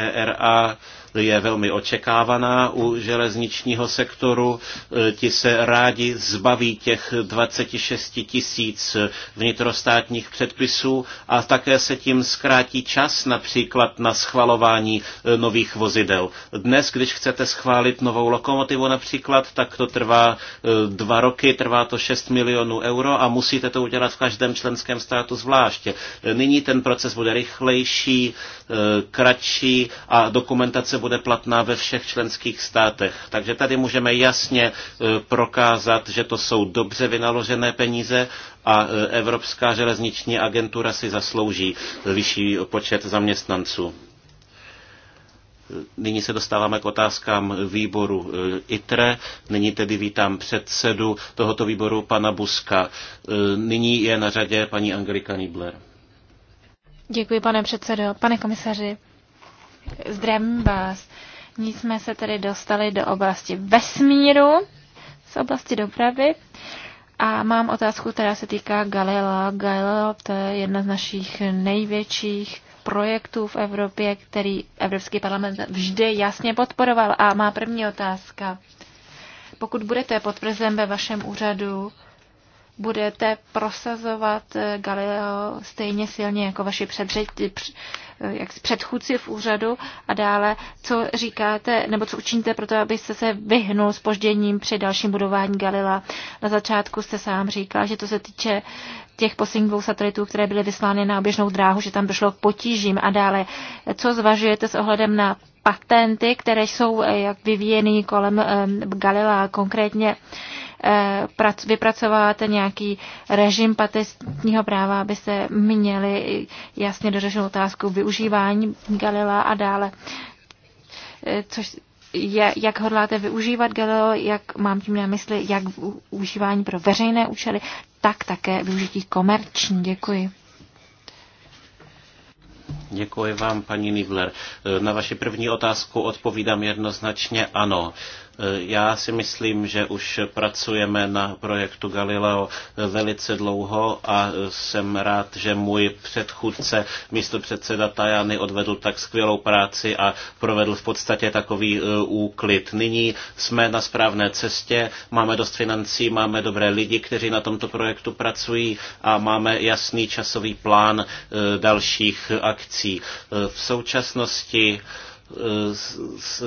ERA e je velmi očekávaná u železničního sektoru. E, ti se rádi zbaví těch 26 tisíc vnitrostátních předpisů a také se tím zkrátí čas například na schvalování e, nových vozidel. Dnes, když chcete schválit novou lokomotivu například, tak to trvá e, dva roky, trvá to 6 milionů euro a musíte to udělat v každém členském státu zvláště. Nyní ten proces bude rychlejší, kratší a dokumentace bude platná ve všech členských státech. Takže tady můžeme jasně e, prokázat, že to jsou dobře vynaložené peníze a e, Evropská železniční agentura si zaslouží vyšší počet zaměstnanců. E, nyní se dostáváme k otázkám výboru ITRE. Nyní tedy vítám předsedu tohoto výboru, pana Buska. Nyní je na řadě paní Angelika Nibler. Děkuji, pane předsedo. Pane komisaři, Zdravím vás. Nic jsme se tedy dostali do oblasti vesmíru, z oblasti dopravy. A mám otázku, která se týká Galilea. Galileo to je jedna z našich největších projektů v Evropě, který Evropský parlament vždy jasně podporoval. A má první otázka. Pokud budete potvrzen ve vašem úřadu, budete prosazovat Galileo stejně silně jako vaši předřed, Eh, jak předchůdci v úřadu a dále, co říkáte, nebo co učiníte pro to, abyste se vyhnul spožděním při dalším budování Galila. Na začátku jste sám říkal, že to se týče těch posledních dvou satelitů, které byly vyslány na oběžnou dráhu, že tam došlo k potížím a dále. Co zvažujete s ohledem na patenty, které jsou eh, jak vyvíjeny kolem eh, Galilea, konkrétně Eh, vypracováváte nějaký režim patentního práva, aby se měli jasně dořešenou otázku využívání Galila a dále. Eh, což je, jak hodláte využívat Galileo, jak mám tím na mysli, jak užívání pro veřejné účely, tak také využití komerční. Děkuji. Děkuji vám, paní Nibler. Na vaši první otázku odpovídám jednoznačně ano. Já si myslím, že už pracujeme na projektu Galileo velice dlouho a jsem rád, že můj předchůdce, místo předseda Tajany, odvedl tak skvělou práci a provedl v podstatě takový e, úklid. Nyní jsme na správné cestě, máme dost financí, máme dobré lidi, kteří na tomto projektu pracují a máme jasný časový plán e, dalších akcí Eh, v současnosti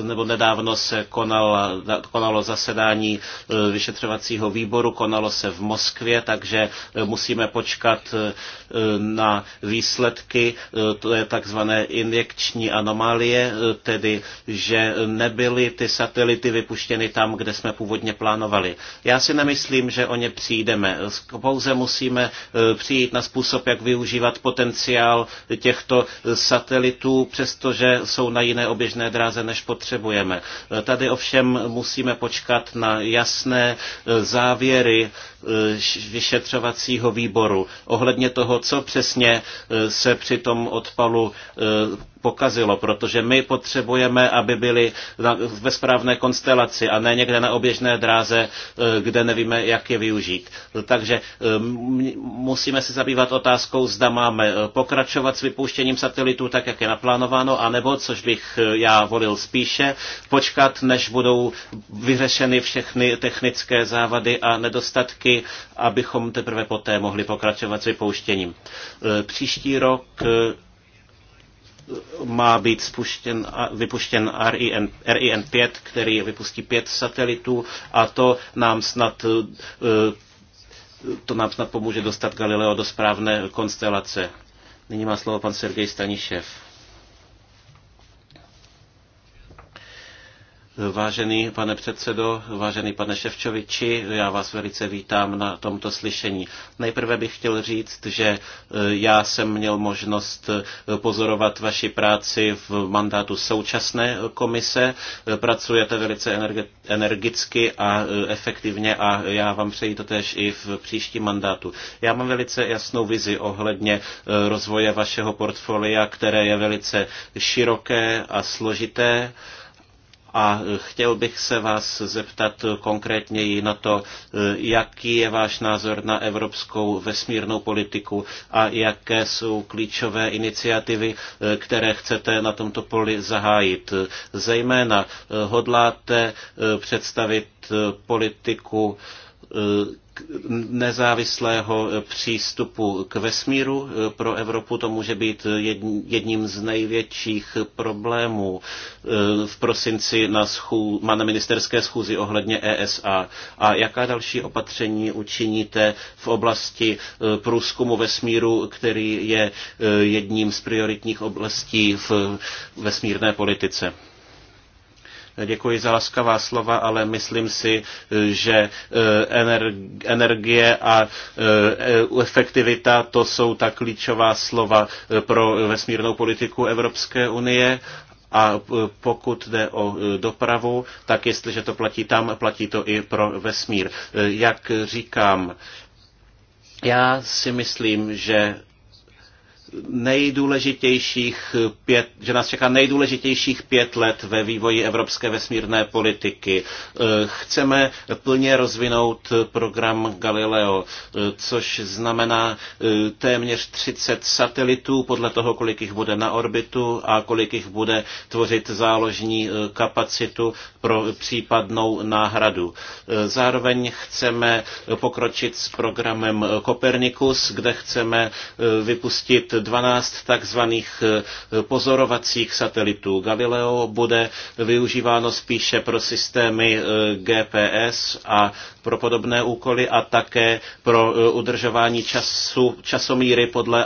nebo nedávno se konalo, konalo zasedání e, vyšetřovacího výboru, konalo se v Moskvě, takže e, musíme počkat e, na výsledky, to je takzvané injekční anomálie, tedy že nebyly ty satelity vypuštěny tam, kde jsme původně plánovali. Já si nemyslím, že o ně přijdeme. Pouze musíme přijít na způsob, jak využívat potenciál těchto satelitů, přestože jsou na jiné oblasti oběžné dráze, než potřebujeme. Tady ovšem musíme počkat na jasné e, závěry e, vyšetřovacího výboru ohledně toho, co přesně e, se při tom odpalu pokazilo, protože my potřebujeme, aby byli ve správné konstelaci a ne někde na oběžné dráze, eh, kde nevíme, jak je využít. Takže eh, musíme se zabývat otázkou, zda máme eh, pokračovat s vypouštěním satelitů tak, jak je naplánováno, anebo, což bych já volil spíše, počkat, než budou vyřešeny všechny technické závady a nedostatky, abychom teprve poté mohli pokračovat s vypouštěním. Příští rok má být spuštěn, vypuštěn RIN, RIN 5, který vypustí pět satelitů a to nám snad eh, to nám snad pomůže dostat Galileo do správné konstelace. Nyní má slovo pan Sergej Stanišev. Vážený pane předsedo, vážený pane Ševčoviči, já vás velice vítám na tomto slyšení. Nejprve bych chtěl říct, že e, já jsem měl možnost e, pozorovat vaši práci v mandátu současné komise. E, pracujete velice energicky a efektivně a já vám přeji to tež i v příštím mandátu. Já mám velice jasnou vizi ohledně rozvoje vašeho portfolia, které je velice široké a složité a chtěl bych se vás zeptat konkrétněji na to, jaký je váš názor na evropskou vesmírnou politiku a jaké jsou klíčové iniciativy, které chcete na tomto poli zahájit. Zejména hodláte představit politiku Eh, nezávislého eh, přístupu k vesmíru eh, pro Evropu. To může být jedním z největších problémů v prosinci na, schů, na ministerské schůzi ohledně ESA. A jaká další opatření učiníte v oblasti průzkumu vesmíru, který je jedním z prioritních oblastí v vesmírné politice? Děkuji za laskavá slova, ale myslím si, že e, energie a e, e, efektivita to jsou ta klíčová slova pro vesmírnou politiku Evropské unie a pokud jde o dopravu, tak jestliže to platí tam, platí to i pro vesmír. Jak říkám, já si myslím, že nejdůležitějších pět, že nás čeká nejdůležitějších pět let ve vývoji evropské vesmírné politiky. Eh, chceme plně rozvinout program Galileo, eh, což znamená eh, téměř 30 satelitů podle toho, kolik jich bude na orbitu a kolik jich bude tvořit záložní kapacitu pro případnou náhradu. Zároveň chceme pokročit s programem Copernicus, kde chceme vypustit 12 takzvaných eh, pozorovacích satelitů. Galileo bude využíváno spíše pro systémy eh, GPS a pro podobné úkoly a také pro e, udržování času, časomíry podle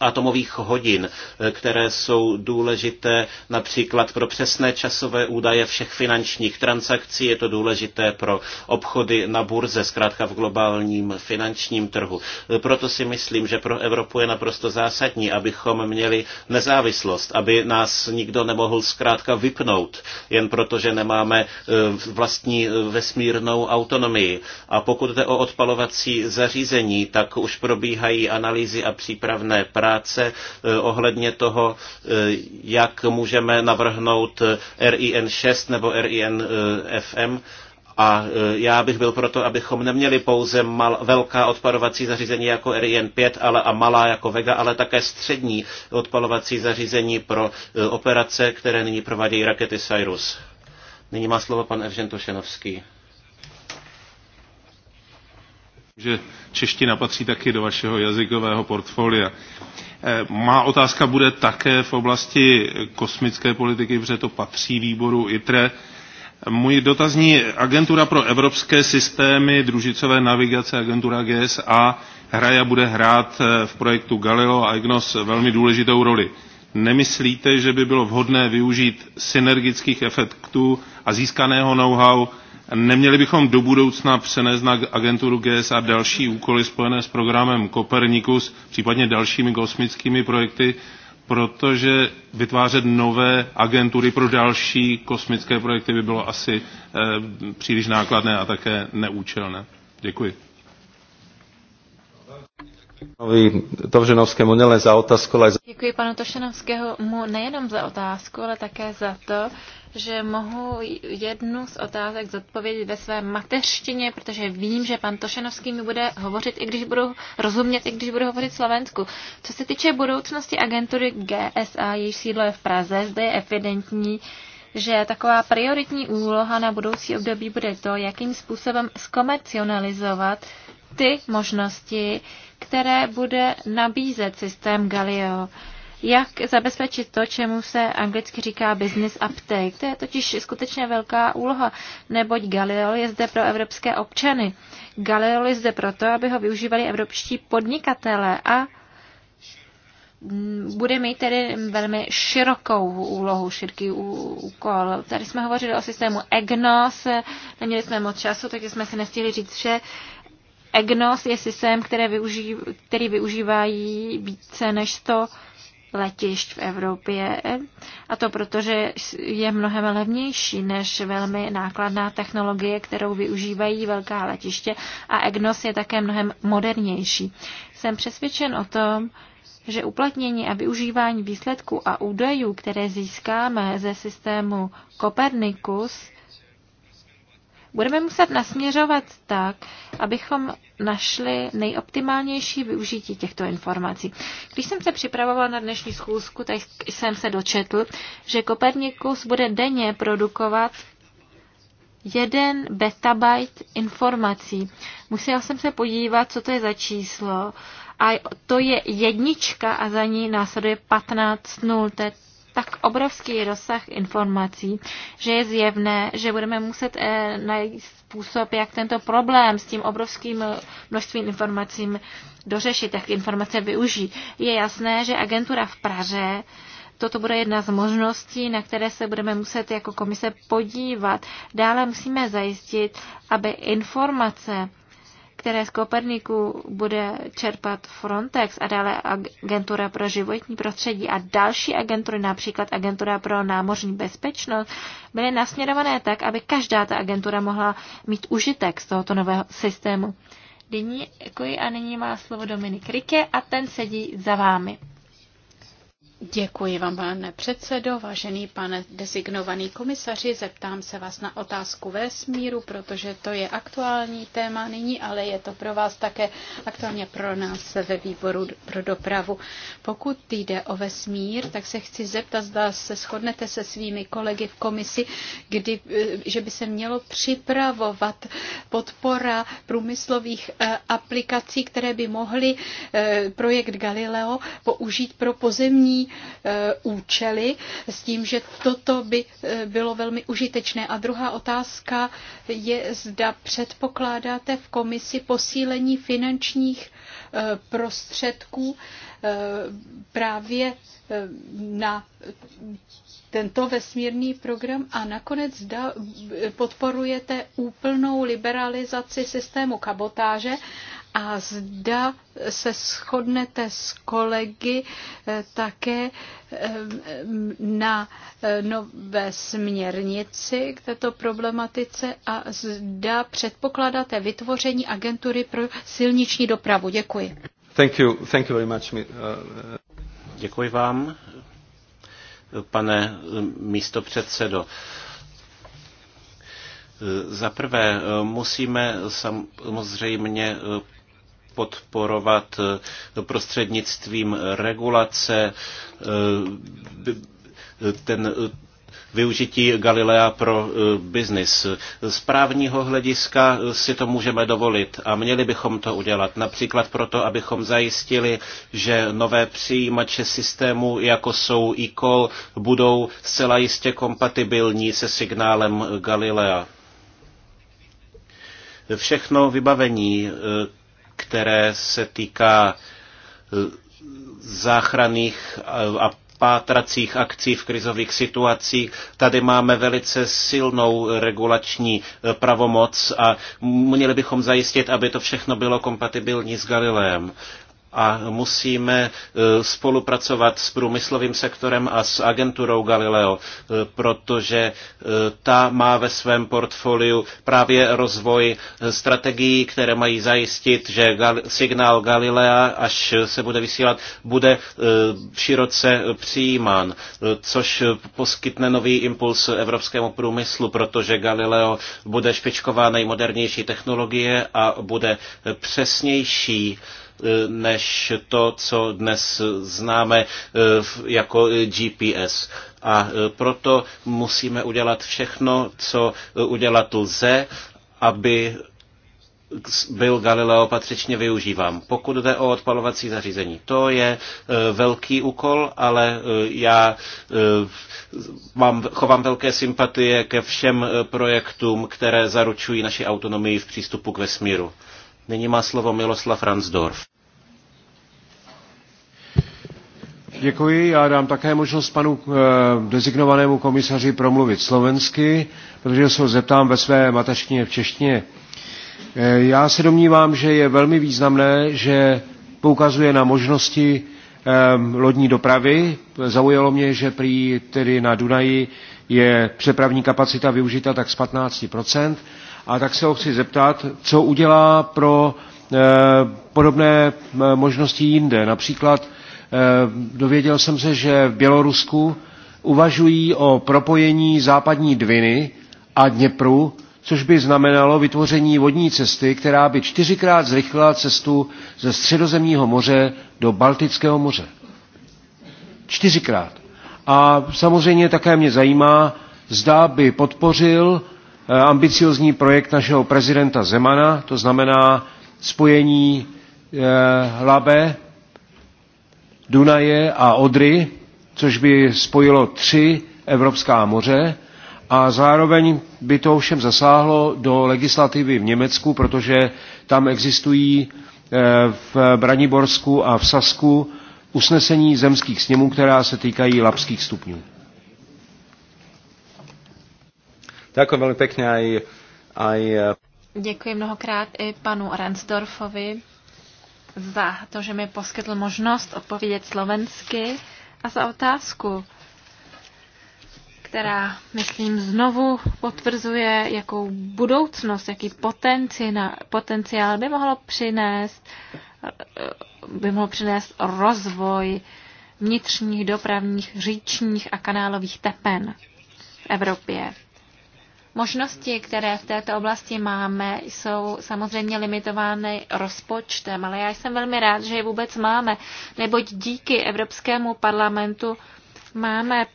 atomových hodin, e, které jsou důležité například pro přesné časové údaje všech finančních transakcí, je to důležité pro obchody na burze, zkrátka v globálním finančním trhu. E, proto si myslím, že pro Evropu je naprosto zásadní, abychom měli nezávislost, aby nás nikdo nemohl zkrátka vypnout, jen protože nemáme vlastní vesmírnou autonomii ekonomii. A pokud jde o odpalovací zařízení, tak už probíhají analýzy a přípravné práce eh, ohledně toho, eh, jak můžeme navrhnout eh, RIN 6 nebo RIN FM. A já bych byl proto, abychom neměli pouze mal, velká odpalovací zařízení jako RIN 5 ale, a malá jako Vega, ale také střední odpalovací zařízení pro operace, které nyní provádějí rakety Cyrus. Nyní má slovo pan Evžen Tošenovský že čeština patří taky do vašeho jazykového portfolia. Eh, má otázka bude také v oblasti kosmické politiky, protože to patří výboru ITRE. Můj dotazní agentura pro evropské systémy družicové navigace, agentura GSA, hraje a bude hrát eh, v projektu Galileo a EGNOS velmi důležitou roli. Nemyslíte, že by bylo vhodné využít synergických efektů a získaného know-how Neměli bychom do budoucna přenést na agenturu GSA další úkoly spojené s programem Copernicus, případně dalšími kosmickými projekty, protože vytvářet nové agentury pro další kosmické projekty by bylo asi e, příliš nákladné a také neúčelné. Děkuji. Tovženovskému nejen za otázku, ale za... Děkuji panu Tošenovskému nejenom za otázku, ale také za to, že mohu jednu z otázek zodpovědět ve své mateřštině, protože vím, že pan Tošenovský mi bude hovořit, i když budu rozumět, i když budu hovořit slovensku. Co se týče budoucnosti agentury GSA, jejíž sídlo je v Praze, zde je evidentní, že taková prioritní úloha na budoucí období bude to, jakým způsobem zkomercionalizovat ty možnosti, které bude nabízet systém Galileo jak zabezpečit to, čemu se anglicky říká business uptake. To je totiž skutečně velká úloha, neboť Galileo je zde pro evropské občany. Galileo je zde proto, aby ho využívali evropští podnikatele a bude mít tedy velmi širokou úlohu, širký úkol. Tady jsme hovořili o systému EGNOS, neměli jsme moc času, takže jsme si nestihli říct vše. EGNOS je systém, které který využívají více než 100 letišť v Evropě. A to proto, že je mnohem levnější než velmi nákladná technologie, kterou využívají velká letiště. A EGNOS je také mnohem modernější. Jsem přesvědčen o tom, že uplatnění a využívání výsledků a údajů, které získáme ze systému Copernicus, budeme muset nasměřovat tak, abychom našli nejoptimálnější využití těchto informací. Když jsem se připravoval na dnešní schůzku, tak jsem se dočetl, že Kopernikus bude denně produkovat jeden betabyte informací. Musel jsem se podívat, co to je za číslo. A to je jednička a za ní následuje 15 nul. To je tak obrovský rozsah informací, že je zjevné, že budeme muset eh, najít způsob, jak tento problém s tím obrovským eh, množstvím informací dořešit, jak informace využít. Je jasné, že agentura v Praze Toto bude jedna z možností, na které se budeme muset jako komise podívat. Dále musíme zajistit, aby informace které z Koperniku bude čerpat Frontex a dále Agentura pro životní prostředí a další agentury, například Agentura pro námořní bezpečnost, byly nasměrované tak, aby každá ta agentura mohla mít užitek z tohoto nového systému. Dyní, a nyní má slovo Dominik Rike a ten sedí za vámi. Děkuji vám, pane předsedo. Vážený pane designovaný komisaři, zeptám se vás na otázku vesmíru, protože to je aktuální téma nyní, ale je to pro vás také aktuálně pro nás ve výboru pro dopravu. Pokud jde o vesmír, tak se chci zeptat, zda se shodnete se svými kolegy v komisi, kdy, že by se mělo připravovat podpora průmyslových eh, aplikací, které by mohly eh, projekt Galileo použít pro pozemní Eh, účely s tím, že toto by eh, bylo velmi užitečné. A druhá otázka je, zda předpokládáte v komisi posílení finančních eh, prostředků právě na tento vesmírný program a nakonec zda podporujete úplnou liberalizaci systému kabotáže a zda se shodnete s kolegy eh, také eh, na eh, nové směrnici k této problematice a zda předpokládáte vytvoření agentury pro silniční dopravu. Děkuji. Thank you. Thank you very much. Uh, uh. Děkuji vám, pane místopředsedo. Za prvé musíme samozřejmě podporovat eh, no, prostřednictvím eh, regulace eh, ten využití Galilea pro biznis. Z právního hlediska si to můžeme dovolit a měli bychom to udělat. Například proto, abychom zajistili, že nové přijímače systému, jako jsou e budou zcela jistě kompatibilní se signálem Galilea. Všechno vybavení, které se týká eh, záchranných eh, a pátracích akcí v krizových situacích. Tady máme velice silnou regulační eh, pravomoc a měli bychom zajistit, aby to všechno bylo kompatibilní s Galileem a musíme e, spolupracovat s průmyslovým sektorem a s agenturou Galileo, e, protože e, ta má ve svém portfoliu právě rozvoj strategií, které mají zajistit, že signál Galilea, až se bude vysílat, bude široce přijímán, což poskytne nový impuls evropskému průmyslu, protože Galileo bude špičková nejmodernější technologie a bude přesnější než to, co dnes známe eh, jako eh, GPS. A eh, proto musíme udělat všechno, co udělat lze, aby byl Galileo patřičně využíván. Pokud jde o odpalovací zařízení, to je velký úkol, ale já mám, chovám velké sympatie ke všem projektům, které zaručují naši autonomii v přístupu k vesmíru. Nyní má slovo Miloslav Ransdorf. Děkuji. Já dám také možnost panu eh, designovanému komisaři promluvit slovensky, protože se ho zeptám ve své mateřštině v češtině. Eh, já se domnívám, že je velmi významné, že poukazuje na možnosti eh, lodní dopravy. Zaujalo mě, že prý tedy na Dunaji je přepravní kapacita využita tak z 15%. A tak se ho chci zeptat, co udělá pro eh, podobné eh, možnosti jinde, například Eh, dověděl jsem se, že v Bělorusku uvažují o propojení západní Dviny a Dněpru, což by znamenalo vytvoření vodní cesty, která by čtyřikrát zrychlila cestu ze Středozemního moře do Baltického moře. Čtyřikrát. A samozřejmě také mě zajímá, zda by podpořil eh, ambiciozní projekt našeho prezidenta Zemana, to znamená spojení eh, Labe Dunaje a Odry, což by spojilo tři evropská moře a zároveň by to ovšem zasáhlo do legislativy v Německu, protože tam existují eh, v Braniborsku a v Sasku usnesení zemských sněmů, která se týkají lapských stupňů. Děkuji velmi pěkně. Aj, eh- Děkuji mnohokrát i panu Ransdorfovi za to, že mi poskytl možnost odpovědět slovensky a za otázku, která, myslím, znovu potvrzuje, jakou budoucnost, jaký potenciál by mohlo přinést, by mohl přinést rozvoj vnitřních dopravních říčních a kanálových tepen v Evropě. Možnosti, které v této oblasti máme, jsou samozřejmě limitovány rozpočtem, ale já jsem velmi rád, že je vůbec máme, neboť díky Evropskému parlamentu máme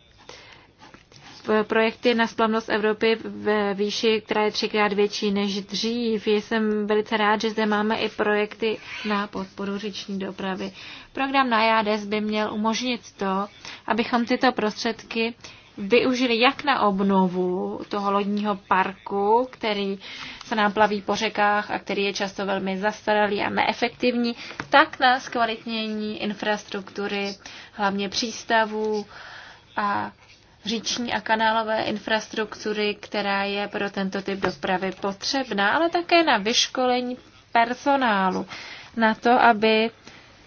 projekty na splavnost Evropy ve výši, která je třikrát větší než dřív. Jsem velice rád, že zde máme i projekty na podporu říční dopravy. Program na JADES by měl umožnit to, abychom tyto prostředky využili jak na obnovu toho lodního parku, který se nám plaví po řekách a který je často velmi zastaralý a neefektivní, tak na zkvalitnění infrastruktury, hlavně přístavů a říční a kanálové infrastruktury, která je pro tento typ dopravy potřebná, ale také na vyškolení personálu, na to, aby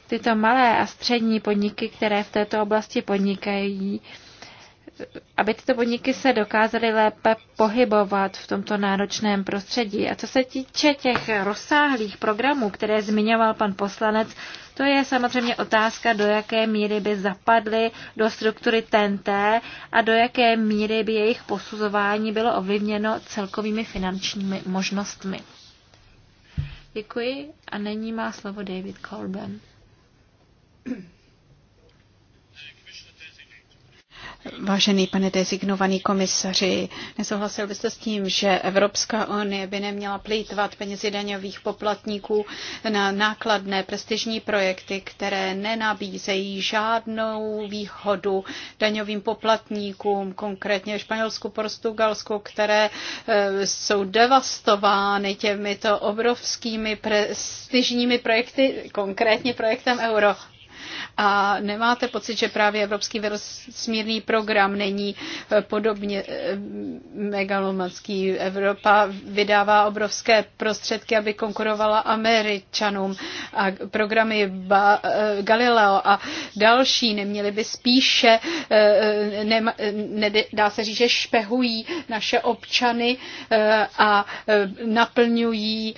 tyto malé a střední podniky, které v této oblasti podnikají, aby tyto podniky se dokázaly lépe pohybovat v tomto náročném prostředí. A co se týče těch rozsáhlých programů, které zmiňoval pan poslanec, to je samozřejmě otázka, do jaké míry by zapadly do struktury TNT a do jaké míry by jejich posuzování bylo ovlivněno celkovými finančními možnostmi. Děkuji a nyní má slovo David Colben. Vážený pane designovaný komisaři, nesouhlasil byste s tím, že Evropská unie by neměla plýtvat penězi daňových poplatníků na nákladné prestižní projekty, které nenabízejí žádnou výhodu daňovým poplatníkům, konkrétně Španělsku, Portugalsku, které eh, jsou devastovány těmito obrovskými prestižními projekty, konkrétně projektem Euro a nemáte pocit, že právě Evropský vesmírný program není eh, podobně eh, megalomanský? Evropa vydává obrovské prostředky, aby konkurovala Američanům a programy ba- eh, Galileo a další neměly by spíše, ne, ne, dá se říct, že špehují naše občany a naplňují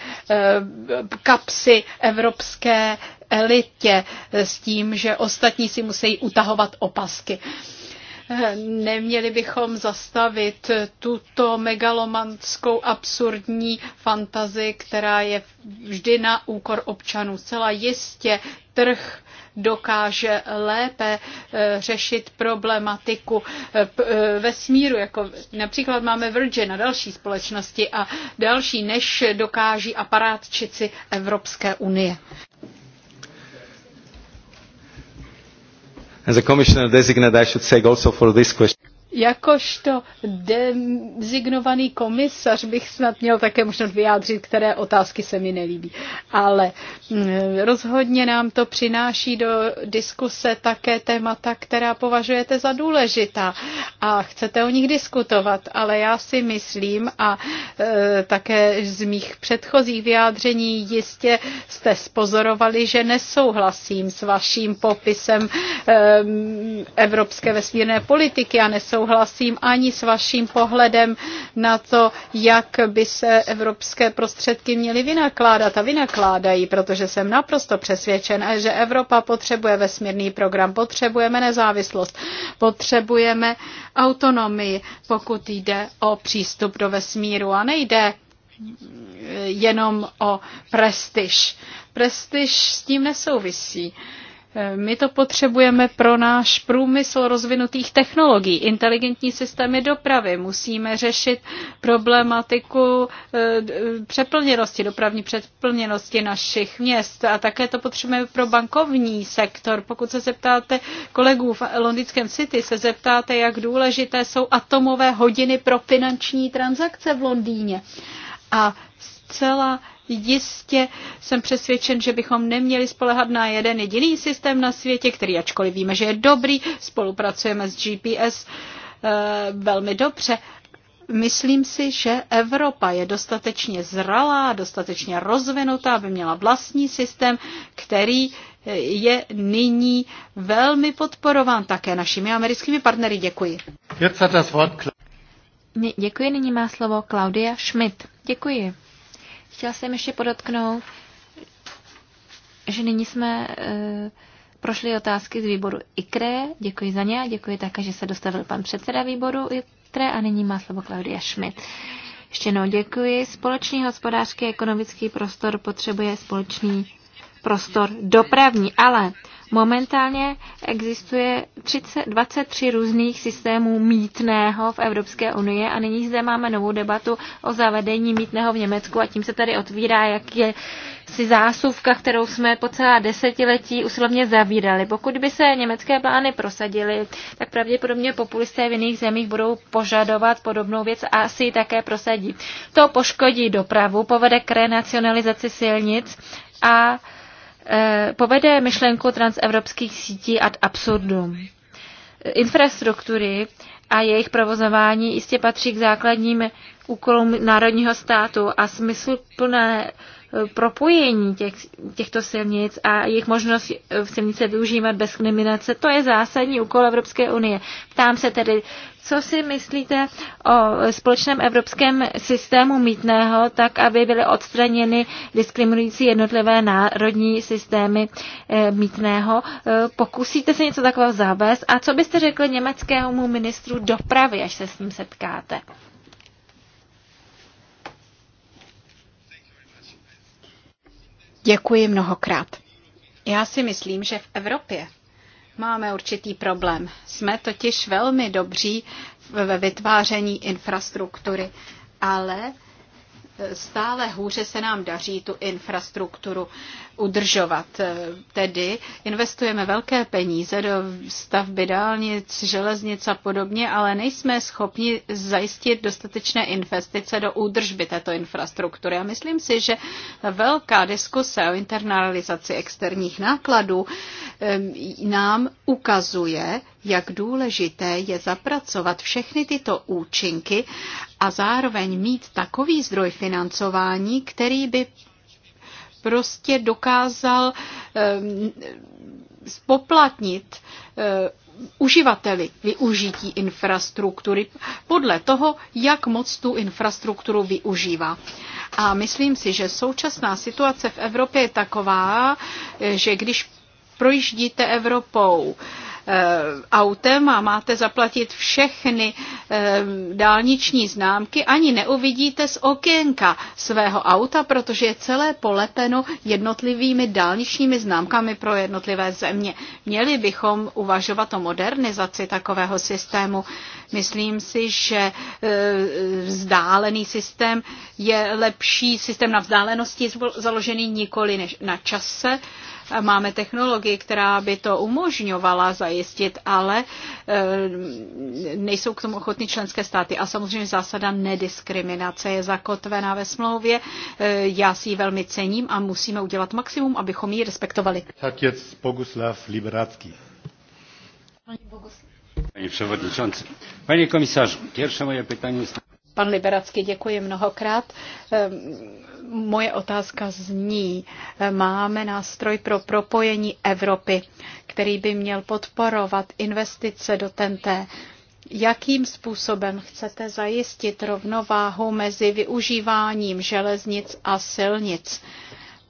kapsy evropské elitě s tím, že ostatní si musí utahovat opasky. Neměli bychom zastavit tuto megalomanskou absurdní fantazii, která je vždy na úkor občanů. Celá jistě trh dokáže lépe eh, řešit problematiku eh, eh, vesmíru, jako například máme Virgin a další společnosti a další, než dokáží aparátčici Evropské unie. as a commissioner designate, I should say also for this question. Jakožto designovaný komisař bych snad měl také možnost vyjádřit, které otázky se mi nelíbí. Ale mm, rozhodně nám to přináší do diskuse také témata, která považujete za důležitá a chcete o nich diskutovat. Ale já si myslím a e, také z mých předchozích vyjádření jistě jste spozorovali, že nesouhlasím s vaším popisem e, evropské vesmírné politiky a nesouhlasím nesouhlasím ani s vaším pohledem na to, jak by se evropské prostředky měly vynakládat a vynakládají, protože jsem naprosto přesvědčen, že Evropa potřebuje vesmírný program, potřebujeme nezávislost, potřebujeme autonomii, pokud jde o přístup do vesmíru a nejde jenom o prestiž. Prestiž s tím nesouvisí. My to potřebujeme pro náš průmysl rozvinutých technologií, inteligentní systémy dopravy. Musíme řešit problematiku eh, přeplněnosti, dopravní přeplněnosti našich měst. A také to potřebujeme pro bankovní sektor. Pokud se zeptáte kolegů v londýnském City, se zeptáte, jak důležité jsou atomové hodiny pro finanční transakce v Londýně. A zcela Jistě jsem přesvědčen, že bychom neměli spolehat na jeden jediný systém na světě, který, ačkoliv víme, že je dobrý, spolupracujeme s GPS eh, velmi dobře, myslím si, že Evropa je dostatečně zralá, dostatečně rozvinutá, aby měla vlastní systém, který eh, je nyní velmi podporován také našimi americkými partnery. Děkuji. Děkuji, nyní má slovo Claudia Schmidt. Děkuji. Chtěla jsem ještě podotknout, že nyní jsme uh, prošli otázky z výboru IKRE. Děkuji za ně a děkuji také, že se dostavil pan předseda výboru IKRE a nyní má slovo Klaudia Schmidt. Ještě jednou děkuji. Společný hospodářský a ekonomický prostor potřebuje společný prostor dopravní, ale Momentálně existuje 30, 23 různých systémů mítného v Evropské unii a nyní zde máme novou debatu o zavedení mítného v Německu a tím se tady otvírá, jak je si zásuvka, kterou jsme po celá desetiletí usilovně zavírali. Pokud by se německé plány prosadily, tak pravděpodobně populisté v jiných zemích budou požadovat podobnou věc a asi ji také prosadí. To poškodí dopravu, povede k renacionalizaci silnic a Eh, povede myšlenku transevropských sítí ad absurdum. Infrastruktury a jejich provozování jistě patří k základním úkolům národního státu a smysluplné propojení těch, těchto silnic a jejich možnost eh, v silnice využívat bez kriminace, to je zásadní úkol Evropské unie. Ptám se tedy, co si myslíte o společném evropském systému mítného, tak aby byly odstraněny diskriminující jednotlivé národní systémy eh, mítného? Eh, pokusíte se něco takového zavést? A co byste řekli německému ministru dopravy, až se s ním setkáte? Děkuji mnohokrát. Já si myslím, že v Evropě máme určitý problém. Jsme totiž velmi dobří ve vytváření infrastruktury, ale stále hůře se nám daří tu infrastrukturu udržovat. E, Tedy investujeme velké peníze do stavby dálnic, železnic a podobně, ale nejsme schopni zajistit dostatečné investice do údržby této infrastruktury. A myslím si, že velká diskuse o internalizaci externích nákladů nám ukazuje, jak důležité je zapracovat všechny tyto účinky a zároveň mít takový zdroj financování, který by prostě dokázal ehm, spoplatnit eh, uživateli využití infrastruktury podle toho, jak moc tu infrastrukturu využívá. A myslím si, že současná situace v Evropě je taková, eh, že když projíždíte Evropou, eh, Eh, autem a máte zaplatit všechny eh, dálniční známky, ani neuvidíte z okénka svého auta, protože je celé polepeno jednotlivými dálničními známkami pro jednotlivé země. Měli bychom uvažovat o modernizaci takového systému. Myslím si, že eh, vzdálený systém je lepší systém na vzdálenosti založený nikoli než na čase máme technologii, která by to umožňovala zajistit, ale eh, nejsou k tomu ochotní členské státy. A samozřejmě zásada nediskriminace je zakotvená ve smlouvě. Eh, já si ji velmi cením a musíme udělat maximum, abychom ji respektovali. Tak je Boguslav Liberácký. Panie Przewodniczący! Panie Komisarzu! Pierwsze moje pytanie jest... Pan Liberacký, děkuji mnohokrát. Ehm, moje otázka zní, ehm, máme nástroj pro propojení Evropy, který by měl podporovat investice do TNT. Jakým způsobem chcete zajistit rovnováhu mezi využíváním železnic a silnic?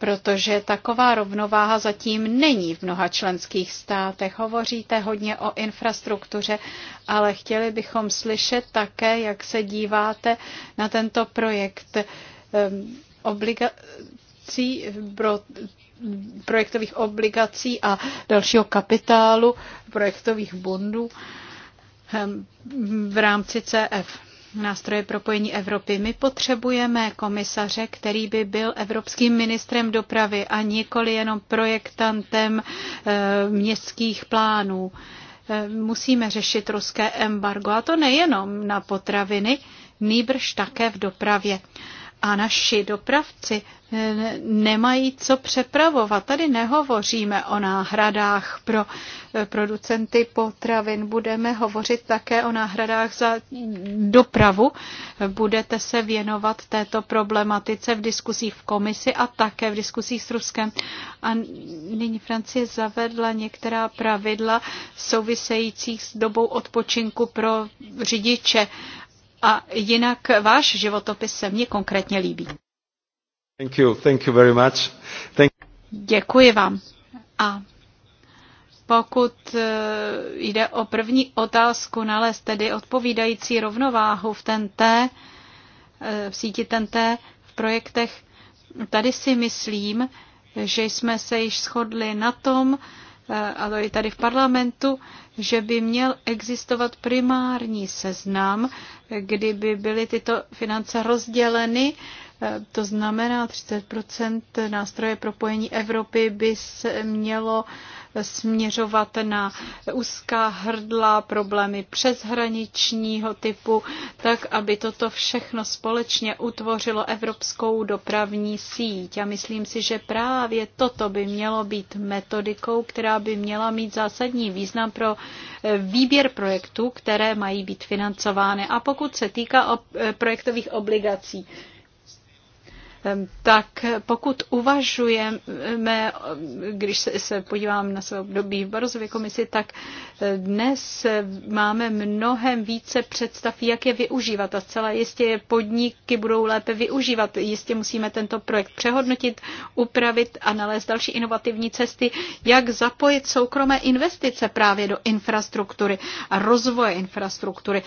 protože taková rovnováha zatím není v mnoha členských státech. Hovoříte hodně o infrastruktuře, ale chtěli bychom slyšet také, jak se díváte na tento projekt ehm, obligací projektových obligací a dalšího kapitálu, projektových bondů ehm, v rámci CF nástroje propojení Evropy. My potřebujeme komisaře, který by byl evropským ministrem dopravy a nikoli jenom projektantem eh, městských plánů. Eh, musíme řešit ruské embargo a to nejenom na potraviny, nýbrž také v dopravě a naši dopravci eh, nemají co přepravovat. Tady nehovoříme o náhradách pro eh, producenty potravin, budeme hovořit také o náhradách za dopravu. Budete se věnovat této problematice v diskusích v komisi a také v diskusích s Ruskem. A nyní Francie zavedla některá pravidla souvisejících s dobou odpočinku pro řidiče a jinak váš životopis se mně konkrétně líbí. Thank you, thank you very much. Thank... Děkuji vám. A pokud eh, jde o první otázku, nalézt tedy odpovídající rovnováhu v TNT, eh, v síti TNT, v projektech, tady si myslím, že jsme se již shodli na tom, eh, a to i tady v parlamentu, že by měl existovat primární seznam kdyby byly tyto finance rozděleny Eh, to znamená, 30 nástroje propojení Evropy by se mělo směřovat na úzká hrdla, problémy přeshraničního typu, tak aby toto všechno společně utvořilo evropskou dopravní síť. A myslím si, že právě toto by mělo být metodikou, která by měla mít zásadní význam pro eh, výběr projektů, které mají být financovány. A pokud se týká eh, projektových obligací, tak pokud uvažujeme, když se podívám na své období v Barozově komisi, tak e, dnes máme mnohem více představ, jak je využívat a zcela jistě podniky budou lépe využívat. Jistě musíme tento projekt přehodnotit, upravit a nalézt další inovativní cesty, jak zapojit soukromé investice právě do infrastruktury a rozvoje infrastruktury.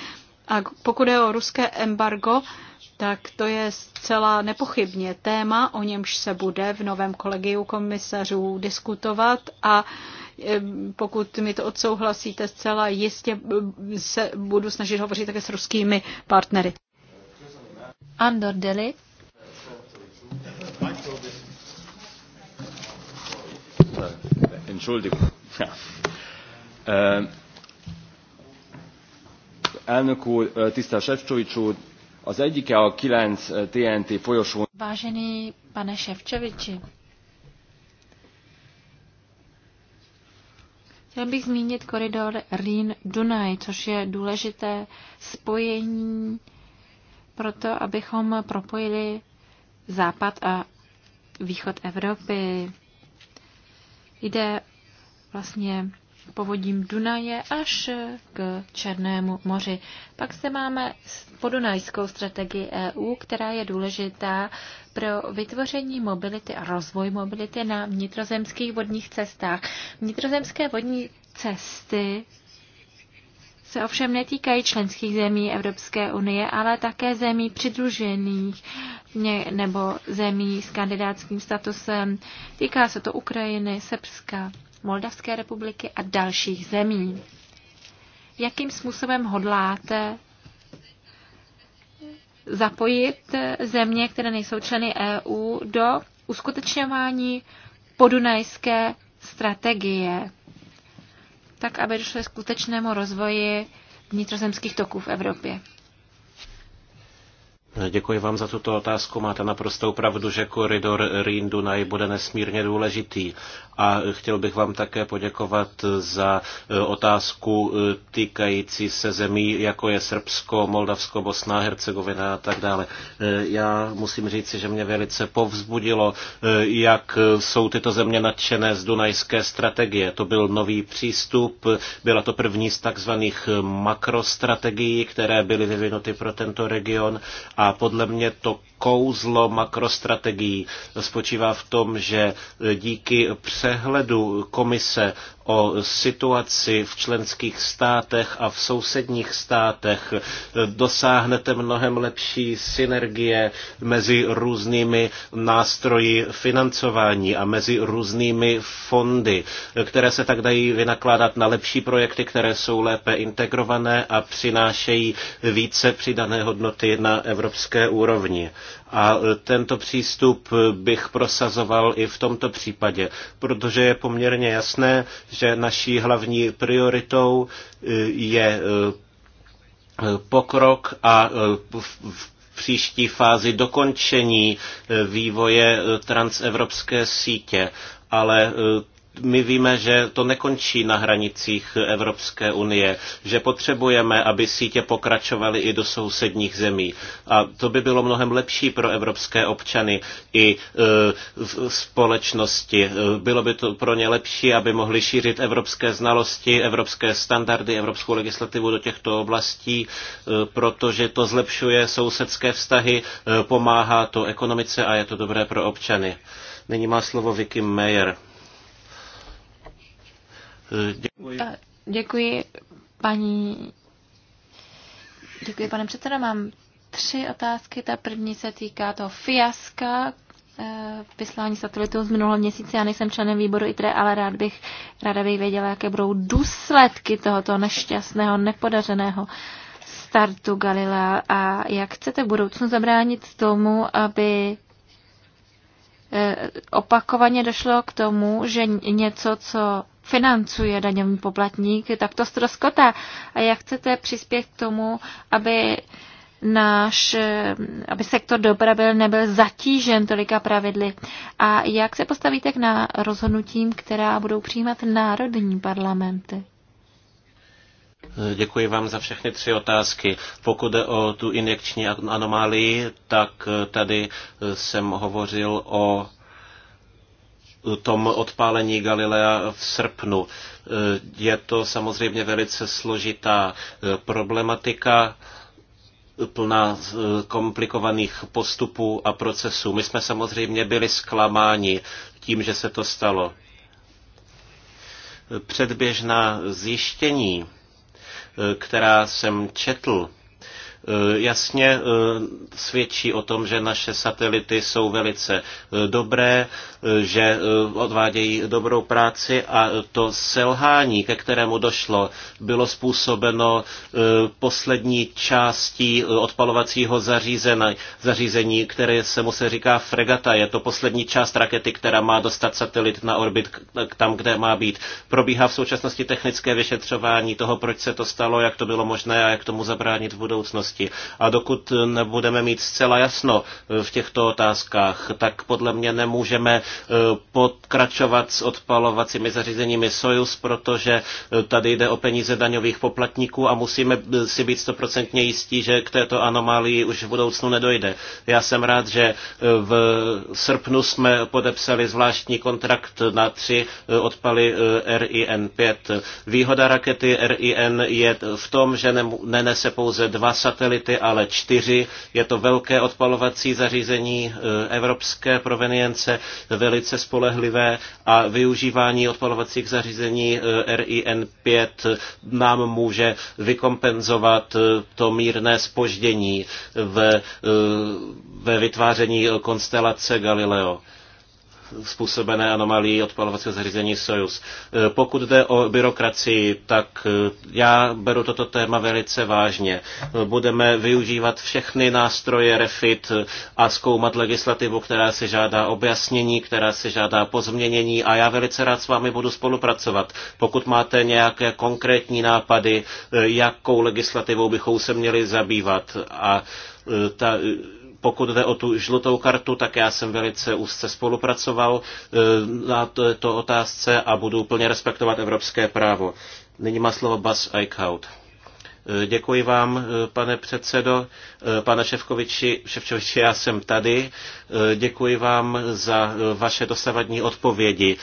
A pokud je o ruské embargo, tak to je zcela nepochybně téma, o němž se bude v novém kolegiu komisařů diskutovat a pokud mi to odsouhlasíte zcela jistě, se budu snažit hovořit také s ruskými partnery. Andor Deli. Entschuldigung. Ähm, elnök úr, tisztel Sefcsovics úr, az egyike a 9 eh, TNT folyosón. Vážený pane Ševčeviči, Chtěl bych zmínit koridor Rýn-Dunaj, což je důležité spojení pro to, abychom propojili západ a východ Evropy. Jde vlastně povodím Dunaje až k Černému moři. Pak se máme podunajskou strategii EU, která je důležitá pro vytvoření mobility a rozvoj mobility na vnitrozemských vodních cestách. Vnitrozemské vodní cesty se ovšem netýkají členských zemí Evropské unie, ale také zemí přidružených nebo zemí s kandidátským statusem. Týká se to Ukrajiny, Srbska Moldavské republiky a dalších zemí. Jakým způsobem hodláte zapojit země, které nejsou členy EU, do uskutečňování podunajské strategie, tak aby došlo k skutečnému rozvoji vnitrozemských toků v Evropě. Děkuji vám za tuto otázku. Máte naprostou pravdu, že koridor Rýn Dunaj bude nesmírně důležitý. A chtěl bych vám také poděkovat za e, otázku e, týkající se zemí, jako je Srbsko, Moldavsko, Bosna, Hercegovina a tak dále. E, já musím říci, že mě velice povzbudilo, jak jsou tyto země nadšené z dunajské strategie. To byl nový přístup, byla to první z takzvaných makrostrategií, které byly vyvinuty pro tento region a a podle mě to kouzlo makrostrategií spočívá v tom, že díky přehledu komise o situaci v členských státech a v sousedních státech. Dosáhnete mnohem lepší synergie mezi různými nástroji financování a mezi různými fondy, které se tak dají vynakládat na lepší projekty, které jsou lépe integrované a přinášejí více přidané hodnoty na evropské úrovni. A e, tento přístup e, bych prosazoval i v tomto případě, protože je poměrně jasné, že naší hlavní prioritou e, je pokrok a v příští fázi dokončení vývoje transevropské sítě ale my víme, že to nekončí na hranicích Evropské unie, že potřebujeme, aby sítě pokračovaly i do sousedních zemí. A to by bylo mnohem lepší pro evropské občany i e, společnosti. E, bylo by to pro ně lepší, aby mohli šířit evropské znalosti, evropské standardy, evropskou legislativu do těchto oblastí, e, protože to zlepšuje sousedské vztahy, e, pomáhá to ekonomice a je to dobré pro občany. Nyní má slovo Vicky Mayer. Děkuji. Eh, děkuji, paní. Děkuji, pane předsedo. Mám tři otázky. Ta první se týká toho fiaska eh, vyslání satelitů z minulého měsíce. Já nejsem členem výboru ITRE, ale rád bych, ráda bych věděla, jaké budou důsledky tohoto nešťastného, nepodařeného startu Galilea a jak chcete v budoucnu zabránit tomu, aby eh, opakovaně došlo k tomu, že něco, co financuje daňový poplatník, tak to ztroskotá. A jak chcete přispět k tomu, aby náš, aby sektor dopravy nebyl zatížen tolika pravidly. A jak se postavíte k rozhodnutím, která budou přijímat národní parlamenty? Děkuji vám za všechny tři otázky. Pokud jde o tu injekční anomálii, tak tady jsem hovořil o tom odpálení Galilea v srpnu. Je to samozřejmě velice složitá eh, problematika plná eh, komplikovaných postupů a procesů. My jsme samozřejmě byli zklamáni tím, že se to stalo. Předběžná zjištění, eh, která jsem četl, Eh, jasně eh, svědčí o tom, že naše satelity jsou velice eh, dobré, že odvádějí dobrou práci a to selhání, ke kterému došlo, bylo způsobeno poslední částí odpalovacího zařízení, zařízení které se mu se říká fregata. Je to poslední část rakety, která má dostat satelit na orbit tam, kde má být. Probíhá v současnosti technické vyšetřování toho, proč se to stalo, jak to bylo možné a jak tomu zabránit v budoucnosti oblasti. A dokud nebudeme mít zcela jasno eh, v těchto otázkách, tak podle mě nemůžeme eh, pokračovat s odpalovacími zařízeními Sojus, protože eh, tady jde o peníze daňových poplatníků a musíme si být stoprocentně jistí, že k této anomálii už v budoucnu nedojde. Já jsem rád, že v srpnu jsme podepsali zvláštní kontrakt na tři odpaly RIN-5. Výhoda rakety RIN je v tom, že nenese pouze dva satelity, satelity, ale čtyři. Je to velké odpalovací zařízení e, evropské provenience, velice spolehlivé a využívání odpalovacích zařízení e, RIN5 nám může vykompenzovat e, to mírné spoždění ve, ve vytváření konstelace Galileo způsobené anomalii odpalovacího zařízení Sojus. E, pokud jde o byrokracii, tak e, já beru toto téma velice vážně. E, budeme využívat všechny nástroje REFIT a zkoumat legislativu, která se žádá objasnění, která se žádá pozměnění a já velice rád s vámi budu spolupracovat. Pokud máte nějaké konkrétní nápady, jakou legislativou bychom se měli zabývat a ta pokud jde o tu žlutou kartu, tak já jsem velice úzce spolupracoval e, na této otázce a budu plně respektovat evropské právo. Nyní má slovo Bas Eichhout. E, děkuji vám, e, pane předsedo. Pane Ševkoviči, Ševčoviči, já jsem tady. Eh, děkuji vám za eh, vaše dosavadní odpovědi.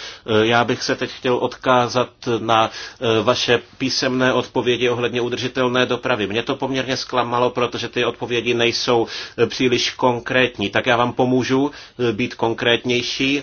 Eh, já bych se teď chtěl odkázat na vaše písemné odpovědi ohledně udržitelné dopravy. Mě to poměrně zklamalo, protože ty odpovědi nejsou příliš konkrétní. Tak já vám pomůžu být konkrétnější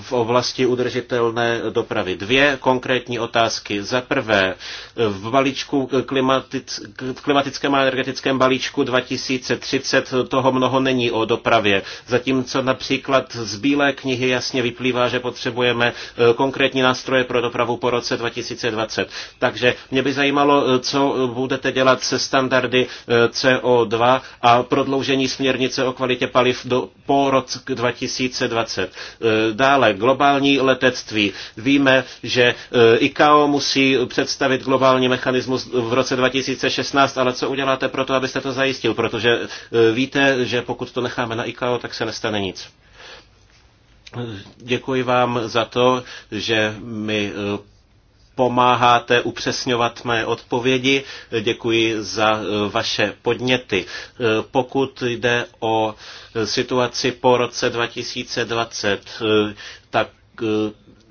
v oblasti udržitelné dopravy. Dvě konkrétní otázky. Za prvé, v balíčku klimatic, klimatickém a energetickém balíčku 2030 toho mnoho není o dopravě Zatímco například z Bílé knihy jasně vyplývá, že potřebujeme eh, konkrétní nástroje pro dopravu po roce 2020. Takže mě by zajímalo, eh, co budete dělat se standardy eh, CO2 a prodloužení směrnice o kvalitě paliv do, po roce 2020. Dále globální letectví. Víme, že ICAO musí představit globální mechanismus v roce 2016, ale co uděláte pro to, abyste to zajistil? Protože víte, že pokud to necháme na ICAO, nestalo, tak se nestane nic. Děkuji vám za to, že mi eh, pomáháte upřesňovat mé odpovědi. Děkuji za eh, vaše podněty. Eh, pokud jde o situaci po roce 2020, tak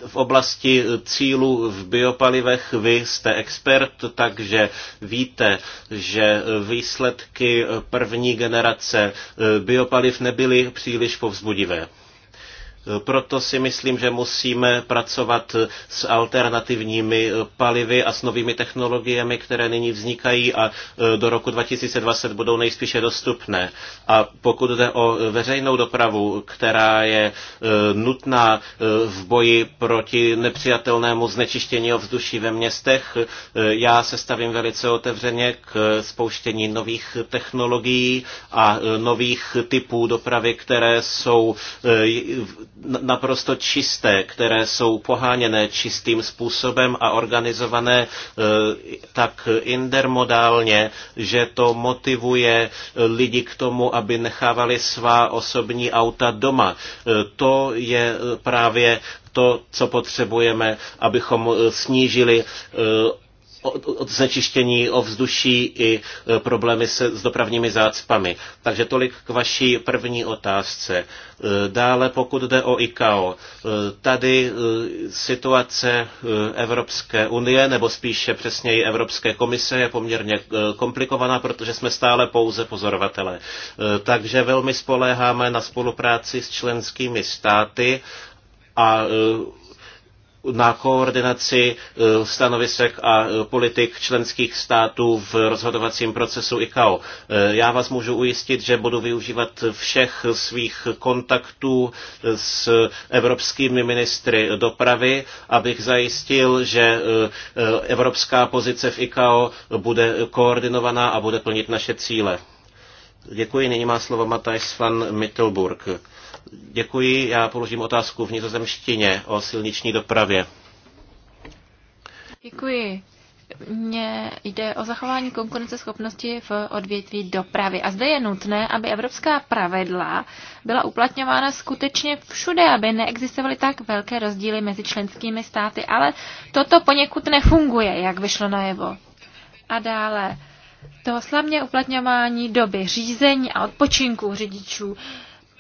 v oblasti cílů v biopalivech vy jste expert, takže víte, že výsledky první generace biopaliv nebyly příliš povzbudivé. Proto si myslím, že musíme pracovat s alternativními eh, palivy a s novými technologiemi, které nyní vznikají a eh, do roku 2020 budou nejspíše dostupné. A pokud jde o eh, veřejnou dopravu, která je nutná v boji proti nepřijatelnému znečištění ovzduší ve městech, já se stavím velice otevřeně k spouštění nových technologií a nových typů dopravy, které jsou naprosto čisté, které jsou poháněné čistým způsobem a organizované e, tak intermodálně, že to motivuje e, lidi k tomu, aby nechávali svá osobní auta doma. E, to je právě to, co potřebujeme, abychom snížili od znečištění ovzduší i e, problémy se, s dopravními zácpami. Takže tolik k vaší první otázce. E, dále pokud jde o ICAO, e, tady situace Evropské unie, nebo spíše přesněji Evropské komise je poměrně komplikovaná, protože jsme stále pouze pozorovatelé. Takže velmi spoléháme na spolupráci s členskými státy a na koordinaci e, stanovisek a e, politik členských států v rozhodovacím procesu ICAO. E, já vás můžu ujistit, že budu využívat všech svých kontaktů s evropskými ministry dopravy, abych zajistil, že evropská pozice v ICAO bude koordinovaná a bude plnit naše cíle. Děkuji, nyní má slovo Matthijs van Mittelburg. Děkuji, já položím otázku v nizozemštině o silniční dopravě. Děkuji. Mně jde o zachování konkurenceschopnosti v odvětví dopravy. A zde je nutné, aby evropská pravidla byla uplatňována skutečně všude, aby neexistovaly tak velké rozdíly mezi členskými státy. Ale toto poněkud nefunguje, jak vyšlo najevo. A dále. To slavně uplatňování doby řízení a odpočinku řidičů.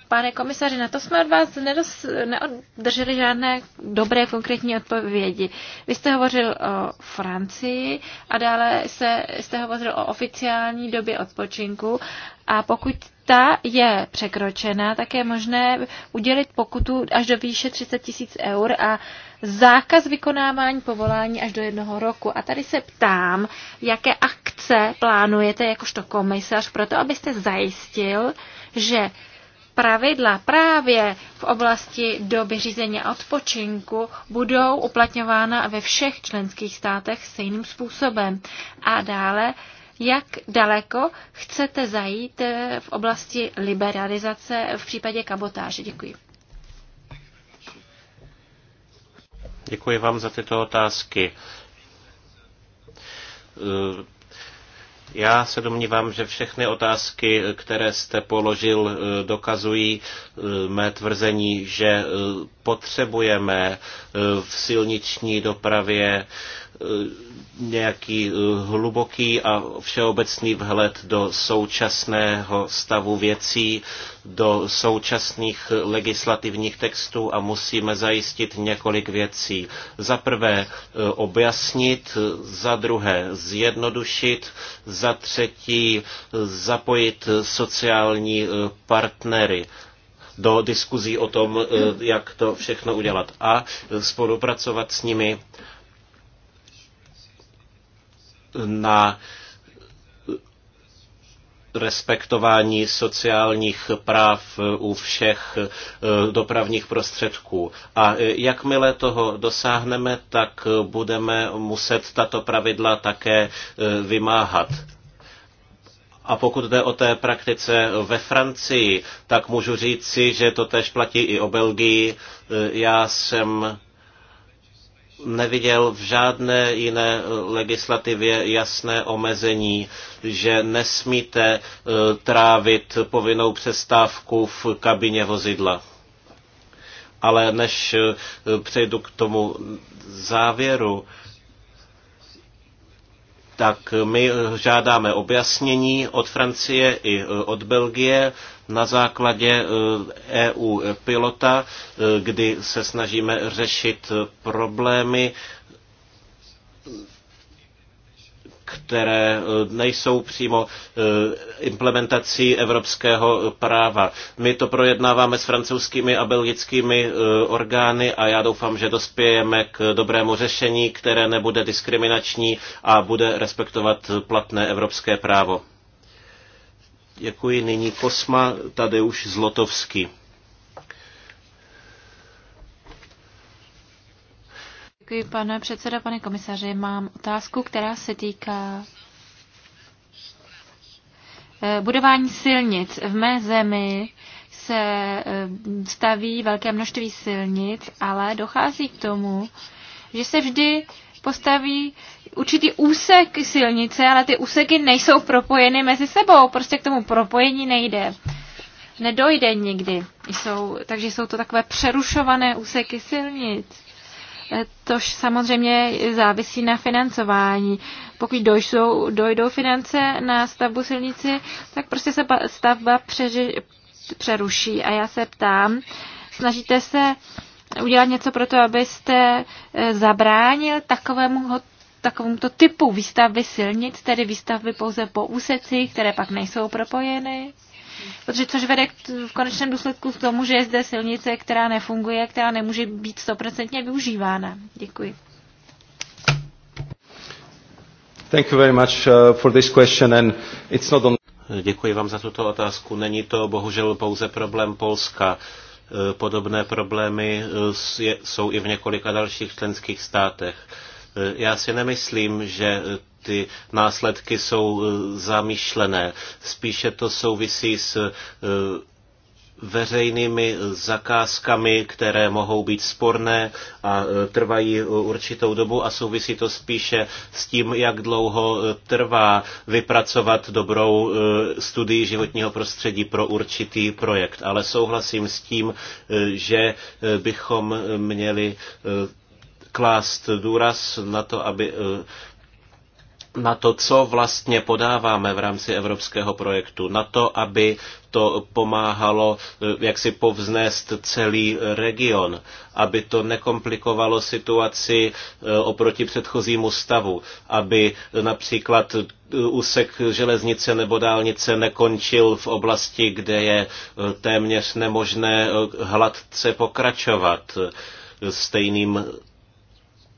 Pane komisaři, na to jsme od vás nedos, neoddrželi žádné dobré konkrétní odpovědi. Vy jste hovořil o Francii a dále jste, jste hovořil o oficiální době odpočinku a pokud ta je překročena, tak je možné udělit pokutu až do výše 30 tisíc eur a zákaz vykonávání povolání až do jednoho roku. A tady se ptám, jaké akce plánujete jakožto komisař pro to, abyste zajistil, že pravidla právě v oblasti doby řízení a odpočinku budou uplatňována ve všech členských státech stejným způsobem. A dále, jak daleko chcete zajít eh, v oblasti liberalizace v případě kabotáže? Děkuji. Děkuji vám za tyto otázky eh, já se domnívám, že všechny otázky, které jste položil, eh, dokazují eh, mé tvrzení, že eh, potřebujeme v silniční dopravě Eh, nějaký eh, hluboký a všeobecný vhled do současného stavu věcí, do současných legislativních textů a musíme zajistit několik věcí. Za prvé eh, objasnit, za druhé zjednodušit, za třetí zapojit sociální partnery do diskuzí o tom, jak to všechno udělat a spolupracovat s nimi na respektování sociálních práv u všech eh, dopravních prostředků. A eh, jakmile toho dosáhneme, tak eh, budeme muset tato pravidla také vymáhat. A pokud jde o té praktice ve Francii, tak můžu říci, že to tež platí i o Belgii. Já jsem neviděl v žádné jiné eh, legislativě jasné omezení, že nesmíte eh, trávit povinnou přestávku v kabině vozidla. Ale než eh, přejdu k tomu závěru, tak my žádáme objasnění od Francie i od Belgie na základě EU eh, e pilota, eh, kdy se snažíme řešit problémy, které eh, nejsou přímo implementací evropského práva. My to projednáváme s francouzskými a belgickými orgány a já doufám, že dospějeme k dobrému řešení, které nebude diskriminační a bude respektovat platné evropské právo. Děkuji nyní Kosma Tadeuš Zlotovský. Děkuji, pane předseda, pane komisaři. Mám otázku, která se týká eh, budování silnic. V mé zemi se eh, staví velké množství silnic, ale dochází k tomu, že se vždy postaví určitý úsek silnice, ale ty úseky nejsou propojeny mezi sebou, prostě k tomu propojení nejde. Nedojde nikdy. Jsou, takže jsou to takové přerušované úseky silnic. E, tož samozřejmě závisí na financování. Pokud dojdou, dojdou finance na stavbu silnici, tak prostě se stavba přeři, přeruší. A já se ptám, snažíte se udělat něco pro to, abyste e, zabránil takovému takovémuto typu výstavby silnic, tedy výstavby pouze po úsecích, které pak nejsou propojeny. Protože což vede v konečném důsledku k tomu, že je zde silnice, která nefunguje, která nemůže být stoprocentně využívána. Děkuji. Thank you very much uh, for this question and it's not on... Děkuji vám za tuto otázku. Není to bohužel pouze problém Polska. Uh, podobné problémy uh, jsou i v několika dalších členských státech. Eh, já si nemyslím, že eh, ty následky jsou eh, zamýšlené. Spíše to souvisí s veřejnými zakázkami, které mohou být sporné a trvají určitou dobu a souvisí to spíše s tím, jak dlouho trvá vypracovat dobrou studii životního prostředí pro určitý projekt. Ale souhlasím s tím, že bychom měli klást důraz na to, aby eh, na to, co vlastně podáváme v rámci evropského projektu, na to, aby to pomáhalo eh, jak si povznést celý region, aby to nekomplikovalo situaci eh, oproti předchozímu stavu, aby například úsek železnice nebo dálnice nekončil v oblasti, kde je téměř nemožné hladce pokračovat stejným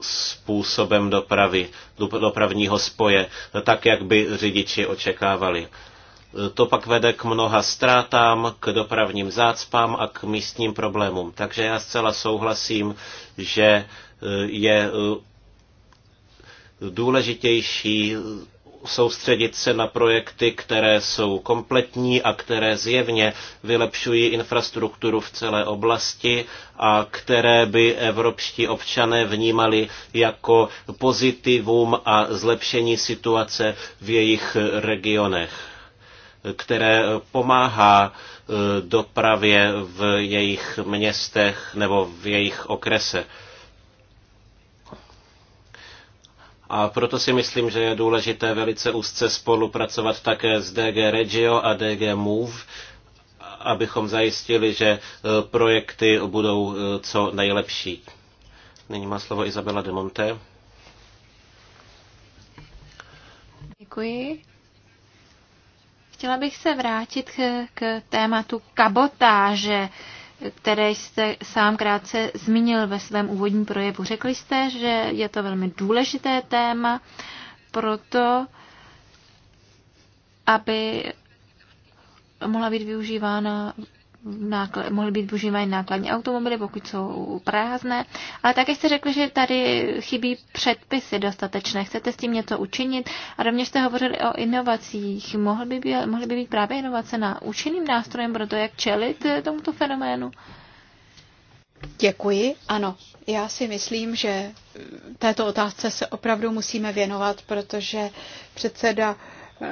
způsobem dopravy, dopravního spoje, tak, jak by řidiči očekávali. To pak vede k mnoha ztrátám, k dopravním zácpám a k místním problémům. Takže já zcela souhlasím, že eh, je eh, důležitější soustředit se na projekty, které jsou kompletní a které zjevně vylepšují infrastrukturu v celé oblasti a které by evropští občané vnímali jako pozitivum a zlepšení situace v jejich regionech, které pomáhá e, dopravě v jejich městech nebo v jejich okresech. A proto si myslím, že je důležité velice úzce spolupracovat také s DG Regio a DG Move, abychom zajistili, že e, projekty budou e, co nejlepší. Nyní má slovo Izabela de Monte. Děkuji. Chtěla bych se vrátit k, k tématu kabotáže které jste sám krátce zmínil ve svém úvodním projevu. Řekli jste, že je to velmi důležité téma, proto aby mohla být využívána náklad, mohly být používány nákladní automobily, pokud jsou prázdné. Ale také jste řekli, že tady chybí předpisy dostatečné. Chcete s tím něco učinit? A rovněž jste hovořili o inovacích. Mohly by být, mohly by být právě inovace na účinným nástrojem pro to, jak čelit eh, tomuto fenoménu? Děkuji. Ano, já si myslím, že eh, této otázce se opravdu musíme věnovat, protože předseda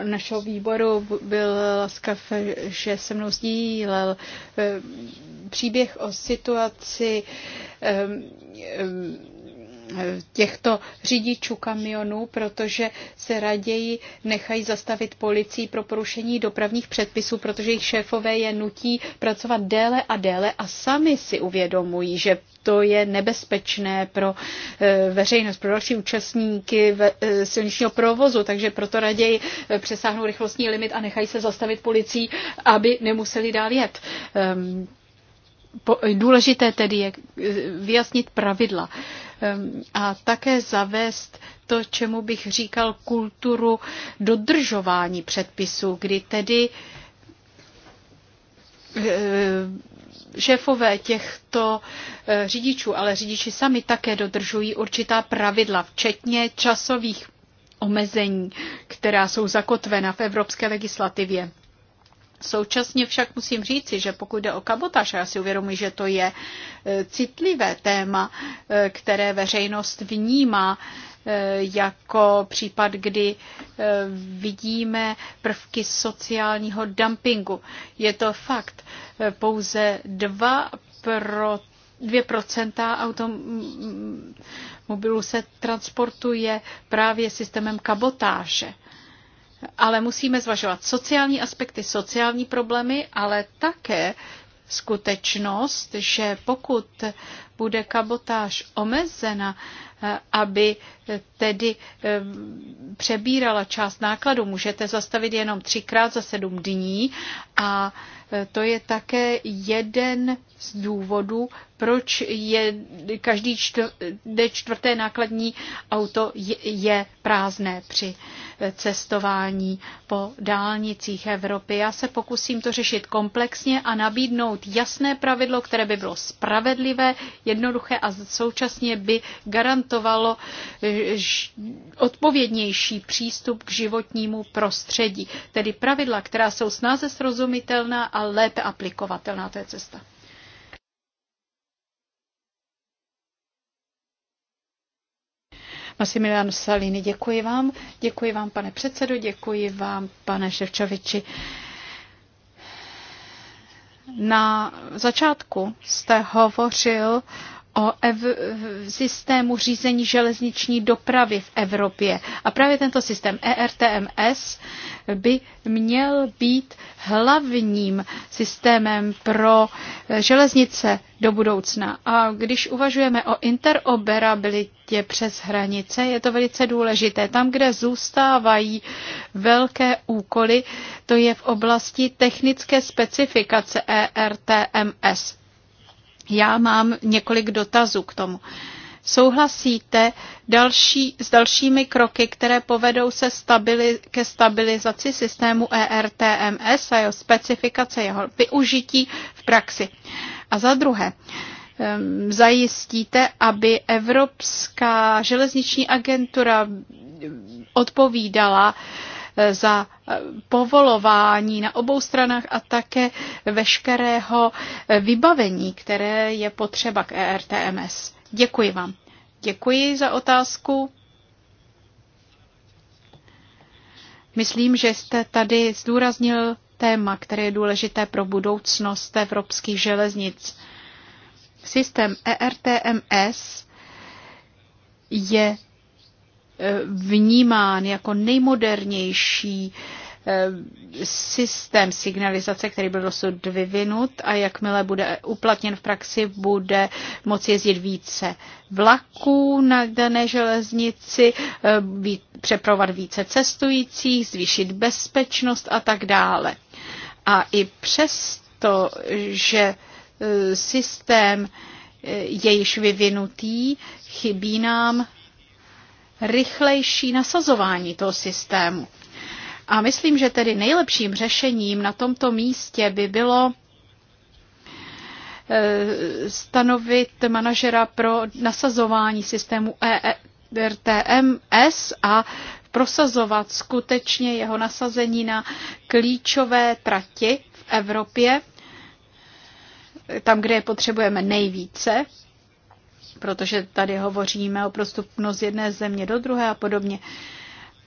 našeho výboru byl laskav, že se mnou sdílel eh, příběh o situaci eh, eh, těchto řidičů kamionů, protože se raději nechají zastavit policií pro porušení dopravních předpisů, protože jejich šéfové je nutí pracovat déle a déle a sami si uvědomují, že to je nebezpečné pro eh, veřejnost, pro další účastníky eh, silničního provozu, takže proto raději eh, přesáhnou rychlostní limit a nechají se zastavit policií, aby nemuseli dál jet. Ehm, důležité tedy je vyjasnit pravidla Ehm, a také zavést to, čemu bych říkal kulturu dodržování předpisů, kdy tedy ehm, šéfové těchto eh, řidičů, ale řidiči sami také dodržují určitá pravidla, včetně časových omezení, která jsou zakotvena v evropské legislativě. Současně však musím říci, že pokud jde o kabotáž, já si uvědomuji, že to je e, citlivé téma, e, které veřejnost vnímá e, jako případ, kdy vidíme prvky sociálního dumpingu. Je to fakt. Pouze 2 pro 2% automobilů se transportuje právě systémem kabotáže ale musíme zvažovat sociální aspekty, sociální problémy, ale také skutečnost, že pokud bude kabotáž omezena, eh, aby tedy přebírala část nákladu. Můžete zastavit jenom třikrát za sedm dní a e, to je také jeden z důvodů, proč je každý čtvrté nákladní auto je prázdné při e, cestování po dálnicích Evropy. Já se pokusím to řešit komplexně a nabídnout jasné pravidlo, které by bylo spravedlivé, jednoduché a současně by garantovalo, odpovědnější přístup k životnímu prostředí, tedy pravidla, která jsou snáze srozumitelná a lépe aplikovatelná. To je cesta. Massimiliano Salini, děkuji vám. Děkuji vám, pane předsedo, děkuji vám, pane Ševčoviči. Na začátku jste hovořil o ev- systému řízení železniční dopravy v Evropě. A právě tento systém ERTMS by měl být hlavním systémem pro železnice do budoucna. A když uvažujeme o interoperabilitě přes hranice, je to velice důležité. Tam, kde zůstávají velké úkoly, to je v oblasti technické specifikace ERTMS. Já mám několik dotazů k tomu. Souhlasíte další, s dalšími kroky, které povedou se stabili, ke stabilizaci systému ERTMS a jeho specifikace jeho využití v praxi? A za druhé, zajistíte, aby Evropská železniční agentura odpovídala uh, Eh, za eh, povolování na obou stranách a také veškerého eh, vybavení, které je potřeba k ERTMS. Děkuji vám. Děkuji za otázku. Myslím, že jste tady zdůraznil téma, které je důležité pro budoucnost evropských železnic. Systém ERTMS je Eh, vnímán jako nejmodernější eh, systém signalizace, který byl dosud vyvinut a jakmile bude uplatněn v praxi, bude moci jezdit více vlaků na dané železnici, eh, přepravovat více cestujících, zvýšit bezpečnost a tak dále. A i přesto, že systém je již vyvinutý, chybí nám rychlejší nasazování toho systému. A myslím, že tedy nejlepším řešením na tomto místě by bylo e, stanovit manažera pro nasazování systému ERTMS a prosazovat skutečně jeho nasazení na klíčové trati v Evropě, tam, kde je potřebujeme nejvíce, protože tady hovoříme o prostupnost jedné země do druhé a podobně.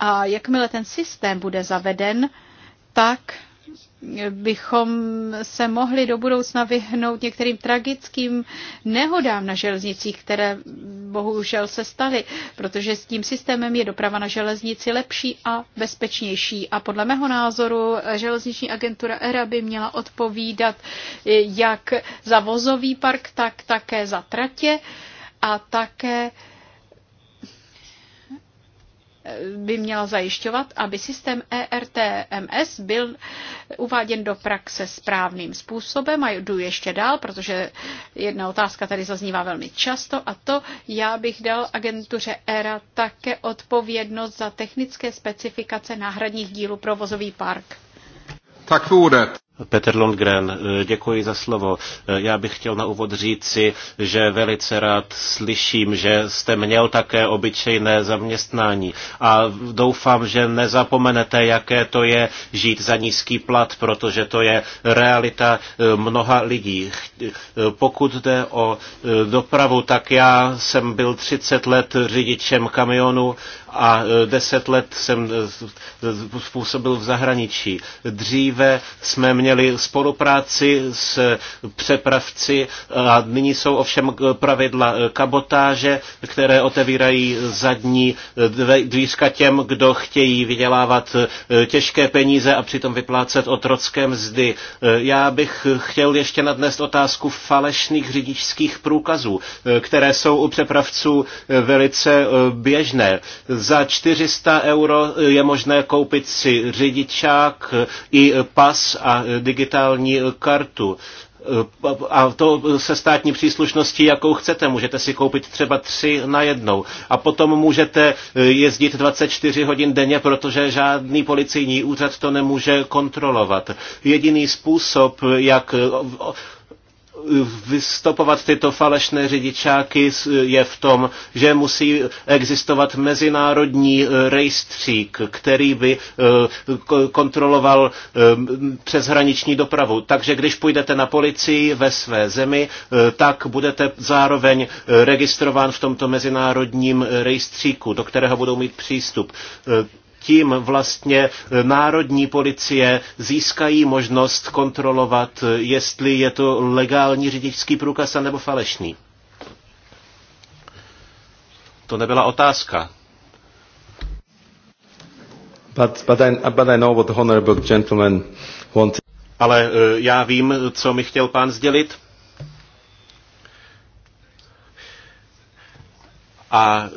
A jakmile ten systém bude zaveden, tak bychom se mohli do budoucna vyhnout některým tragickým nehodám na železnicích, které bohužel se staly, protože s tím systémem je doprava na železnici lepší a bezpečnější. A podle mého názoru železniční agentura ERA by měla odpovídat jak za vozový park, tak také za tratě a také by měla zajišťovat, aby systém ERTMS byl uváděn do praxe správným způsobem. A jdu ještě dál, protože jedna otázka tady zaznívá velmi často a to já bych dal agentuře ERA také odpovědnost za technické specifikace náhradních dílů pro vozový park. Tak údet. Peter Lundgren, eh, děkuji za slovo. Eh, já bych chtěl na úvod říci, že velice rád slyším, že jste měl také obyčejné zaměstnání a doufám, že nezapomenete, jaké to je žít za nízký plat, protože to je realita eh, mnoha lidí. Pokud jde o dopravu, tak já jsem byl 30 let řidičem kamionu a 10 let jsem působil v zahraničí. Dříve jsme měli měli spolupráci s přepravci a nyní jsou ovšem pravidla eh, kabotáže, které otevírají zadní eh, dvířka těm, kdo chtějí vydělávat eh, těžké peníze a přitom vyplácet otrocké mzdy. Já bych chtěl ještě nadnést otázku falešných řidičských průkazů, které jsou u přepravců velice běžné. Za 400 euro je možné koupit si řidičák i pas a digitální kartu. A to se státní příslušností, jakou chcete. Můžete si koupit třeba tři na jednou. A potom můžete jezdit 24 hodin denně, protože žádný policijní úřad to nemůže kontrolovat. Jediný způsob, jak vystopovat tyto falešné řidičáky je v tom, že musí existovat mezinárodní eh, rejstřík, který by eh, kontroloval eh, přeshraniční dopravu. Takže když půjdete na policii ve své zemi, tak budete zároveň registrován v tomto mezinárodním rejstříku, do kterého budou mít přístup tím vlastně eh, národní policie získají možnost kontrolovat, eh, jestli je to legální řidičský průkaz nebo falešný. To nebyla otázka. But, but, I, but I know what the honorable gentleman wanted. Ale eh, já vím, co mi chtěl pán sdělit. A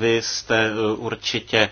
vy jste eh, určitě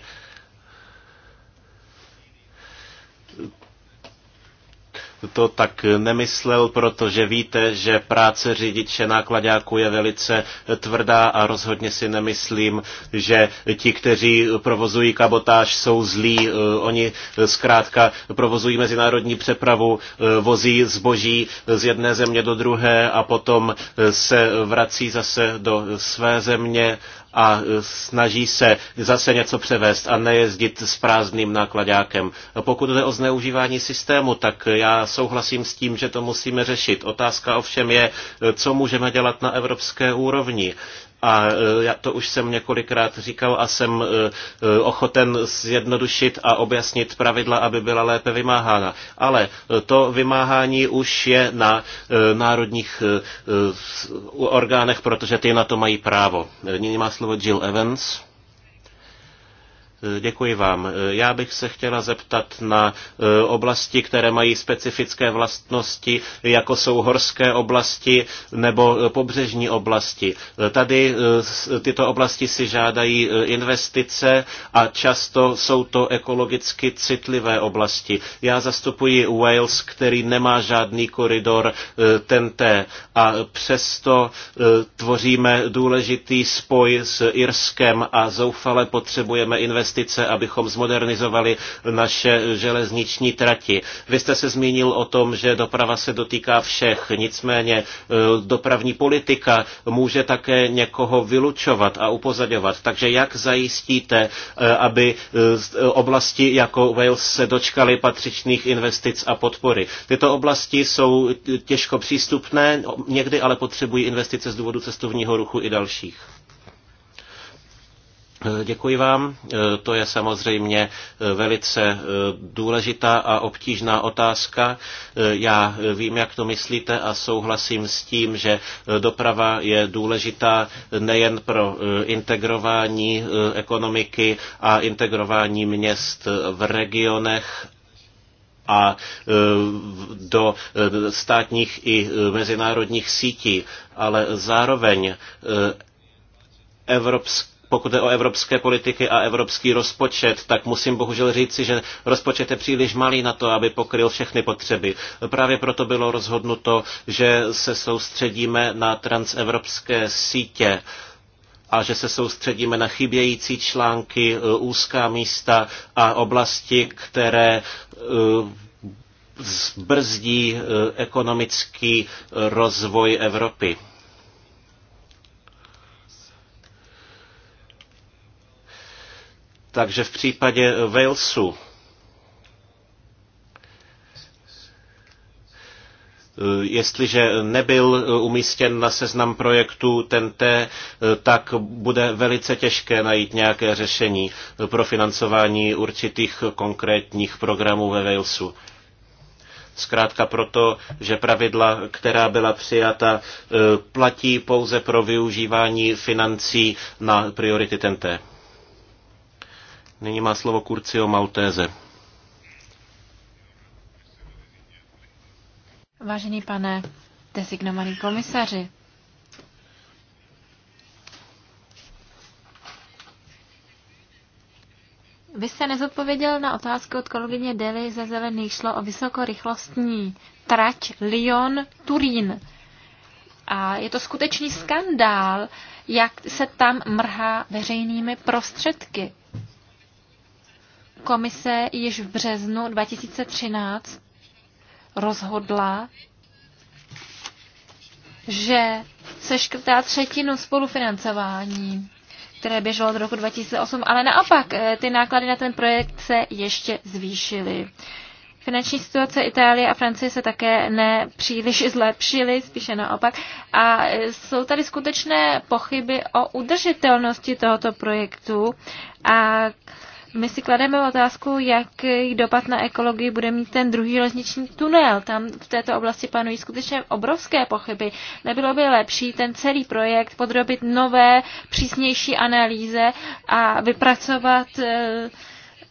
to tak nemyslel, protože víte, že práce řidiče nákladáku je velice tvrdá a rozhodně si nemyslím, že ti, kteří provozují kabotáž, jsou zlí. Eh, oni zkrátka provozují mezinárodní přepravu, eh, vozí zboží z jedné země do druhé a potom se vrací zase do své země a e, snaží se zase něco převést a nejezdit s prázdným nákladákem. Pokud jde o zneužívání systému, tak já souhlasím s tím, že to musíme řešit. Otázka ovšem je, e, co můžeme dělat na evropské úrovni. A e, já to už jsem několikrát říkal a jsem e, e, ochoten zjednodušit a objasnit pravidla, aby byla lépe vymáhána. Ale to vymáhání už je na národních orgánech, protože ty na to mají právo. Nyní má slovo Jill Evans. Eh, děkuji vám. Eh, já bych se chtěla zeptat na eh, oblasti, které mají specifické vlastnosti, jako jsou horské oblasti nebo pobřežní oblasti. Tady tyto oblasti si žádají investice a často jsou to ekologicky citlivé oblasti. Já zastupuji Wales, který nemá žádný koridor TNT a přesto tvoříme důležitý spoj s Irskem a zoufale potřebujeme investice investice, abychom zmodernizovali naše železniční trati. Vy jste se zmínil o tom, že doprava se dotýká všech, nicméně e, dopravní politika může také někoho vylučovat a upozadovat. Takže jak zajistíte, e, aby e, oblasti jako Wales se dočkaly patřičných investic a podpory? Tyto oblasti jsou těžko přístupné, někdy ale potřebují investice z důvodu cestovního ruchu i dalších. Děkuji vám. To je samozřejmě velice důležitá a obtížná otázka. Já vím, jak to myslíte a souhlasím s tím, že doprava je důležitá nejen pro integrování ekonomiky a integrování měst v regionech, a e, do státních i mezinárodních sítí, ale zároveň e, evropské pokud je o evropské politiky a evropský rozpočet, tak musím bohužel říci, že rozpočet je příliš malý na to, aby pokryl všechny potřeby. Právě proto bylo rozhodnuto, že se soustředíme na transevropské sítě a že se soustředíme na chybějící články, e, úzká místa a oblasti, které e, zbrzdí e, ekonomický rozvoj Evropy. Takže v případě Walesu eh, jestliže nebyl eh, umístěn na seznam projektů TNT, eh, tak bude velice těžké najít nějaké řešení pro financování určitých konkrétních programů ve Walesu. Zkrátka proto, že pravidla, která byla přijata, platí pouze pro využívání financí na priority TNT. Nyní má slovo Curcio Maltéze. Vážený pane designovaný komisaři, Vy jste nezodpověděl na otázku od kolegyně Deli ze Zelených. Šlo o vysokorychlostní trať Lyon-Turín. A je to skutečný skandál, jak se tam mrhá veřejnými prostředky. Komise již v březnu 2013 rozhodla, že seškrtá třetinu spolufinancování, které běželo od roku 2008, ale naopak eh, ty náklady na ten projekt se ještě zvýšily. Finanční situace Itálie a Francie se také nepříliš zlepšily, spíše naopak. A eh, jsou tady skutečné pochyby o udržitelnosti tohoto projektu a my si klademe otázku, jaký dopad na ekologii bude mít ten druhý železniční tunel. Tam v této oblasti panují skutečně obrovské pochyby. Nebylo by lepší ten celý projekt podrobit nové, přísnější analýze a vypracovat eh,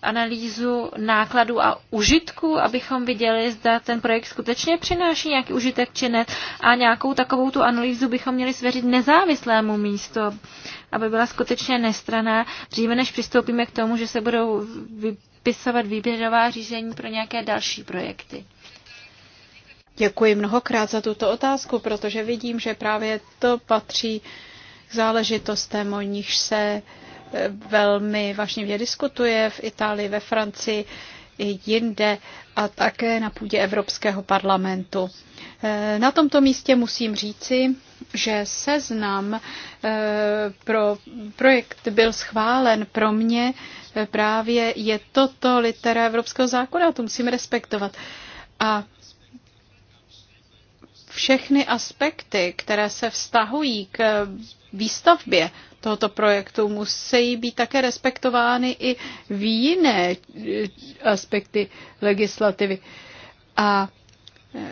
analýzu nákladů a užitku, abychom viděli, zda ten projekt skutečně přináší nějaký užitek či ne. A nějakou takovou tu analýzu bychom měli svěřit nezávislému místu, aby byla skutečně nestraná, dříve než přistoupíme k tomu, že se budou vypisovat výběrová řízení pro nějaké další projekty. Děkuji mnohokrát za tuto otázku, protože vidím, že právě to patří k záležitostem, o nich se uh, velmi vášnivě diskutuje v Itálii, ve Francii i jinde a také na půdě Evropského parlamentu. Eh, na tomto místě musím říci, že seznam eh, pro projekt byl schválen pro mě eh, právě je toto litera Evropského zákona, to musím respektovat. A všechny aspekty, které se vztahují k výstavbě tohoto projektu. Musí být také respektovány i v jiné eh, aspekty legislativy. A eh,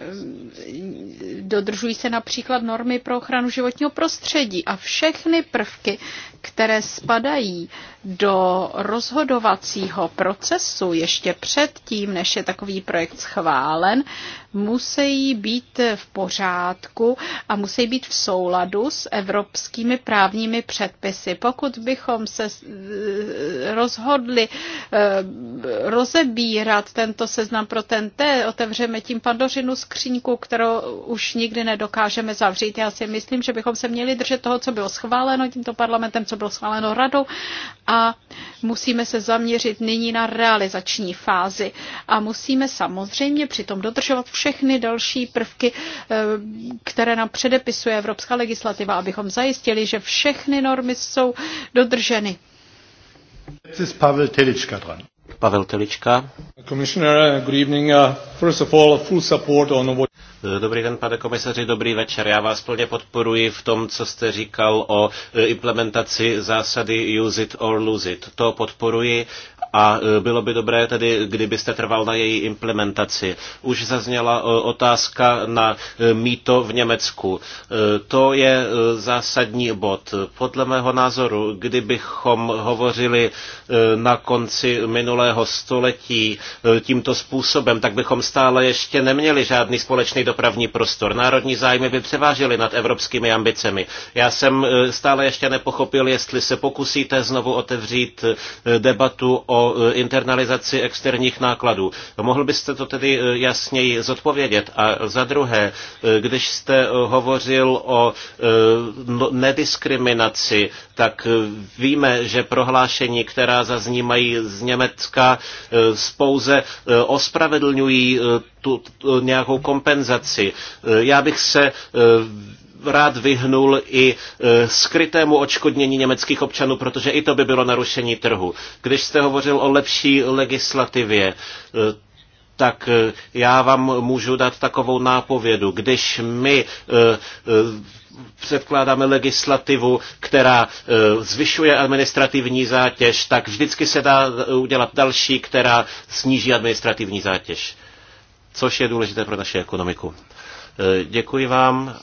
dodržují se například normy pro ochranu životního prostředí a všechny prvky které spadají do rozhodovacího procesu ještě před tím, než je takový projekt schválen, musí být v pořádku a musí být v souladu s evropskými právními předpisy. Pokud bychom se eh, rozhodli eh, rozebírat tento seznam pro ten T, otevřeme tím pandořinu skříňku, kterou už nikdy nedokážeme zavřít. Já si myslím, že bychom se měli držet toho, co bylo schváleno tímto parlamentem, co co bylo schváleno radou a musíme se zaměřit nyní na realizační fázi a musíme samozřejmě přitom dodržovat všechny další prvky, eh, které nám předepisuje evropská legislativa, abychom zajistili, že všechny normy jsou dodrženy. Pavel Telička dran. Pavel Telička. Commissioner, good evening. Uh, first of all, full support on what... Dobrý den, pane komisaři, dobrý večer. Já vás plně podporuji v tom, co jste říkal o e, implementaci zásady use it or lose it. To podporuji a e, bylo by dobré tedy, kdybyste trval na její implementaci. Už zazněla e, otázka na e, mýto v Německu. To je zásadní bod. Podle mého názoru, kdybychom hovořili na konci minulého století tímto způsobem, tak bychom stále ještě neměli žádný společný dopravní prostor. Národní zájmy by převážily nad evropskými ambicemi. Já jsem stále ještě nepochopil, jestli se pokusíte znovu otevřít debatu o Eh, internalizaci externích nákladů. Mohl byste to tedy eh, jasněji zodpovědět? A za druhé, eh, když jste hovořil o no, nediskriminaci, tak víme, že prohlášení, která zaznímají z Německa, spouze ospravedlňují tu, tu nějakou kompenzaci. Já bych se rád vyhnul i e, skrytému očkodnění německých občanů, protože i to by bylo narušení trhu. Když jste hovořil o lepší legislativě, e, tak e, já vám můžu dát takovou nápovědu. Když my předkládáme legislativu, která zvyšuje administrativní zátěž, tak vždycky se dá udělat další, která sníží administrativní zátěž, což je důležité pro naši ekonomiku. Děkuji vám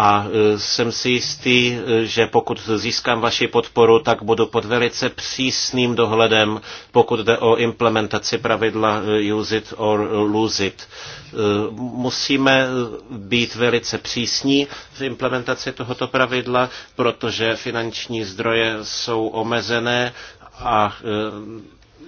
a e, jsem si jistý, e, že pokud získám vaši podporu, tak budu pod velice přísným dohledem, pokud jde o implementaci pravidla e, use it or lose it. Musíme být velice přísní v implementaci tohoto pravidla, protože finanční zdroje jsou omezené a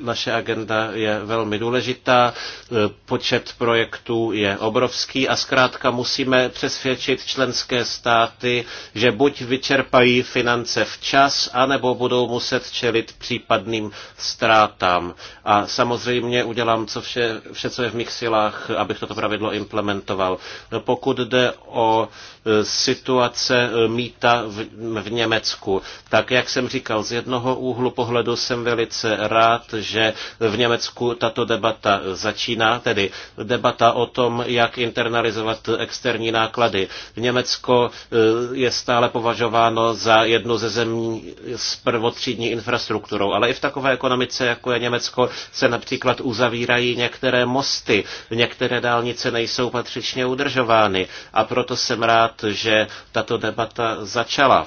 naše agenda je velmi důležitá, e, počet projektů je obrovský a zkrátka musíme přesvědčit členské státy, že buď vyčerpají finance včas, anebo budou muset čelit případným ztrátám. A samozřejmě udělám co vše, vše, co je v mých silách, abych toto pravidlo implementoval. Pokud jde o e, situace e, mýta v, v Německu, tak jak jsem říkal, z jednoho úhlu pohledu jsem velice rád, že v Německu tato debata začíná, tedy debata o tom, jak internalizovat externí náklady. Německo eh, je stále považováno za jednu ze zemí s prvotřídní infrastrukturou, ale i v takové ekonomice, jako je Německo, se například uzavírají některé mosty, některé dálnice nejsou patřičně udržovány a proto jsem rád, že tato debata začala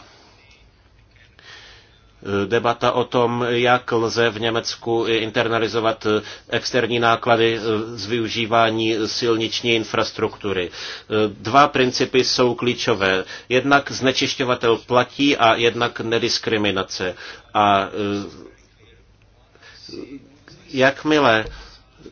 debata o tom, jak lze v Německu internalizovat externí náklady eh, z využívání silniční infrastruktury. Eh, dva principy jsou klíčové. Jednak znečišťovatel platí a jednak nediskriminace. A eh, jakmile Eh,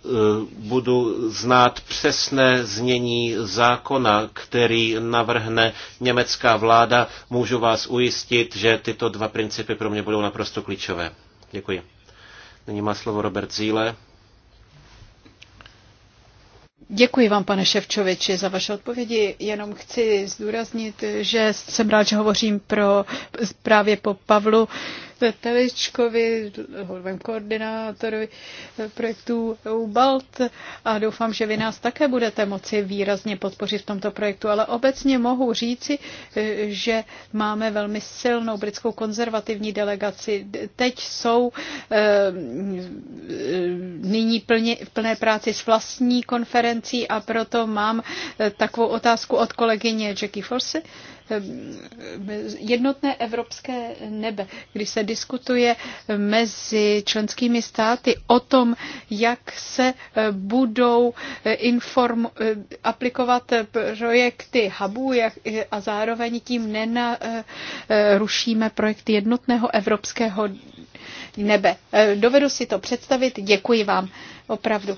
budu znát přesné znění zákona, který navrhne německá vláda, můžu vás ujistit, že tyto dva principy pro mě budou naprosto klíčové. Děkuji. Nyní má slovo Robert Zíle. Děkuji vám, pane Ševčoviči, za vaše odpovědi. Jenom chci zdůraznit, že jsem rád, že hovořím pro, právě po Pavlu. Uh, Teličkovi, hlavním koordinátorovi projektu UBALT a doufám, že vy nás také budete moci výrazně podpořit v tomto projektu, ale obecně mohu říci, že máme velmi silnou britskou konzervativní delegaci. Teď jsou eh, nyní plně, v plné práci s vlastní konferencí a proto mám eh, takovou otázku od kolegyně Jackie Forsy jednotné evropské nebe, kdy se diskutuje mezi členskými státy o tom, jak se eh, budou eh, inform, eh, aplikovat projekty hubů a zároveň tím nenarušíme projekt jednotného evropského nebe. Dovedu si to představit, děkuji vám opravdu.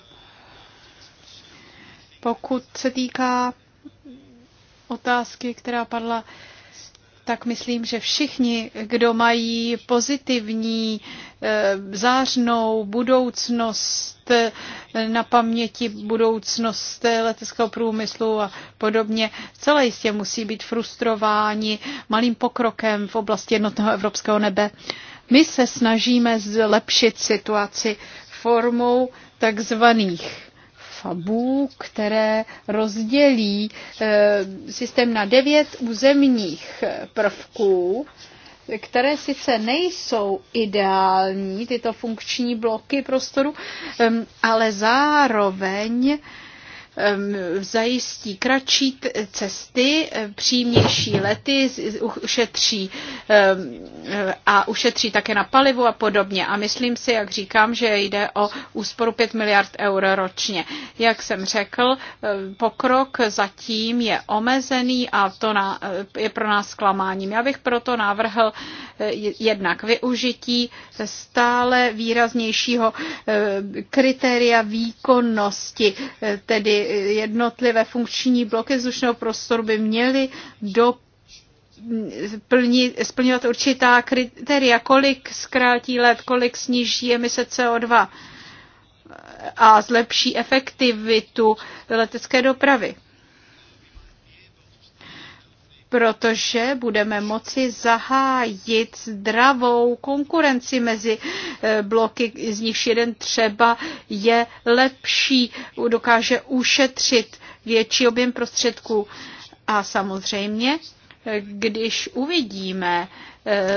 Pokud se týká otázky, která padla, tak myslím, že všichni, kdo mají pozitivní, eh, zářnou budoucnost eh, na paměti, budoucnost eh, leteckého průmyslu a podobně, celé jistě musí být frustrováni malým pokrokem v oblasti jednotného evropského nebe. My se snažíme zlepšit situaci formou takzvaných Bůh, které rozdělí eh, systém na devět územních eh, prvků, které sice nejsou ideální, tyto funkční bloky prostoru, ehm, ale zároveň zajistí kratší cesty, přímější lety, ušetří a ušetří také na palivu a podobně. A myslím si, jak říkám, že jde o úsporu 5 miliard eur ročně. Jak jsem řekl, pokrok zatím je omezený a to e, je pro nás zklamáním. Já bych proto navrhl e, jednak využití stále výraznějšího kritéria výkonnosti, tedy jednotlivé funkční bloky vzdušného prostoru by měly do plnit, splňovat určitá kritéria, kolik zkrátí let, kolik sníží emise CO2 a zlepší efektivitu letecké dopravy protože budeme moci zahájit zdravou konkurenci mezi eh, bloky, z nichž jeden třeba je lepší, dokáže ušetřit větší objem prostředků. A samozřejmě, když uvidíme eh,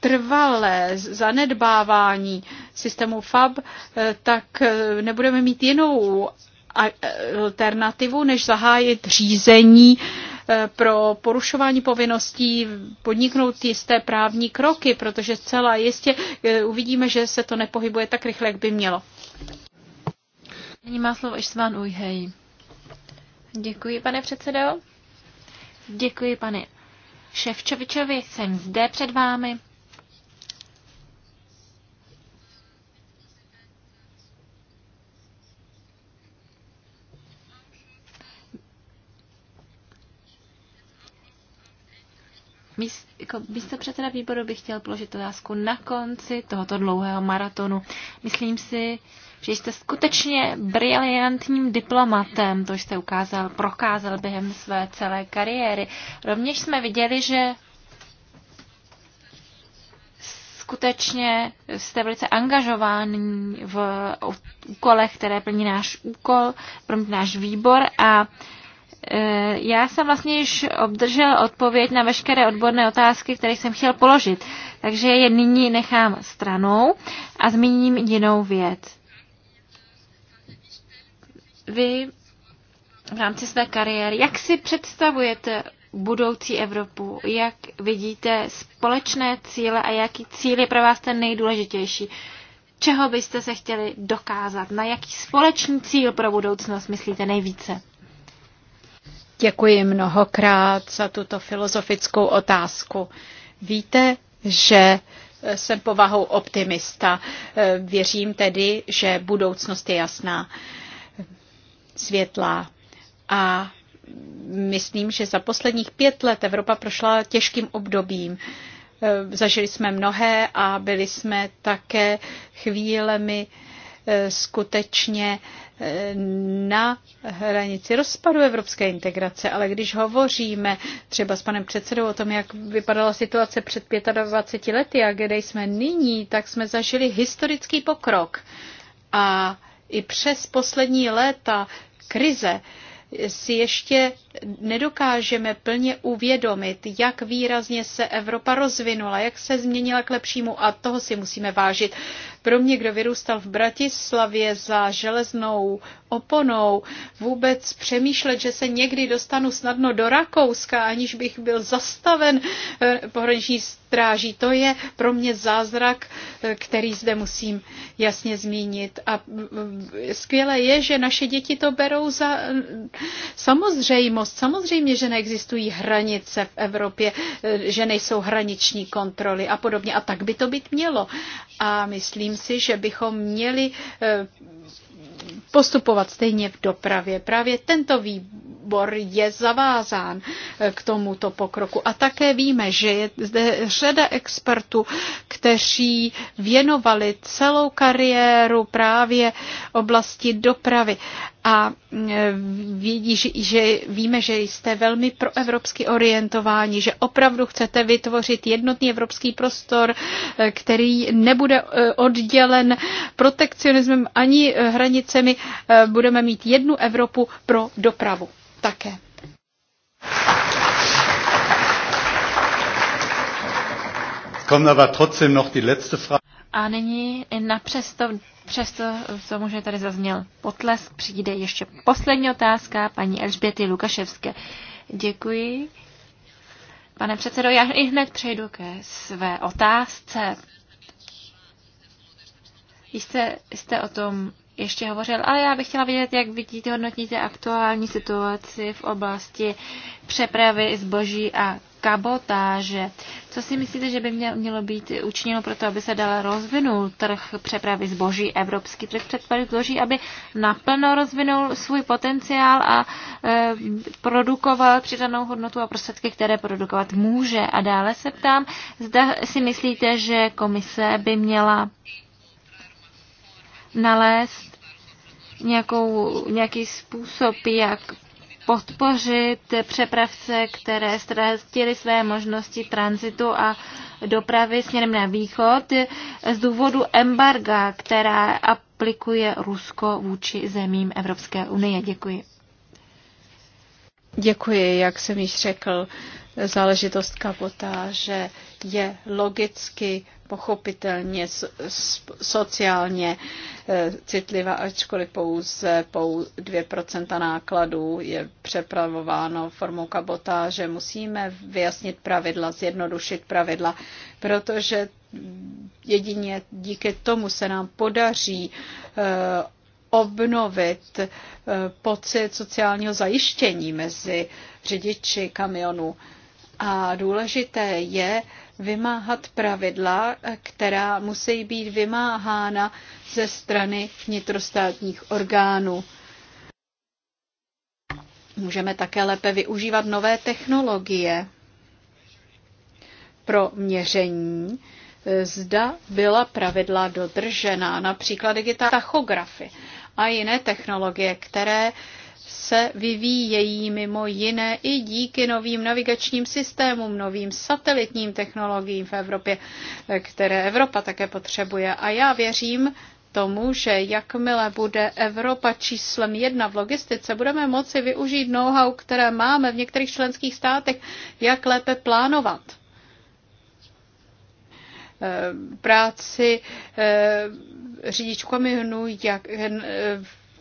trvalé zanedbávání systému FAB, eh, tak nebudeme mít jinou alternativu, než zahájit řízení pro porušování povinností podniknout jisté právní kroky, protože celá jistě eh, uvidíme, že se to nepohybuje tak rychle, jak by mělo. Nyní má slovo Ištván Ujhej. Děkuji, pane předsedo. Děkuji, pane Ševčovičovi. Jsem zde před vámi. Jako místo předseda výboru bych chtěl položit otázku na konci tohoto dlouhého maratonu. Myslím si, že jste skutečně briliantním diplomatem, to jste ukázal, prokázal během své celé kariéry. Rovněž jsme viděli, že skutečně jste velice angažováni v úkolech, které plní náš úkol, plní náš výbor a Eh, já jsem vlastně již obdržel odpověď na veškeré odborné otázky, které jsem chtěl položit, takže je nyní nechám stranou a zmíním jinou věc. Vy v rámci své kariéry, jak si představujete budoucí Evropu? Jak vidíte společné cíle a jaký cíl je pro vás ten nejdůležitější? Čeho byste se chtěli dokázat? Na jaký společný cíl pro budoucnost myslíte nejvíce? Děkuji mnohokrát za tuto filozofickou otázku. Víte, že jsem povahou optimista. Věřím tedy, že budoucnost je jasná, světlá. A myslím, že za posledních pět let Evropa prošla těžkým obdobím. Zažili jsme mnohé a byli jsme také chvílemi, Eh, skutečně eh, na hranici rozpadu evropské integrace, ale když hovoříme třeba s panem předsedou o tom, jak vypadala situace před 25 lety a kde jsme nyní, tak jsme zažili historický pokrok. A i přes poslední léta krize si ještě nedokážeme plně uvědomit, jak výrazně se Evropa rozvinula, jak se změnila k lepšímu a toho si musíme vážit. Pro mě, kdo vyrůstal v Bratislavě za železnou oponou, vůbec přemýšlet, že se někdy dostanu snadno do Rakouska, aniž bych byl zastaven eh, pohraniční stráží, to je pro mě zázrak, eh, který zde musím jasně zmínit. A skvělé je, že naše děti to berou za eh, samozřejmost. Samozřejmě, že neexistují hranice v Evropě, že nejsou hraniční kontroly a podobně. A tak by to být mělo. A myslím si, že bychom měli eh, postupovat stejně v dopravě. Právě tento výbor výbor je zavázán eh, k tomuto pokroku. A také víme, že je zde řada expertů, kteří věnovali celou kariéru právě oblasti dopravy a eh, vidí, že víme, že jste velmi proevropsky orientováni, že opravdu chcete vytvořit jednotný evropský prostor, eh, který nebude oddělen protekcionismem ani hranicemi. Budeme mít jednu Evropu pro dopravu také. A nyní na přesto, přesto, co možná tady zazněl potlesk, přijde ještě poslední otázka paní Elžběty Lukaševské. Děkuji. Pane předsedo, já i hned přejdu ke své otázce. Jste, jste o tom ještě hovořil, ale já bych chtěla vědět, jak vidíte, hodnotíte aktuální situaci v oblasti přepravy zboží a kabotáže. Co si myslíte, že by mělo být učiněno pro to, aby se dala rozvinul trh přepravy zboží, evropský trh přepravy zboží, aby naplno rozvinul svůj potenciál a e, produkoval přidanou hodnotu a prostředky, které produkovat může. A dále se ptám, zda si myslíte, že komise by měla nalézt nějakou, nějaký způsob, jak podpořit přepravce, které ztratili své možnosti tranzitu a dopravy směrem na východ z důvodu embarga, která aplikuje Rusko vůči zemím Evropské unie. Děkuji. Děkuji, jak jsem již řekl, záležitost kabotáže je logicky pochopitelně sociálně e, citlivá, ačkoliv pouze pou 2% nákladů je přepravováno formou kabotáže. Musíme vyjasnit pravidla, zjednodušit pravidla, protože jedině díky tomu se nám podaří e, obnovit e, pocit sociálního zajištění mezi řidiči kamionů. A důležité je, vymáhat pravidla, která musí být vymáhána ze strany vnitrostátních orgánů. Můžeme také lépe využívat nové technologie pro měření, zda byla pravidla dodržena, například digitální tachografy a jiné technologie, které se vyvíjejí mimo jiné i díky novým navigačním systémům, novým satelitním technologiím v Evropě, které Evropa také potřebuje. A já věřím, tomu, že jakmile bude Evropa číslem jedna v logistice, budeme moci využít know-how, které máme v některých členských státech, jak lépe plánovat eh, práci eh, řidičů kamionů, jak eh,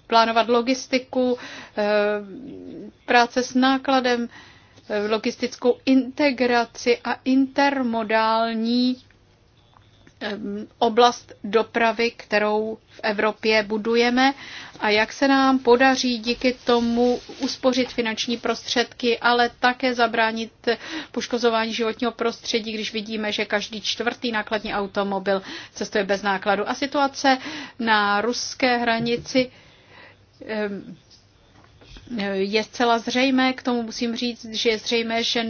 plánovat logistiku, eh, práce s nákladem, eh, logistickou integraci a intermodální eh, oblast dopravy, kterou v Evropě budujeme a jak se nám podaří díky tomu uspořit finanční prostředky, ale také zabránit poškozování životního prostředí, když vidíme, že každý čtvrtý nákladní automobil cestuje bez nákladu. A situace na ruské hranici Ehm, je zcela zřejmé, k tomu musím říct, že je zřejmé, že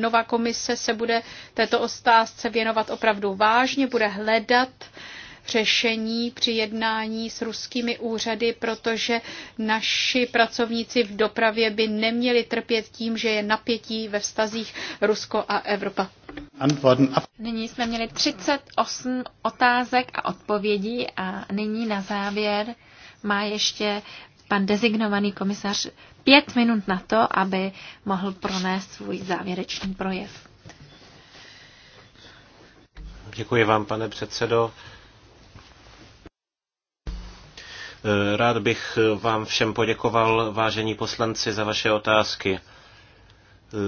nová komise se bude této otázce věnovat opravdu vážně, bude hledat řešení při jednání s ruskými úřady, protože naši pracovníci v dopravě by neměli trpět tím, že je napětí ve vztazích Rusko a Evropa. Nyní jsme měli 38 otázek a odpovědí a nyní na závěr má ještě pan dezignovaný komisař pět minut na to, aby mohl pronést svůj závěrečný projev. Děkuji vám, pane předsedo. Rád bych vám všem poděkoval, vážení poslanci, za vaše otázky.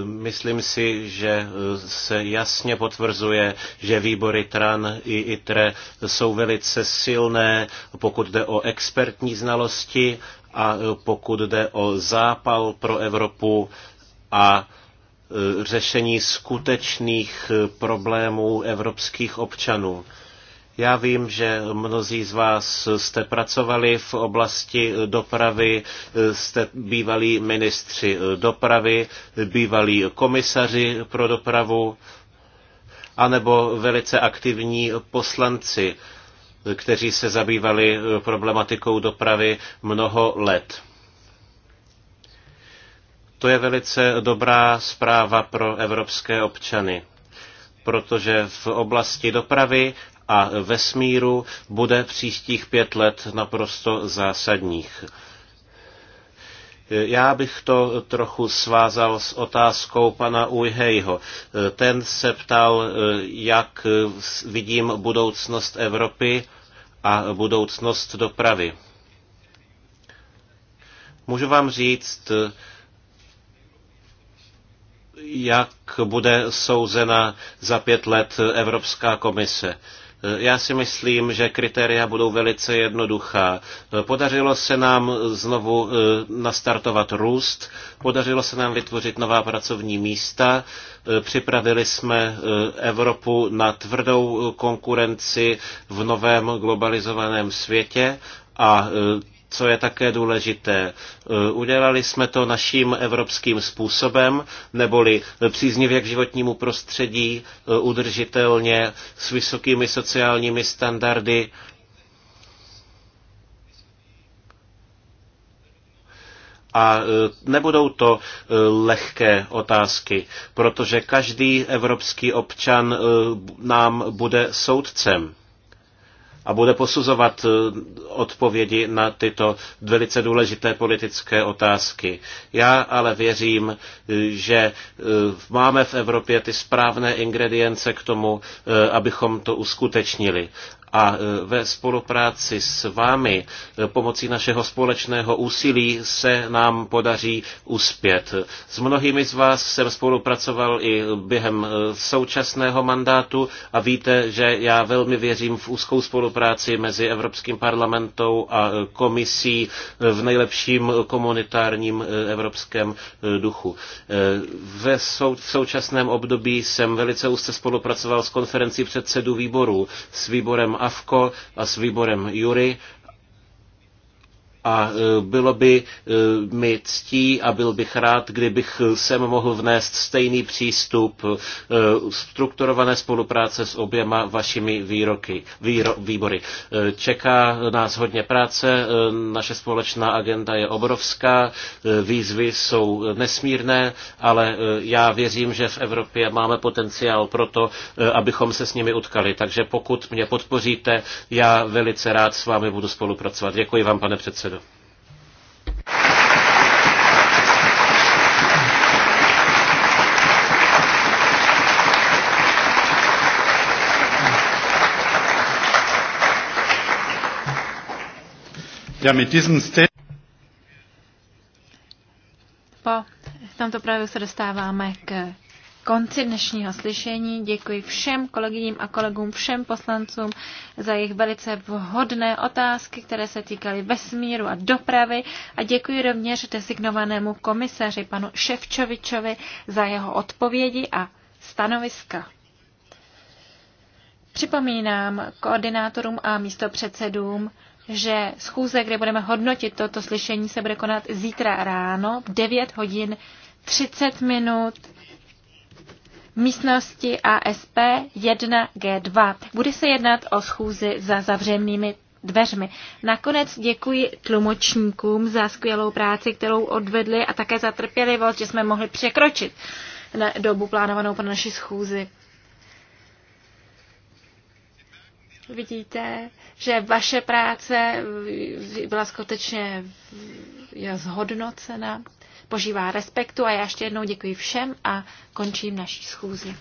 Myslím si, že eh, se jasně potvrzuje, že výbory TRAN i ITRE jsou velice silné, pokud jde o expertní znalosti a eh, pokud jde o zápal pro Evropu a eh, řešení skutečných problémů evropských občanů. Já vím, že mnozí z vás jste pracovali v oblasti dopravy, jste bývalí ministři dopravy, bývalí komisaři pro dopravu, anebo velice aktivní poslanci, kteří se zabývali problematikou dopravy mnoho let. To je velice dobrá zpráva pro evropské občany protože v oblasti dopravy a vesmíru bude příštích pět let naprosto zásadních. Já bych to trochu svázal s otázkou pana Ujhejho. Ten se ptal, jak vidím budoucnost Evropy a budoucnost dopravy. Můžu vám říct, jak bude souzena za pět let Evropská komise. Já si myslím, že kritéria budou velice jednoduchá. Podařilo se nám znovu e, nastartovat růst, podařilo se nám vytvořit nová pracovní místa, e, připravili jsme e, Evropu na tvrdou konkurenci v novém globalizovaném světě a co je také důležité. E, udělali jsme to naším evropským způsobem, neboli příznivě k životnímu prostředí, e, udržitelně, s vysokými sociálními standardy. A e, nebudou to lehké otázky, protože každý evropský občan nám bude soudcem a bude posuzovat eh, odpovědi na tyto velice důležité politické otázky. Já ale věřím, eh, že eh, máme v Evropě ty správné ingredience k tomu, abychom to uskutečnili a e, ve spolupráci s vámi e, pomocí našeho společného úsilí se nám podaří uspět. S mnohými z vás jsem spolupracoval i během e, současného mandátu a víte, že já velmi věřím v úzkou spolupráci mezi Evropským parlamentou a komisí v nejlepším komunitárním evropském duchu. Ve současném období jsem velice úzce spolupracoval s konferencí předsedů výborů, s výborem Avko a s výborem Jury a e, bylo by e, mi ctí a byl bych rád, kdybych sem mohl vnést stejný přístup e, strukturované spolupráce s oběma vašimi výroky, výro, výbory. Čeká nás hodně práce, naše společná agenda je obrovská, výzvy jsou nesmírné, ale já věřím, že v Evropě máme potenciál pro to, abychom se s nimi utkali. Takže pokud mě podpoříte, já velice rád s vámi budu spolupracovat. Děkuji vám, pane předsedo. Ja, mit diesem po tomto projevu se dostáváme k konci dnešního slyšení. Děkuji všem kolegyním a kolegům, všem poslancům za jejich velice vhodné otázky, které se týkaly vesmíru a dopravy a děkuji rovněž designovanému komisaři panu Ševčovičovi za jeho odpovědi a stanoviska. Připomínám koordinátorům a místopředsedům, že schůze, kde budeme hodnotit toto slyšení, se bude konat zítra ráno v 9 hodin 30 minut místnosti ASP 1G2. Bude se jednat o schůzi za zavřenými dveřmi. Nakonec děkuji tlumočníkům za skvělou práci, kterou odvedli a také za trpělivost, že jsme mohli překročit na dobu plánovanou pro naši schůzi. vidíte, že vaše práce byla skutečně zhodnocena, požívá respektu a já ještě jednou děkuji všem a končím naší schůzi.